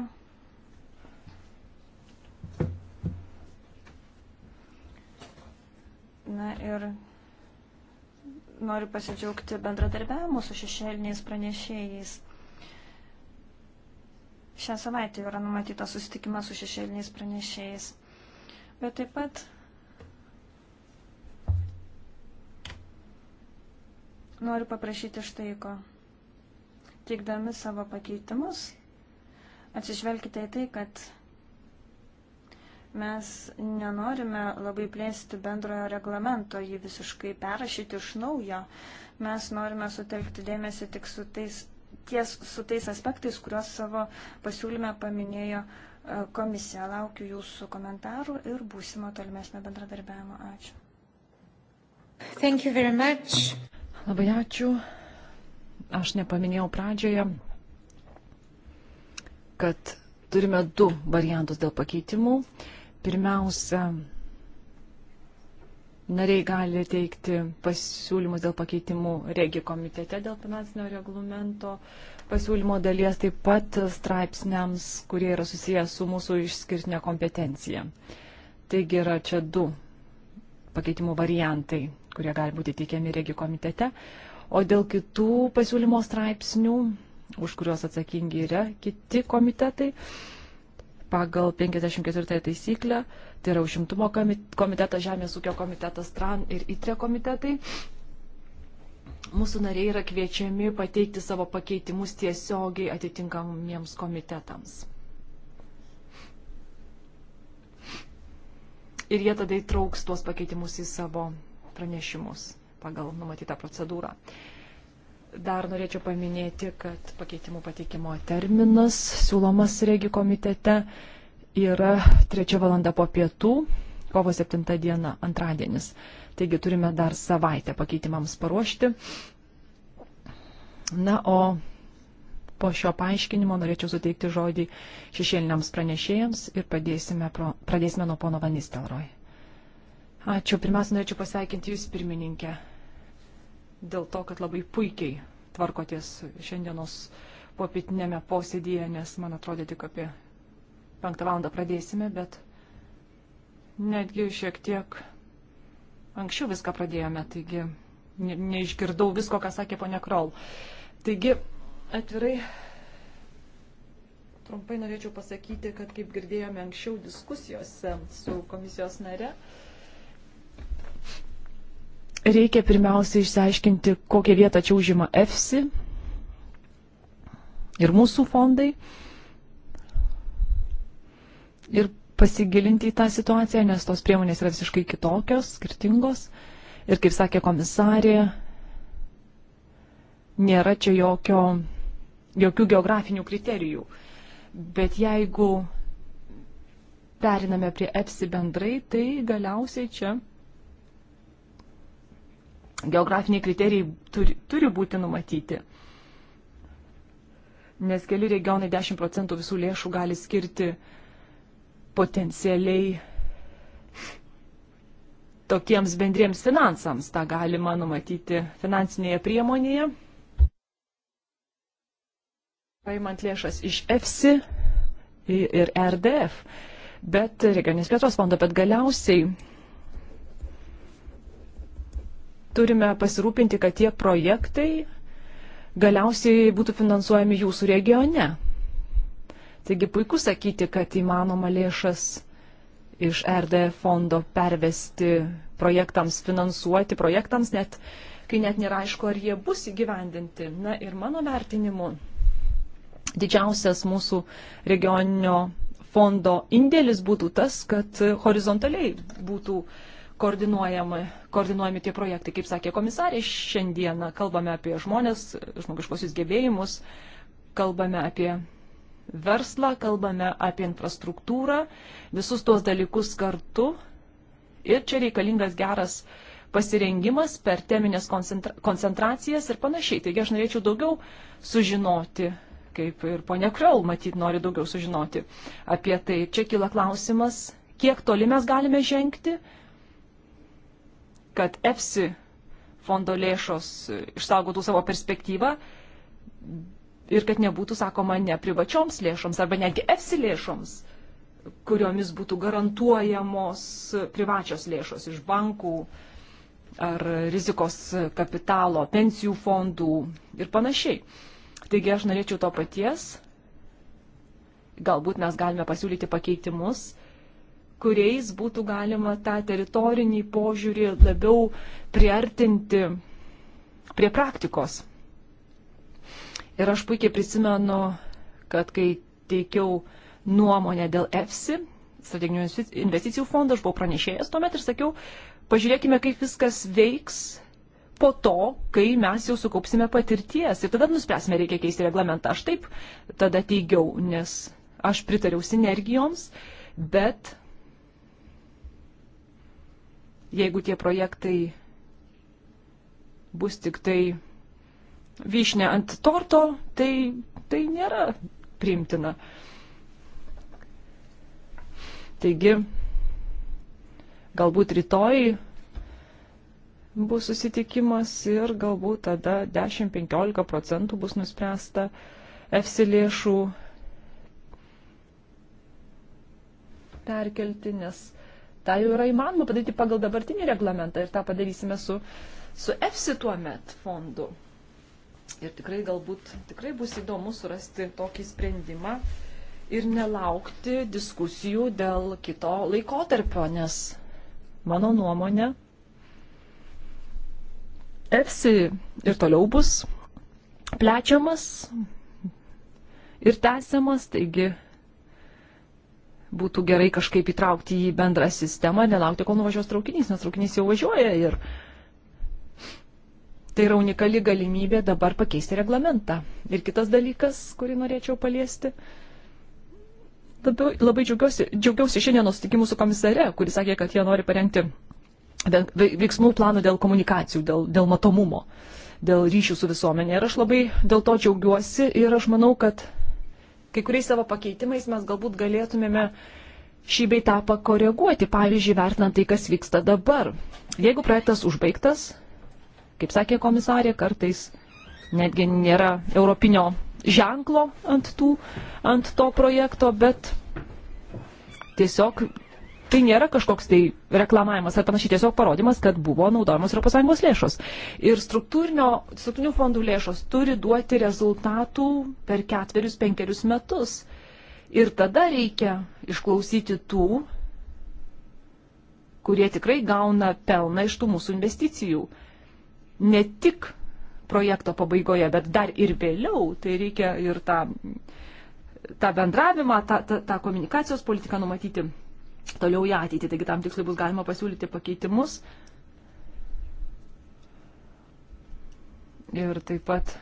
Na ir noriu pasidžiaugti bendradarbiavimu su šešėliniais pranešėjais. Šią savaitę yra numatytas susitikimas su šešėliniais pranešėjais. Bet taip pat Noriu paprašyti štai ko. Teikdami savo pakeitimus, atsižvelkite į tai, kad mes nenorime labai plėsti bendrojo reglamento, jį visiškai perrašyti iš naujo. Mes norime sutelkti dėmesį tik su tais, ties, su tais aspektais, kuriuos savo pasiūlyme paminėjo e, komisija. Laukiu jūsų komentarų ir būsimo tolimesnio bendradarbiavimo. Ačiū. Labai ačiū. Aš nepaminėjau pradžioje, kad turime du variantus dėl pakeitimų. Pirmiausia, nariai gali teikti pasiūlymus dėl pakeitimų regi komitete dėl finansinio reglamento pasiūlymo dalies, taip pat straipsniams, kurie yra susijęs su mūsų išskirtinė kompetencija. Taigi yra čia du pakeitimų variantai kurie gali būti teikiami regi komitete. O dėl kitų pasiūlymo straipsnių, už kuriuos atsakingi yra kiti komitetai, pagal 54 taisyklę, tai yra užimtumo komitetas, Žemės ūkio komitetas, TRAN ir ITRE komitetai. Mūsų nariai yra kviečiami pateikti savo pakeitimus tiesiogiai atitinkamiems komitetams. ir jie tada įtrauks tuos pakeitimus į savo pranešimus pagal numatytą procedūrą. Dar norėčiau paminėti, kad pakeitimų pateikimo terminas siūlomas regi komitete yra 3 valanda po pietų, kovo 7 diena, antradienis. Taigi turime dar savaitę pakeitimams paruošti. Na, o po šio paaiškinimo norėčiau suteikti žodį šešėliniams pranešėjams ir pradėsime, pro, pradėsime nuo pono Vanistelroj. Ačiū. Pirmiausia, norėčiau pasveikinti Jūs, pirmininkė, dėl to, kad labai puikiai tvarkotės šiandienos popietinėme posėdėje, nes man atrodė tik apie penktą valandą pradėsime, bet netgi šiek tiek anksčiau viską pradėjome, taigi ne, neišgirdau visko, ką sakė ponia Krol. Taigi, atvirai, trumpai norėčiau pasakyti, kad kaip girdėjome anksčiau diskusijose su komisijos nare, uh, reikia pirmiausia išsiaiškinti, kokią vietą čia užima EFSI ir mūsų fondai. Ir pasigilinti į tą situaciją, nes tos priemonės yra visiškai kitokios, skirtingos. Ir kaip sakė komisarė, nėra čia jokio, jokių geografinių kriterijų. Bet jeigu periname prie EFSI bendrai, tai galiausiai čia geografiniai kriterijai turi, turi būti numatyti. Nes keli regionai 10 procentų visų lėšų gali skirti potencialiai tokiems bendriems finansams. Ta galima numatyti finansinėje priemonėje. Paimant lėšas iš EFSI ir RDF, bet regionės plėtros fondo, bet galiausiai turime pasirūpinti, kad tie projektai galiausiai būtų finansuojami jūsų regione. Taigi puiku sakyti, kad įmanoma lėšas iš RDF fondo pervesti projektams, finansuoti projektams, net, kai net nėra aišku, ar jie bus įgyvendinti. Na ir mano vertinimu, didžiausias mūsų regioninio fondo indėlis būtų tas, kad horizontaliai būtų uh, koordinuojami, koordinuojami tie projektai. Kaip sakė komisarė, šiandieną kalbame apie žmonės, žmogiškosius gebėjimus, kalbame apie verslą, kalbame apie infrastruktūrą, visus tuos dalykus kartu. Ir čia reikalingas geras pasirengimas per teminės koncentra koncentracijas ir panašiai. Taigi aš norėčiau daugiau sužinoti, kaip ir ponia Kreul, matyt, nori daugiau sužinoti apie tai. Čia kyla klausimas, kiek toli mes galime žengti, kad EFSI fondo lėšos e, išsaugotų savo perspektyvą ir kad nebūtų sakoma ne privačioms lėšoms arba netgi EFSI lėšoms, kuriomis būtų garantuojamos privačios lėšos iš bankų ar rizikos kapitalo, pensijų fondų ir panašiai. Taigi aš norėčiau to paties. Galbūt mes galime pasiūlyti pakeitimus kuriais būtų galima tą teritorinį požiūrį labiau priartinti prie praktikos. Ir aš puikiai prisimenu, kad kai teikiau nuomonę dėl EFSI, strateginių investicijų fondą, aš buvau pranešėjęs tuomet ir sakiau, pažiūrėkime, kaip viskas veiks po to, kai mes jau sukaupsime patirties ir tada nuspręsime, reikia keisti reglamentą. Aš taip tada teigiau, nes aš pritariau sinergijoms, bet jeigu tie projektai bus tik tai vyšne ant torto, tai tai nėra priimtina. Taigi, galbūt rytoj bus susitikimas ir galbūt tada 10-15 procentų bus nuspręsta EFSI lėšų perkelti, nes tą jau yra įmanoma padaryti pagal dabartinį reglamentą ir tą padarysime su, su EFSI tuo met fondu. Ir tikrai galbūt tikrai bus įdomu surasti tokį sprendimą ir nelaukti diskusijų dėl kito laikotarpio, nes mano nuomonė, EFSI ir toliau bus plečiamas ir tęsiamas, taigi būtų gerai kažkaip įtraukti į bendrą sistemą, nelaukti, kol nuvažiuos traukinys, nes traukinys jau važiuoja ir tai yra unikali galimybė dabar pakeisti reglamentą. Ir kitas dalykas, kurį norėčiau paliesti. Labai, labai džiaugiausi, džiaugiausi šiandienos sutikimu su komisare, kuris sakė, kad jie nori parengti veiksmų planą dėl komunikacijų, dėl, dėl matomumo, dėl ryšių su visuomenė. Ir aš labai dėl to džiaugiuosi ir aš manau, kad kai kuriais savo pakeitimais mes galbūt galėtumėme šį bei tą pakoreguoti, pavyzdžiui, vertinant tai, kas vyksta dabar. Jeigu projektas užbaigtas, kaip sakė komisarė, kartais netgi nėra europinio ženklo ant, tų, ant to projekto, bet tiesiog Tai nėra kažkoks tai reklamavimas ar panašiai, tiesiog parodimas, kad buvo naudojamos ES lėšos. Ir struktūrinių fondų lėšos turi duoti rezultatų per ketverius, penkerius metus. Ir tada reikia išklausyti tų, kurie tikrai gauna pelną iš tų mūsų investicijų. Ne tik projekto pabaigoje, bet dar ir vėliau. Tai reikia ir tą, tą bendravimą, tą, tą, tą komunikacijos politiką numatyti toliau į ateitį. Taigi tam tikslai bus galima pasiūlyti pakeitimus. Ir taip pat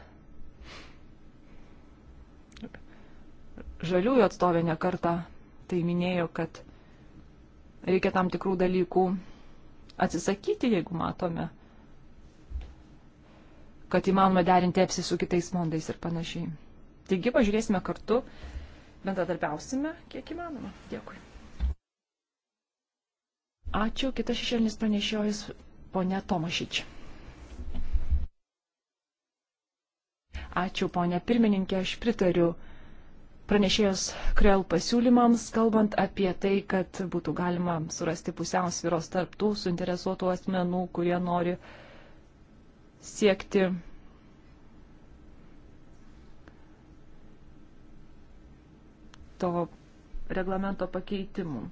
žaliųjų atstovė nekarta tai minėjo, kad reikia tam tikrų dalykų atsisakyti, jeigu matome, kad įmanoma derinti EPSI su kitais fondais ir panašiai. Taigi pažiūrėsime kartu, bendradarbiausime, kiek įmanoma. Dėkui. Ačiū. Kitas šešėlinis pranešėjas, ponė Tomašič. Ačiū, ponė pirmininkė, aš pritariu pranešėjos Krell pasiūlymams, kalbant apie tai, kad būtų galima surasti pusiausvyros tarp tų suinteresuotų asmenų, kurie nori siekti to reglamento pakeitimų.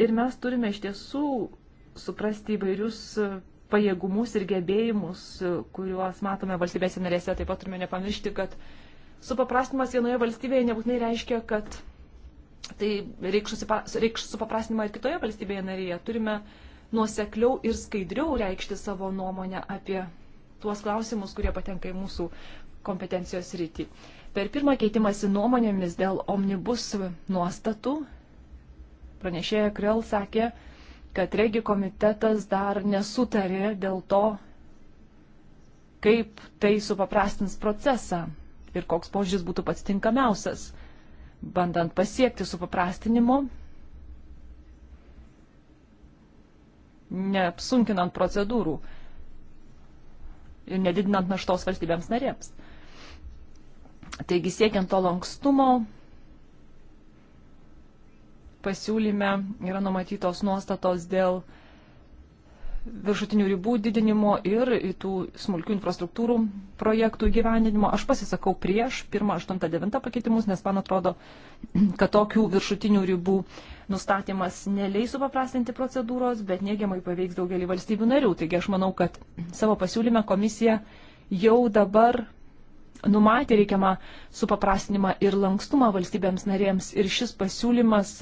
Ir mes turime iš tiesų suprasti įvairius pajėgumus ir gebėjimus, kuriuos matome valstybėse narėse. Taip pat turime nepamiršti, kad supaprastimas vienoje valstybėje nebūtinai reiškia, kad tai reikš supaprastinimą ir kitoje valstybėje narėje. Turime nuosekliau ir skaidriau reikšti savo nuomonę apie tuos klausimus, kurie patenka į mūsų kompetencijos rytį. Per pirmą keitimąsi nuomonėmis dėl omnibus nuostatų pranešėja Krell sakė, kad regi komitetas dar nesutarė dėl to, kaip tai supaprastins procesą ir koks požiūris būtų pats tinkamiausias, bandant pasiekti supaprastinimo, neapsunkinant procedūrų ir nedidinant naštos valstybėms narėms. Taigi siekiant to lankstumo, pasiūlyme yra numatytos nuostatos dėl viršutinių ribų didinimo ir tų smulkių infrastruktūrų projektų gyvendinimo. Aš pasisakau prieš 1, 8, 9 pakeitimus, nes man atrodo, kad tokių viršutinių ribų nustatymas neleis supaprastinti procedūros, bet neigiamai paveiks daugelį valstybių narių. Taigi aš manau, kad savo pasiūlyme komisija jau dabar numatė reikiamą supaprastinimą ir lankstumą valstybėms narėms ir šis pasiūlymas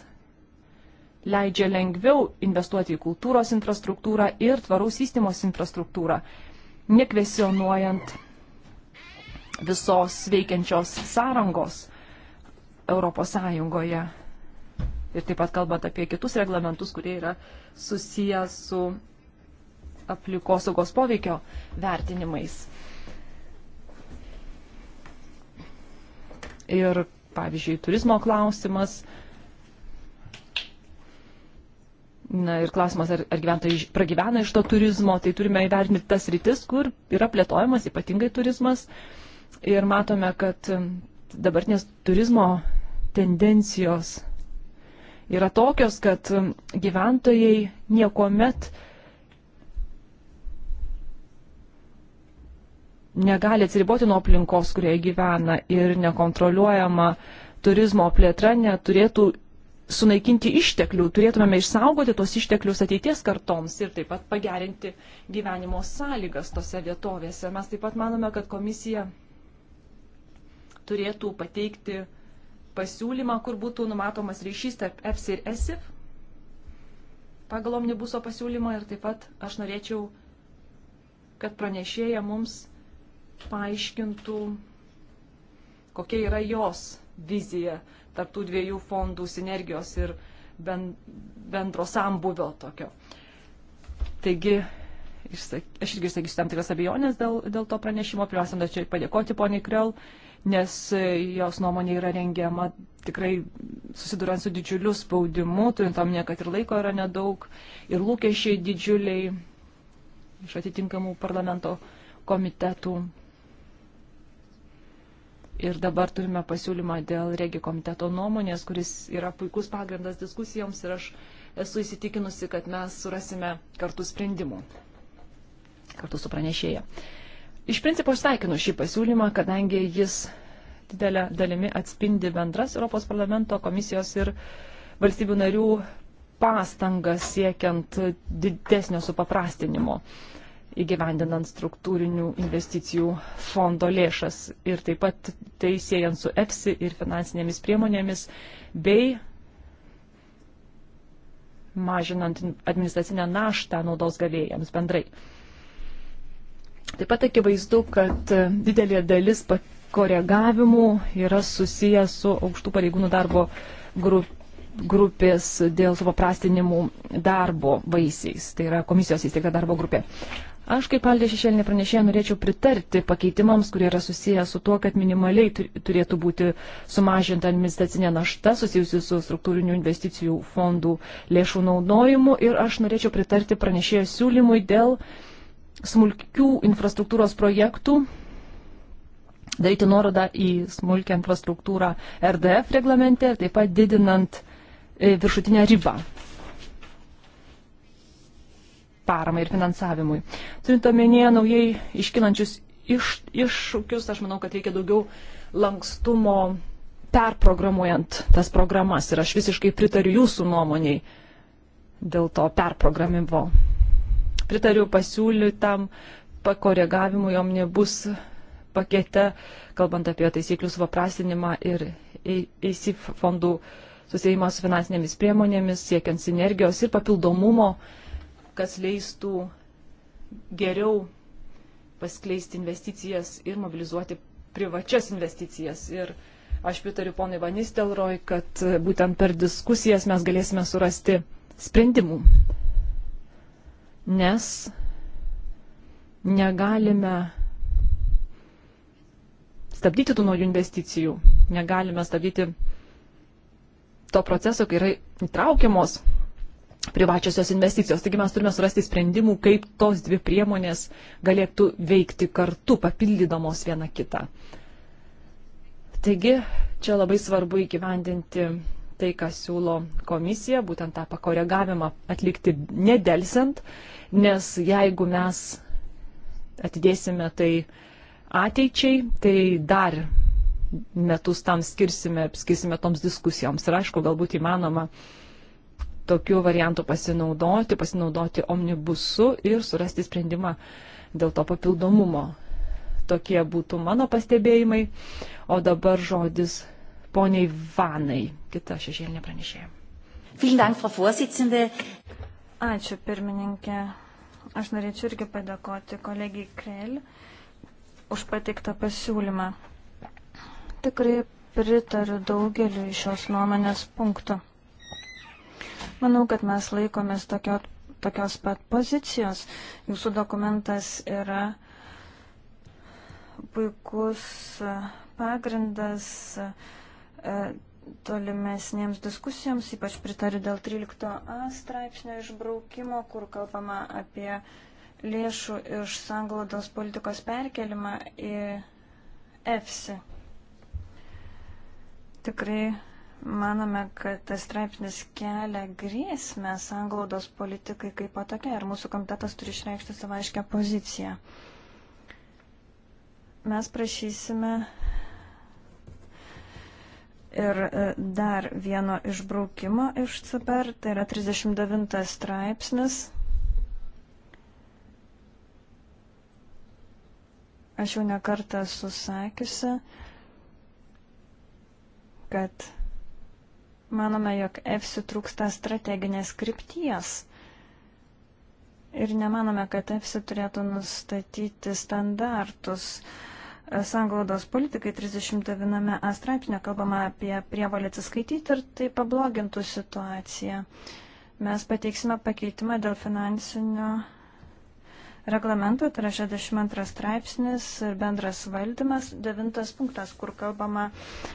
leidžia lengviau investuoti į kultūros infrastruktūrą ir tvaraus vystimos infrastruktūrą, nekvesionuojant visos veikiančios sąrangos ES. Ir taip pat kalbant apie kitus reglamentus, kurie yra susiję su aplikosaugos poveikio vertinimais. Ir, pavyzdžiui, turizmo klausimas – Na ir klausimas, ar, ar gyventojai pragyvena iš to turizmo, tai turime įvertinti tas rytis, kur yra plėtojamas ypatingai turizmas. Ir matome, kad um, dabartinės turizmo tendencijos yra tokios, kad um, gyventojai niekuomet negali atsiriboti nuo aplinkos, kurioje gyvena ir nekontroliuojama turizmo plėtra neturėtų sunaikinti išteklių, turėtumėme išsaugoti tos išteklius ateities kartoms ir taip pat pagerinti gyvenimo sąlygas tose vietovėse. Mes taip pat manome, kad komisija turėtų pateikti pasiūlymą, kur būtų numatomas ryšys tarp EPS ir ESIF pagal omnibuso pasiūlymą ir taip pat aš norėčiau, kad pranešėja mums paaiškintų, kokia yra jos viziją tarptų dviejų fondų sinergijos ir bendro sambuvio tokio. Taigi, aš irgi sakysiu tam tikras abejonės dėl, dėl to pranešimo. Pirmiausia, norėčiau padėkoti poniai Krell, nes jos nuomonė yra rengiama tikrai susidurant su didžiuliu spaudimu, turint omenyje, kad ir laiko yra nedaug, ir lūkesčiai didžiuliai iš atitinkamų parlamento komitetų Ir dabar turime pasiūlymą dėl regi komiteto nuomonės, kuris yra puikus pagrindas diskusijoms ir aš esu įsitikinusi, kad mes surasime kartu sprendimų, kartu su pranešėja. Iš principo aš taikinu šį pasiūlymą, kadangi jis didelę dalimi atspindi bendras Europos parlamento komisijos ir valstybių narių pastangas siekiant didesnio supaprastinimo. Uh, įgyvendinant struktūrinių investicijų fondo lėšas ir taip pat tai siejant su EFSI ir finansinėmis priemonėmis bei mažinant administracinę naštą naudos gavėjams bendrai. Taip pat akivaizdu, kad didelė dalis koregavimų yra susiję su aukštų pareigūnų darbo grupė grupės dėl supaprastinimų darbo vaisiais. Tai yra komisijos įsteigta darbo grupė. Aš kaip Aldė šešėlinė pranešėja norėčiau pritarti pakeitimams, kurie yra susiję su tuo, kad minimaliai turėtų būti sumažinta administracinė našta susijusi su struktūrinių investicijų fondų lėšų naudojimu ir aš norėčiau pritarti pranešėjo siūlymui dėl smulkių infrastruktūros projektų daryti nuorodą į smulkę infrastruktūrą RDF reglamente ir taip pat didinant e, viršutinę ribą paramai ir finansavimui. Turint omenyje naujai iškilančius iš, iššūkius, aš manau, kad reikia daugiau lankstumo perprogramuojant tas programas. Ir aš visiškai pritariu jūsų nuomoniai dėl to perprogramimo. Pritariu pasiūlytam pakoregavimui omnibus pakete, kalbant apie taisyklių supaprastinimą ir EIC fondų susijimą su finansinėmis priemonėmis, siekiant sinergijos ir papildomumo kas leistų geriau paskleisti investicijas ir mobilizuoti privačias investicijas. Ir aš pritariu ponui Vanistelroj, kad būtent per diskusijas mes galėsime surasti sprendimų. Nes negalime stabdyti tų naujų investicijų, negalime stabdyti to proceso, kai yra įtraukiamos privačiosios investicijos. Taigi mes turime surasti sprendimų, kaip tos dvi priemonės galėtų veikti kartu, papildydamos vieną kitą. Taigi čia labai svarbu įgyvendinti tai, ką siūlo komisija, būtent tą pakoregavimą atlikti nedelsiant, nes jeigu mes atidėsime tai ateičiai, tai dar metus tam skirsime, skirsime toms diskusijoms. Ir aišku, galbūt įmanoma uh, tokiu variantu pasinaudoti, pasinaudoti omnibusu ir surasti sprendimą dėl to papildomumo. Tokie būtų mano pastebėjimai. O dabar žodis poniai Vanai, kita šešėlinė pranešėja. Ačiū, pirmininkė. Aš norėčiau irgi padėkoti kolegijai Krell už pateiktą pasiūlymą. Tikrai pritariu daugeliu iš šios nuomonės punktų. Manau, kad mes laikomės tokio, tokios pat pozicijos. Jūsų dokumentas yra puikus pagrindas e, tolimesnėms diskusijoms, ypač pritariu dėl 13a straipsnio išbraukimo, kur kalbama apie lėšų iš sanglaudos politikos perkelimą į EFSI. Tikrai Manome, kad tas straipsnis kelia grėsmę sanglaudos politikai kaip patokia ir mūsų komitetas turi išreikšti savo aiškę poziciją. Mes prašysime ir e, dar vieno išbraukimo iš CPR, tai yra 39 straipsnis. Aš jau nekartą susakiusi, kad Manome, jog EFSI trūksta strateginės krypties. Ir nemanome, kad EFSI turėtų nustatyti standartus. Sanglaudos politikai 39 A straipsnio kalbama apie prievalį atsiskaityti ir tai pablogintų situaciją. Mes pateiksime pakeitimą dėl finansinio reglamento, tai yra 62 straipsnis ir bendras valdymas, 9 punktas, kur kalbama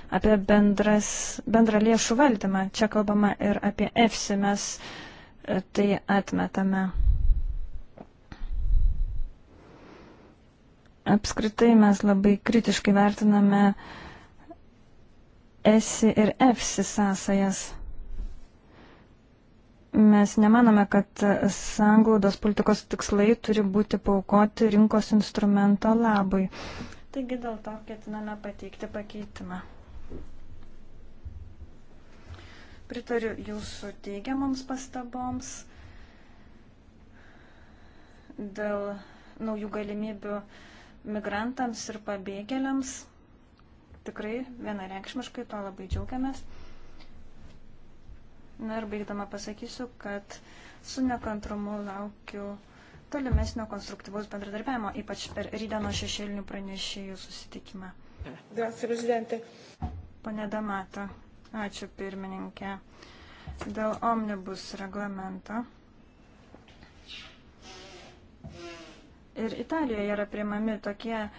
apie bendras, bendrą lėšų valdymą. Čia kalbama ir apie EFSI, mes e, tai atmetame. Apskritai mes labai kritiškai vertiname ESI ir EFSI sąsajas. Mes nemanome, kad sanglaudos politikos tikslai turi būti paukoti rinkos instrumento labui. Taigi dėl to ketiname pateikti pakeitimą. Pritariu jūsų teigiamoms pastaboms dėl naujų galimybių migrantams ir pabėgėliams. Tikrai vienareikšmiškai to labai džiaugiamės. Na ir baigdama pasakysiu, kad su nekantrumu laukiu tolimesnio konstruktyvaus bendradarbiavimo, ypač per rydeno šešėlinių pranešėjų susitikimą. Grazie, prezidentė. Pane Damato, ačiū pirmininkė. Dėl omnibus reglamento. Ir Italijoje yra primami tokie e,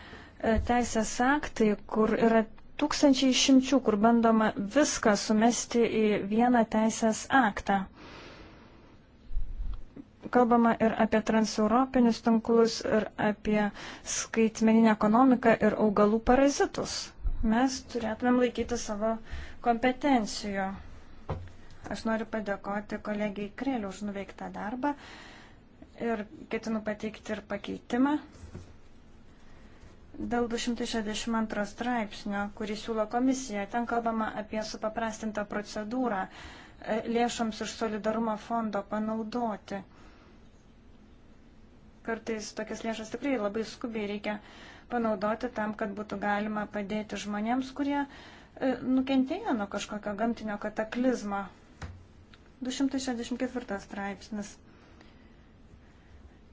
teisės aktai, kur yra tūkstančiai išimčių, kur bandoma viską sumesti į vieną teisės aktą. Kalbama ir apie transeuropinius tinklus, ir apie skaitmeninę ekonomiką, ir augalų parazitus. Mes turėtumėm laikyti savo kompetencijų. Aš noriu padėkoti kolegijai Krėliu už nuveiktą darbą ir ketinu pateikti ir pakeitimą. Dėl 262 straipsnio, kurį siūlo komisija, ten kalbama apie supaprastintą procedūrą e, lėšoms iš solidarumo fondo panaudoti. Kartais tokias lėšas tikrai labai skubiai reikia panaudoti tam, kad būtų galima padėti žmonėms, kurie e, nukentėjo nuo kažkokio gamtinio kataklizmo. 264 straipsnis.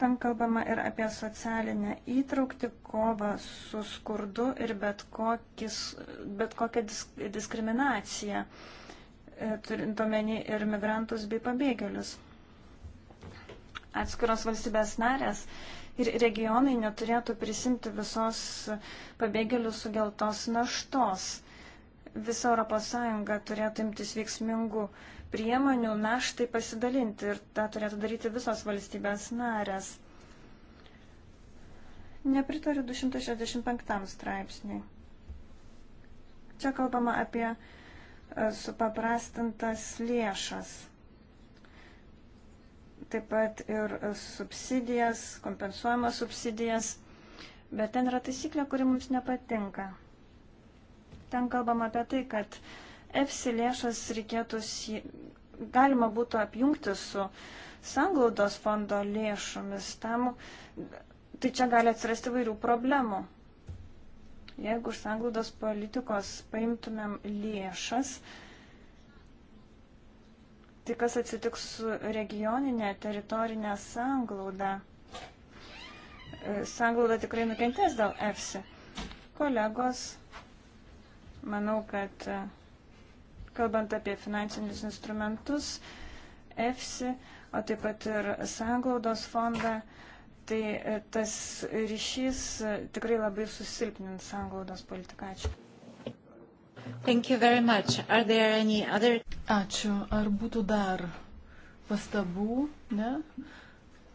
Ten kalbama ir apie socialinę įtraukti, kovą su skurdu ir bet, kokis, bet kokią disk, diskriminaciją, e, turint omeny ir migrantus bei pabėgėlius. Atskiros valstybės narės ir regionai neturėtų prisimti visos pabėgėlių sugeltos naštos. Visa ES turėtų imtis veiksmingų priemonių naštai pasidalinti ir tą turėtų daryti visos valstybės narės. Nepritariu 265 straipsniui. Čia kalbama apie e, supaprastintas lėšas, taip pat ir e, subsidijas, kompensuojamas subsidijas, bet ten yra taisyklė, kuri mums nepatinka. Ten kalbama apie tai, kad uh, EFSI lėšas reikėtų, galima būtų apjungti su sanglaudos fondo lėšomis. Tam, tai čia gali atsirasti vairių problemų. Jeigu iš sanglaudos politikos paimtumėm lėšas, tai kas atsitiks su regioninė teritorinė sanglauda? E, sanglauda tikrai nukentės dėl EFSI. Kolegos, manau, kad kalbant apie finansinius instrumentus, EFSI, o taip pat ir sanglaudos fondą, tai e, tas ryšys e, tikrai labai susilpnins sanglaudos politiką. Ačiū. Thank you very much. Are there any other... Ačiū. Ar būtų dar pastabų? Ne?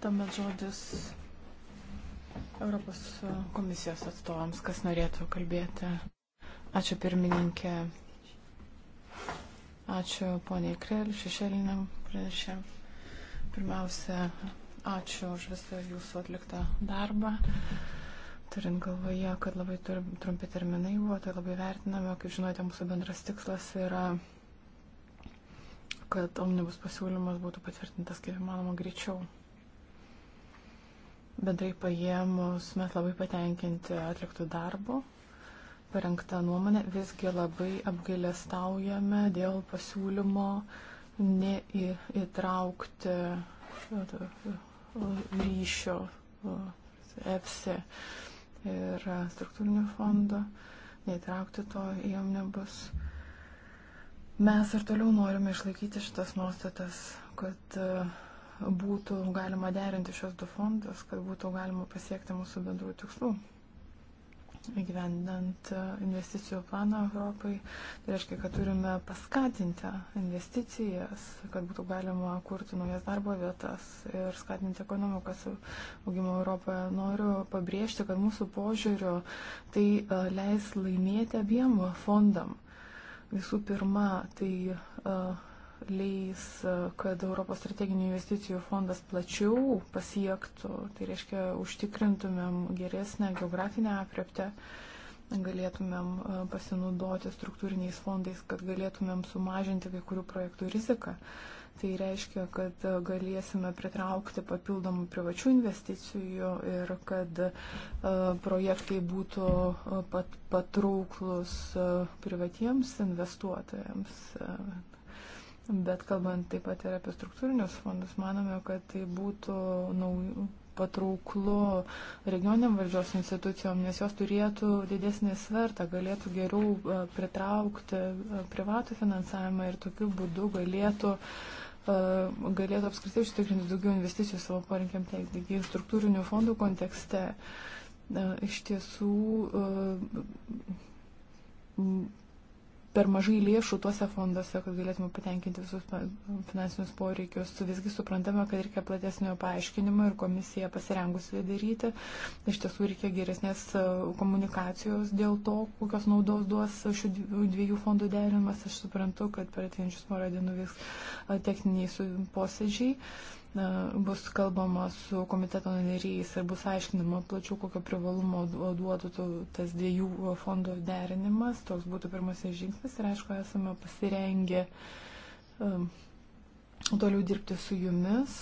Tuomet žodis Europos komisijos atstovams, kas norėtų kalbėti. Ačiū pirmininkė. Ačiū poniai Krel, šešėliniam pranešėm. Pirmiausia, ačiū už visą jūsų atliktą darbą. Turint galvoje, kad labai trumpi terminai buvo, tai labai vertiname, kaip žinote, mūsų bendras tikslas yra, kad omnibus pasiūlymas būtų patvirtintas kaip įmanoma greičiau bendrai paėmus mes labai patenkinti atliktų darbų parengtą nuomonę. Visgi labai apgailestaujame dėl pasiūlymo neįtraukti uh, ryšio uh, EFSI ir uh, struktūrinio fondo, neįtraukti to jam nebus. Mes ir toliau norime išlaikyti šitas nuostatas, kad būtų galima derinti šios du fondus, kad būtų galima pasiekti mūsų bendrų tikslų įgyvendant uh, investicijų planą Europai. Tai reiškia, kad turime paskatinti investicijas, kad būtų galima kurti naujas darbo vietas ir skatinti ekonomikos augimą Europoje. Noriu pabrėžti, kad mūsų požiūriu tai uh, leis laimėti abiem fondam. Visų pirma, tai uh, leis, kad Europos strateginių investicijų fondas plačiau pasiektų, tai reiškia užtikrintumėm geresnę geografinę aprieptę, galėtumėm e, pasinaudoti struktūriniais fondais, kad galėtumėm sumažinti kai kurių projektų riziką. Tai reiškia, kad galėsime pritraukti papildomų privačių investicijų ir kad e, projektai būtų e, pat, patrauklus privatiems investuotojams. Bet kalbant taip pat ir apie struktūrinius fondus, manome, kad tai būtų naujų patrauklu regioniam valdžios institucijom, nes jos turėtų didesnį svertą, galėtų geriau pritraukti privatų finansavimą ir tokiu būdu galėtų galėtų apskritai užtikrinti daugiau investicijų savo parinkiam teikti. Struktūrinių fondų kontekste iš tiesų per mažai lėšų tuose fonduose, kad galėtume patenkinti visus finansinius poreikius. Visgi suprantame, kad reikia platesnio paaiškinimo ir komisija pasirengusi daryti. Iš tiesų reikia geresnės e, komunikacijos dėl to, kokios naudos duos šių dviejų fondų derinimas. Aš suprantu, kad per atėjančius porą dienų vyks e, techniniai posėdžiai bus kalbama su komiteto nariais ir bus aiškinama plačiau, kokio privalumo duotų tas dviejų fondų derinimas. Toks būtų pirmasis žingsnis ir aišku, esame pasirengę um, toliau dirbti su jumis,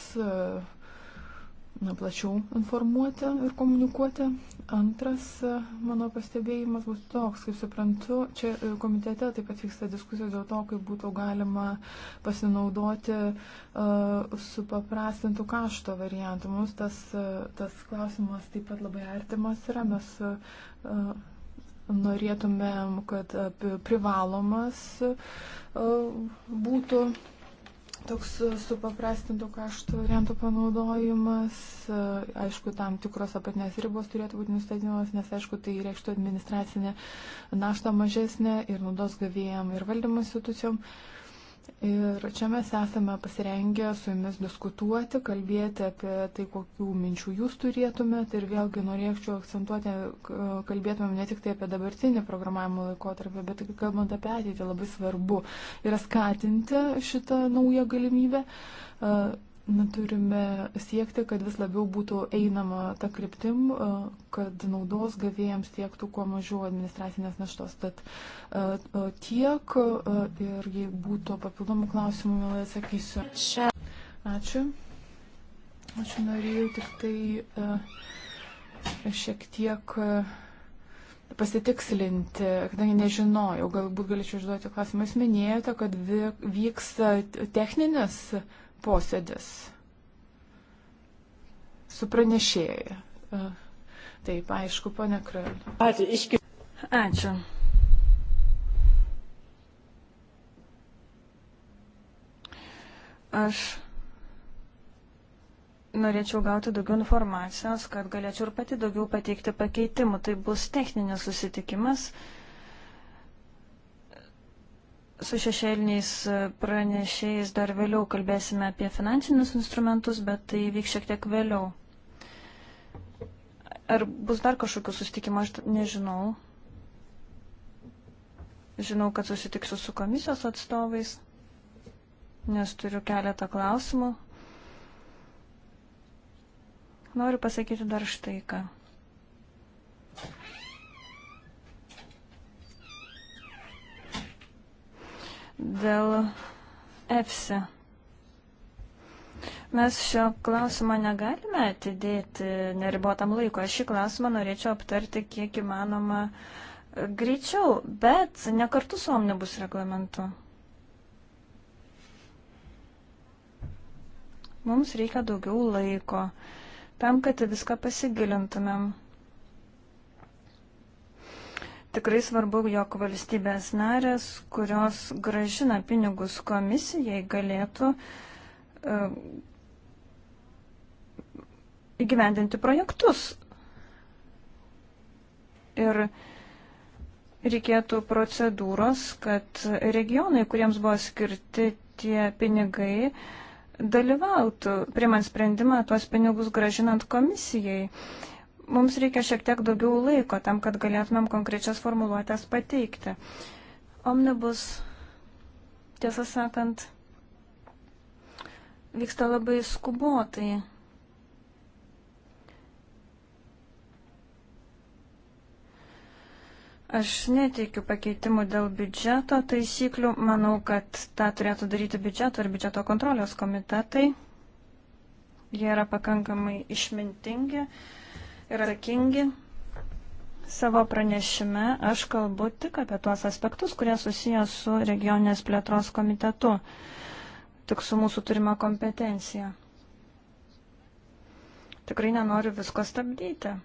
plačiau informuoti ir komunikuoti. Antras e, mano pastebėjimas bus toks, kaip suprantu, čia e, komitete taip pat vyksta diskusija dėl to, kaip būtų galima pasinaudoti uh, su paprastintų kašto variantu. Mums tas, uh, tas klausimas taip pat labai artimas yra. Mes, uh, Norėtumėm, kad privalomas būtų Toks e, supaprastintų kaštų rentų panaudojimas, e, aišku, tam tikros apatinės ribos turėtų būti nustatymas, nes, aišku, tai reikštų administracinę naštą mažesnę ir naudos gavėjam ir valdymo institucijom. Uh, Ir čia mes esame pasirengę su jumis diskutuoti, kalbėti apie tai, kokių minčių jūs turėtumėte. Ir vėlgi norėčiau akcentuoti, kalbėtumėm ne tik tai apie dabartinį programavimo laikotarpį, bet ir kalbant apie ateitį, labai svarbu yra skatinti šitą naują galimybę. Na, turime siekti, kad vis labiau būtų einama ta kryptim, e, kad naudos gavėjams tiektų kuo mažiau administracinės naštos. Tad e, e, tiek ir jei būtų papildomų klausimų, mielai atsakysiu. Ačiū. Aš norėjau tik tai šiek tiek pasitikslinti, kadangi nežinojau, galbūt galėčiau užduoti klausimą. Jūs minėjote, kad vyks techninis. Uh, posėdis su pranešėja. E, taip, aišku, pane Kralė. Ačiū. Aš norėčiau gauti daugiau informacijos, kad galėčiau ir pati daugiau pateikti pakeitimų. Tai bus techninis susitikimas. Uh, su šešėliniais e, pranešėjais dar vėliau kalbėsime apie finansinius instrumentus, bet tai vyks šiek tiek vėliau. Ar bus dar kažkokių susitikimų, aš nežinau. Žinau, kad susitiksiu su komisijos atstovais, nes turiu keletą klausimų. Noriu pasakyti dar štai ką. dėl EFSI. Mes šio klausimo negalime atidėti neribotam laiko. Aš šį klausimą norėčiau aptarti kiek įmanoma greičiau, bet ne kartu su omnibus reglamentu. Mums reikia daugiau laiko tam, kad viską pasigilintumėm. Tikrai svarbu, jog valstybės narės, kurios gražina pinigus komisijai, galėtų uh, įgyvendinti projektus. Ir reikėtų procedūros, kad regionai, kuriems buvo skirti tie pinigai, dalyvautų, primant sprendimą, tuos pinigus gražinant komisijai. Uh, mums reikia šiek tiek daugiau laiko tam, kad galėtumėm konkrečias formuluotės pateikti. Omnibus, tiesą sakant, vyksta labai skubotai. Aš neteikiu pakeitimų dėl biudžeto taisyklių. Manau, kad tą turėtų daryti biudžeto ir biudžeto kontrolės komitetai. Jie yra pakankamai išmintingi. Uh, yra atsakingi. Savo pranešime aš kalbu tik apie tuos aspektus, kurie susijęs su regioninės plėtros komitetu, tik su mūsų turima kompetencija. Tikrai nenoriu visko stabdyti.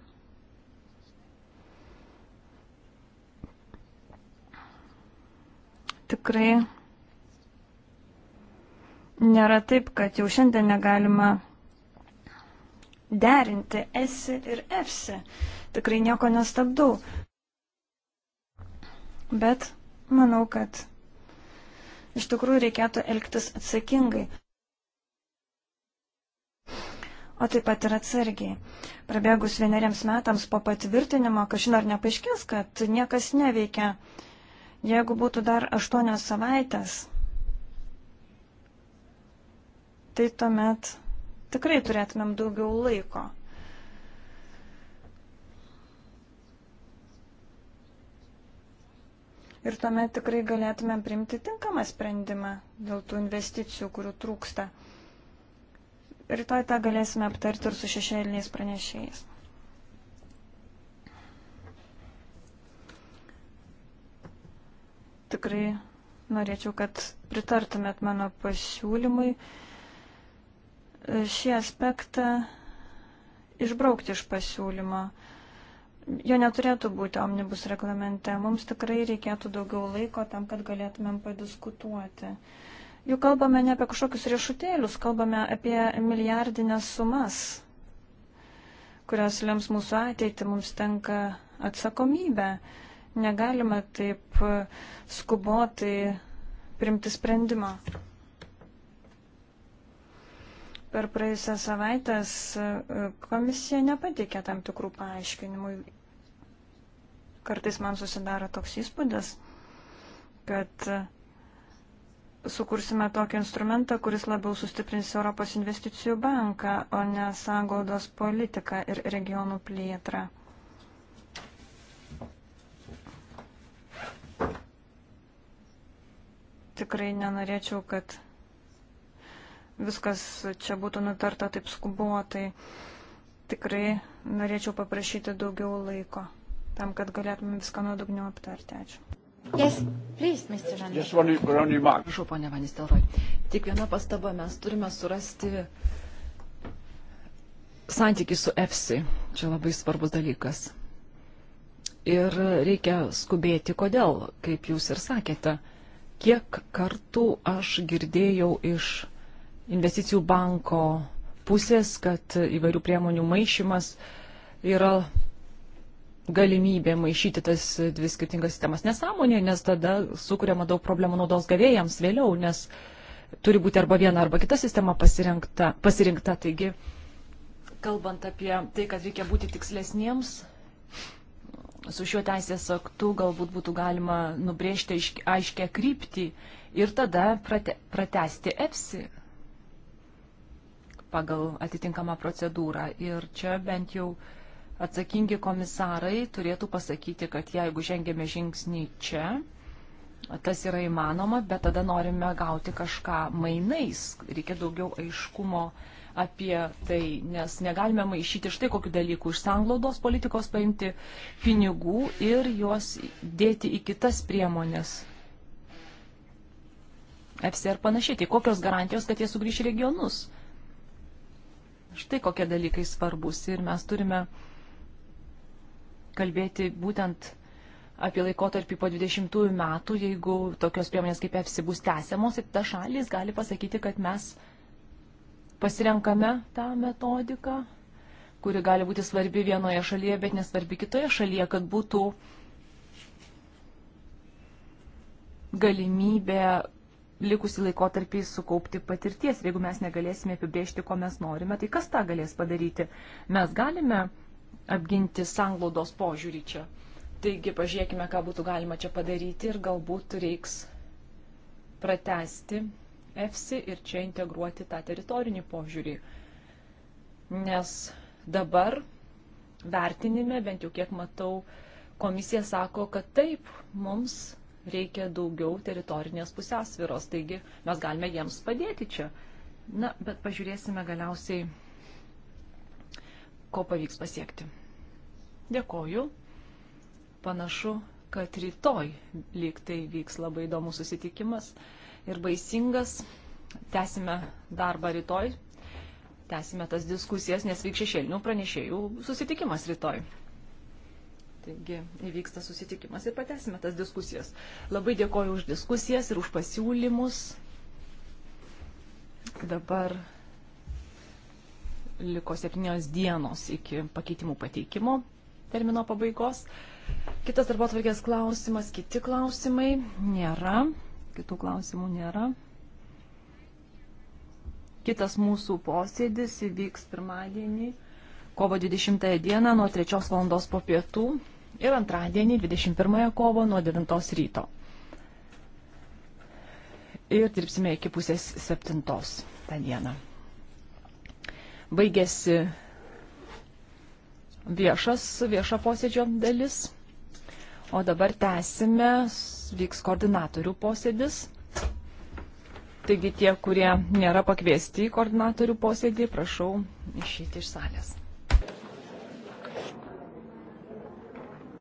Tikrai nėra taip, kad jau šiandien negalima derinti esi ir efsi. Tikrai nieko nestabdau. Bet manau, kad iš tikrųjų reikėtų elgtis atsakingai. O taip pat ir atsargiai. Prabėgus vieneriems metams po patvirtinimo, kažin ar nepaaiškės, kad niekas neveikia. Jeigu būtų dar aštuonios savaitės, tai tuomet tikrai turėtumėm daugiau laiko. Ir tuomet tikrai galėtumėm primti tinkamą sprendimą dėl tų investicijų, kurių trūksta. Rytoj tą galėsime aptarti ir su šešėliniais pranešėjais. Tikrai norėčiau, kad pritartumėt mano pasiūlymui šį aspektą išbraukti iš pasiūlymo. Jo neturėtų būti omnibus reglamente. Mums tikrai reikėtų daugiau laiko tam, kad galėtumėm padiskutuoti. Juk kalbame ne apie kažkokius riešutėlius, kalbame apie milijardinės sumas, kurios lems mūsų ateitį, mums tenka atsakomybė. Negalime taip skubotai primti sprendimą. Per praėjusią savaitęs e, komisija nepatikė tam tikrų paaiškinimų. Kartais man susidaro toks įspūdis, kad e, sukursime tokį instrumentą, kuris labiau sustiprins Europos investicijų banką, o ne sąnaudos politiką ir regionų plėtrą. Tikrai nenorėčiau, kad viskas čia būtų nutarta taip skubotai. Tikrai norėčiau paprašyti daugiau laiko, tam, kad galėtume viską nuodugniau aptarti. Ačiū. Yes, please, Mr. Prašau, ponia Vanis Telroj. Tik viena pastaba, mes turime surasti santykį su EFSI. Čia labai svarbus dalykas. Ir reikia skubėti, kodėl, kaip jūs ir sakėte, kiek kartų aš girdėjau iš investicijų banko pusės, kad įvairių priemonių maišymas yra galimybė maišyti tas dvi skirtingas sistemas. Nesąmonė, nes tada sukuriama daug problemų naudos gavėjams vėliau, nes turi būti arba viena arba kita sistema pasirinkta. pasirinkta. Taigi, kalbant apie tai, kad reikia būti tikslesniems, su šiuo teisės aktu galbūt būtų galima nubrėžti aiškę kryptį ir tada prate, pratesti EPSI pagal atitinkamą procedūrą. Ir čia bent jau atsakingi komisarai turėtų pasakyti, kad jeigu žengėme žingsnį čia, tas yra įmanoma, bet tada norime gauti kažką mainais. Reikia daugiau aiškumo apie tai, nes negalime maišyti štai kokiu dalyku iš sanglaudos politikos paimti pinigų ir juos dėti į kitas priemonės. FCR panašiai, tai kokios garantijos, kad jie sugrįš į regionus? Štai kokie dalykai svarbus ir mes turime kalbėti būtent apie laikotarpį po 20 metų, jeigu tokios priemonės kaip EFSI bus tęsiamos, ir ta šalis gali pasakyti, kad mes pasirenkame tą metodiką, kuri gali būti svarbi vienoje šalyje, bet nesvarbi kitoje šalyje, kad būtų galimybė likusį laikotarpį sukaupti patirties. Ir jeigu mes negalėsime apibriežti, ko mes norime, tai kas tą galės padaryti? Mes galime apginti sanglaudos požiūrį čia. Taigi pažiūrėkime, ką būtų galima čia padaryti ir galbūt reiks pratesti EFSI ir čia integruoti tą teritorinį požiūrį. Nes dabar vertinime, bent jau kiek matau, komisija sako, kad taip, mums reikia daugiau teritorinės pusiausviros, taigi mes galime jiems padėti čia. Na, bet pažiūrėsime galiausiai, ko pavyks pasiekti. Dėkoju. Panašu, kad rytoj lyg tai vyks labai įdomus susitikimas ir baisingas. Tęsime darbą rytoj, tęsime tas diskusijas, nes vyks šešėlinių pranešėjų susitikimas rytoj. Taigi įvyksta susitikimas ir patesime tas diskusijas. Labai dėkoju už diskusijas ir už pasiūlymus. Dabar liko septynios dienos iki pakeitimų pateikimo termino pabaigos. Kitas darbo atvarkės klausimas, kiti klausimai nėra, kitų klausimų nėra. Kitas mūsų posėdis įvyks pirmadienį, kovo 20 dieną nuo 3 val. po pietų ir antradienį 21 kovo nuo 9 ryto. Ir dirbsime iki pusės 7 tą dieną. Baigėsi viešas, vieša posėdžio dalis, o dabar tęsime, vyks koordinatorių posėdis. Taigi tie, kurie nėra pakviesti į koordinatorių posėdį, prašau išėti iš salės.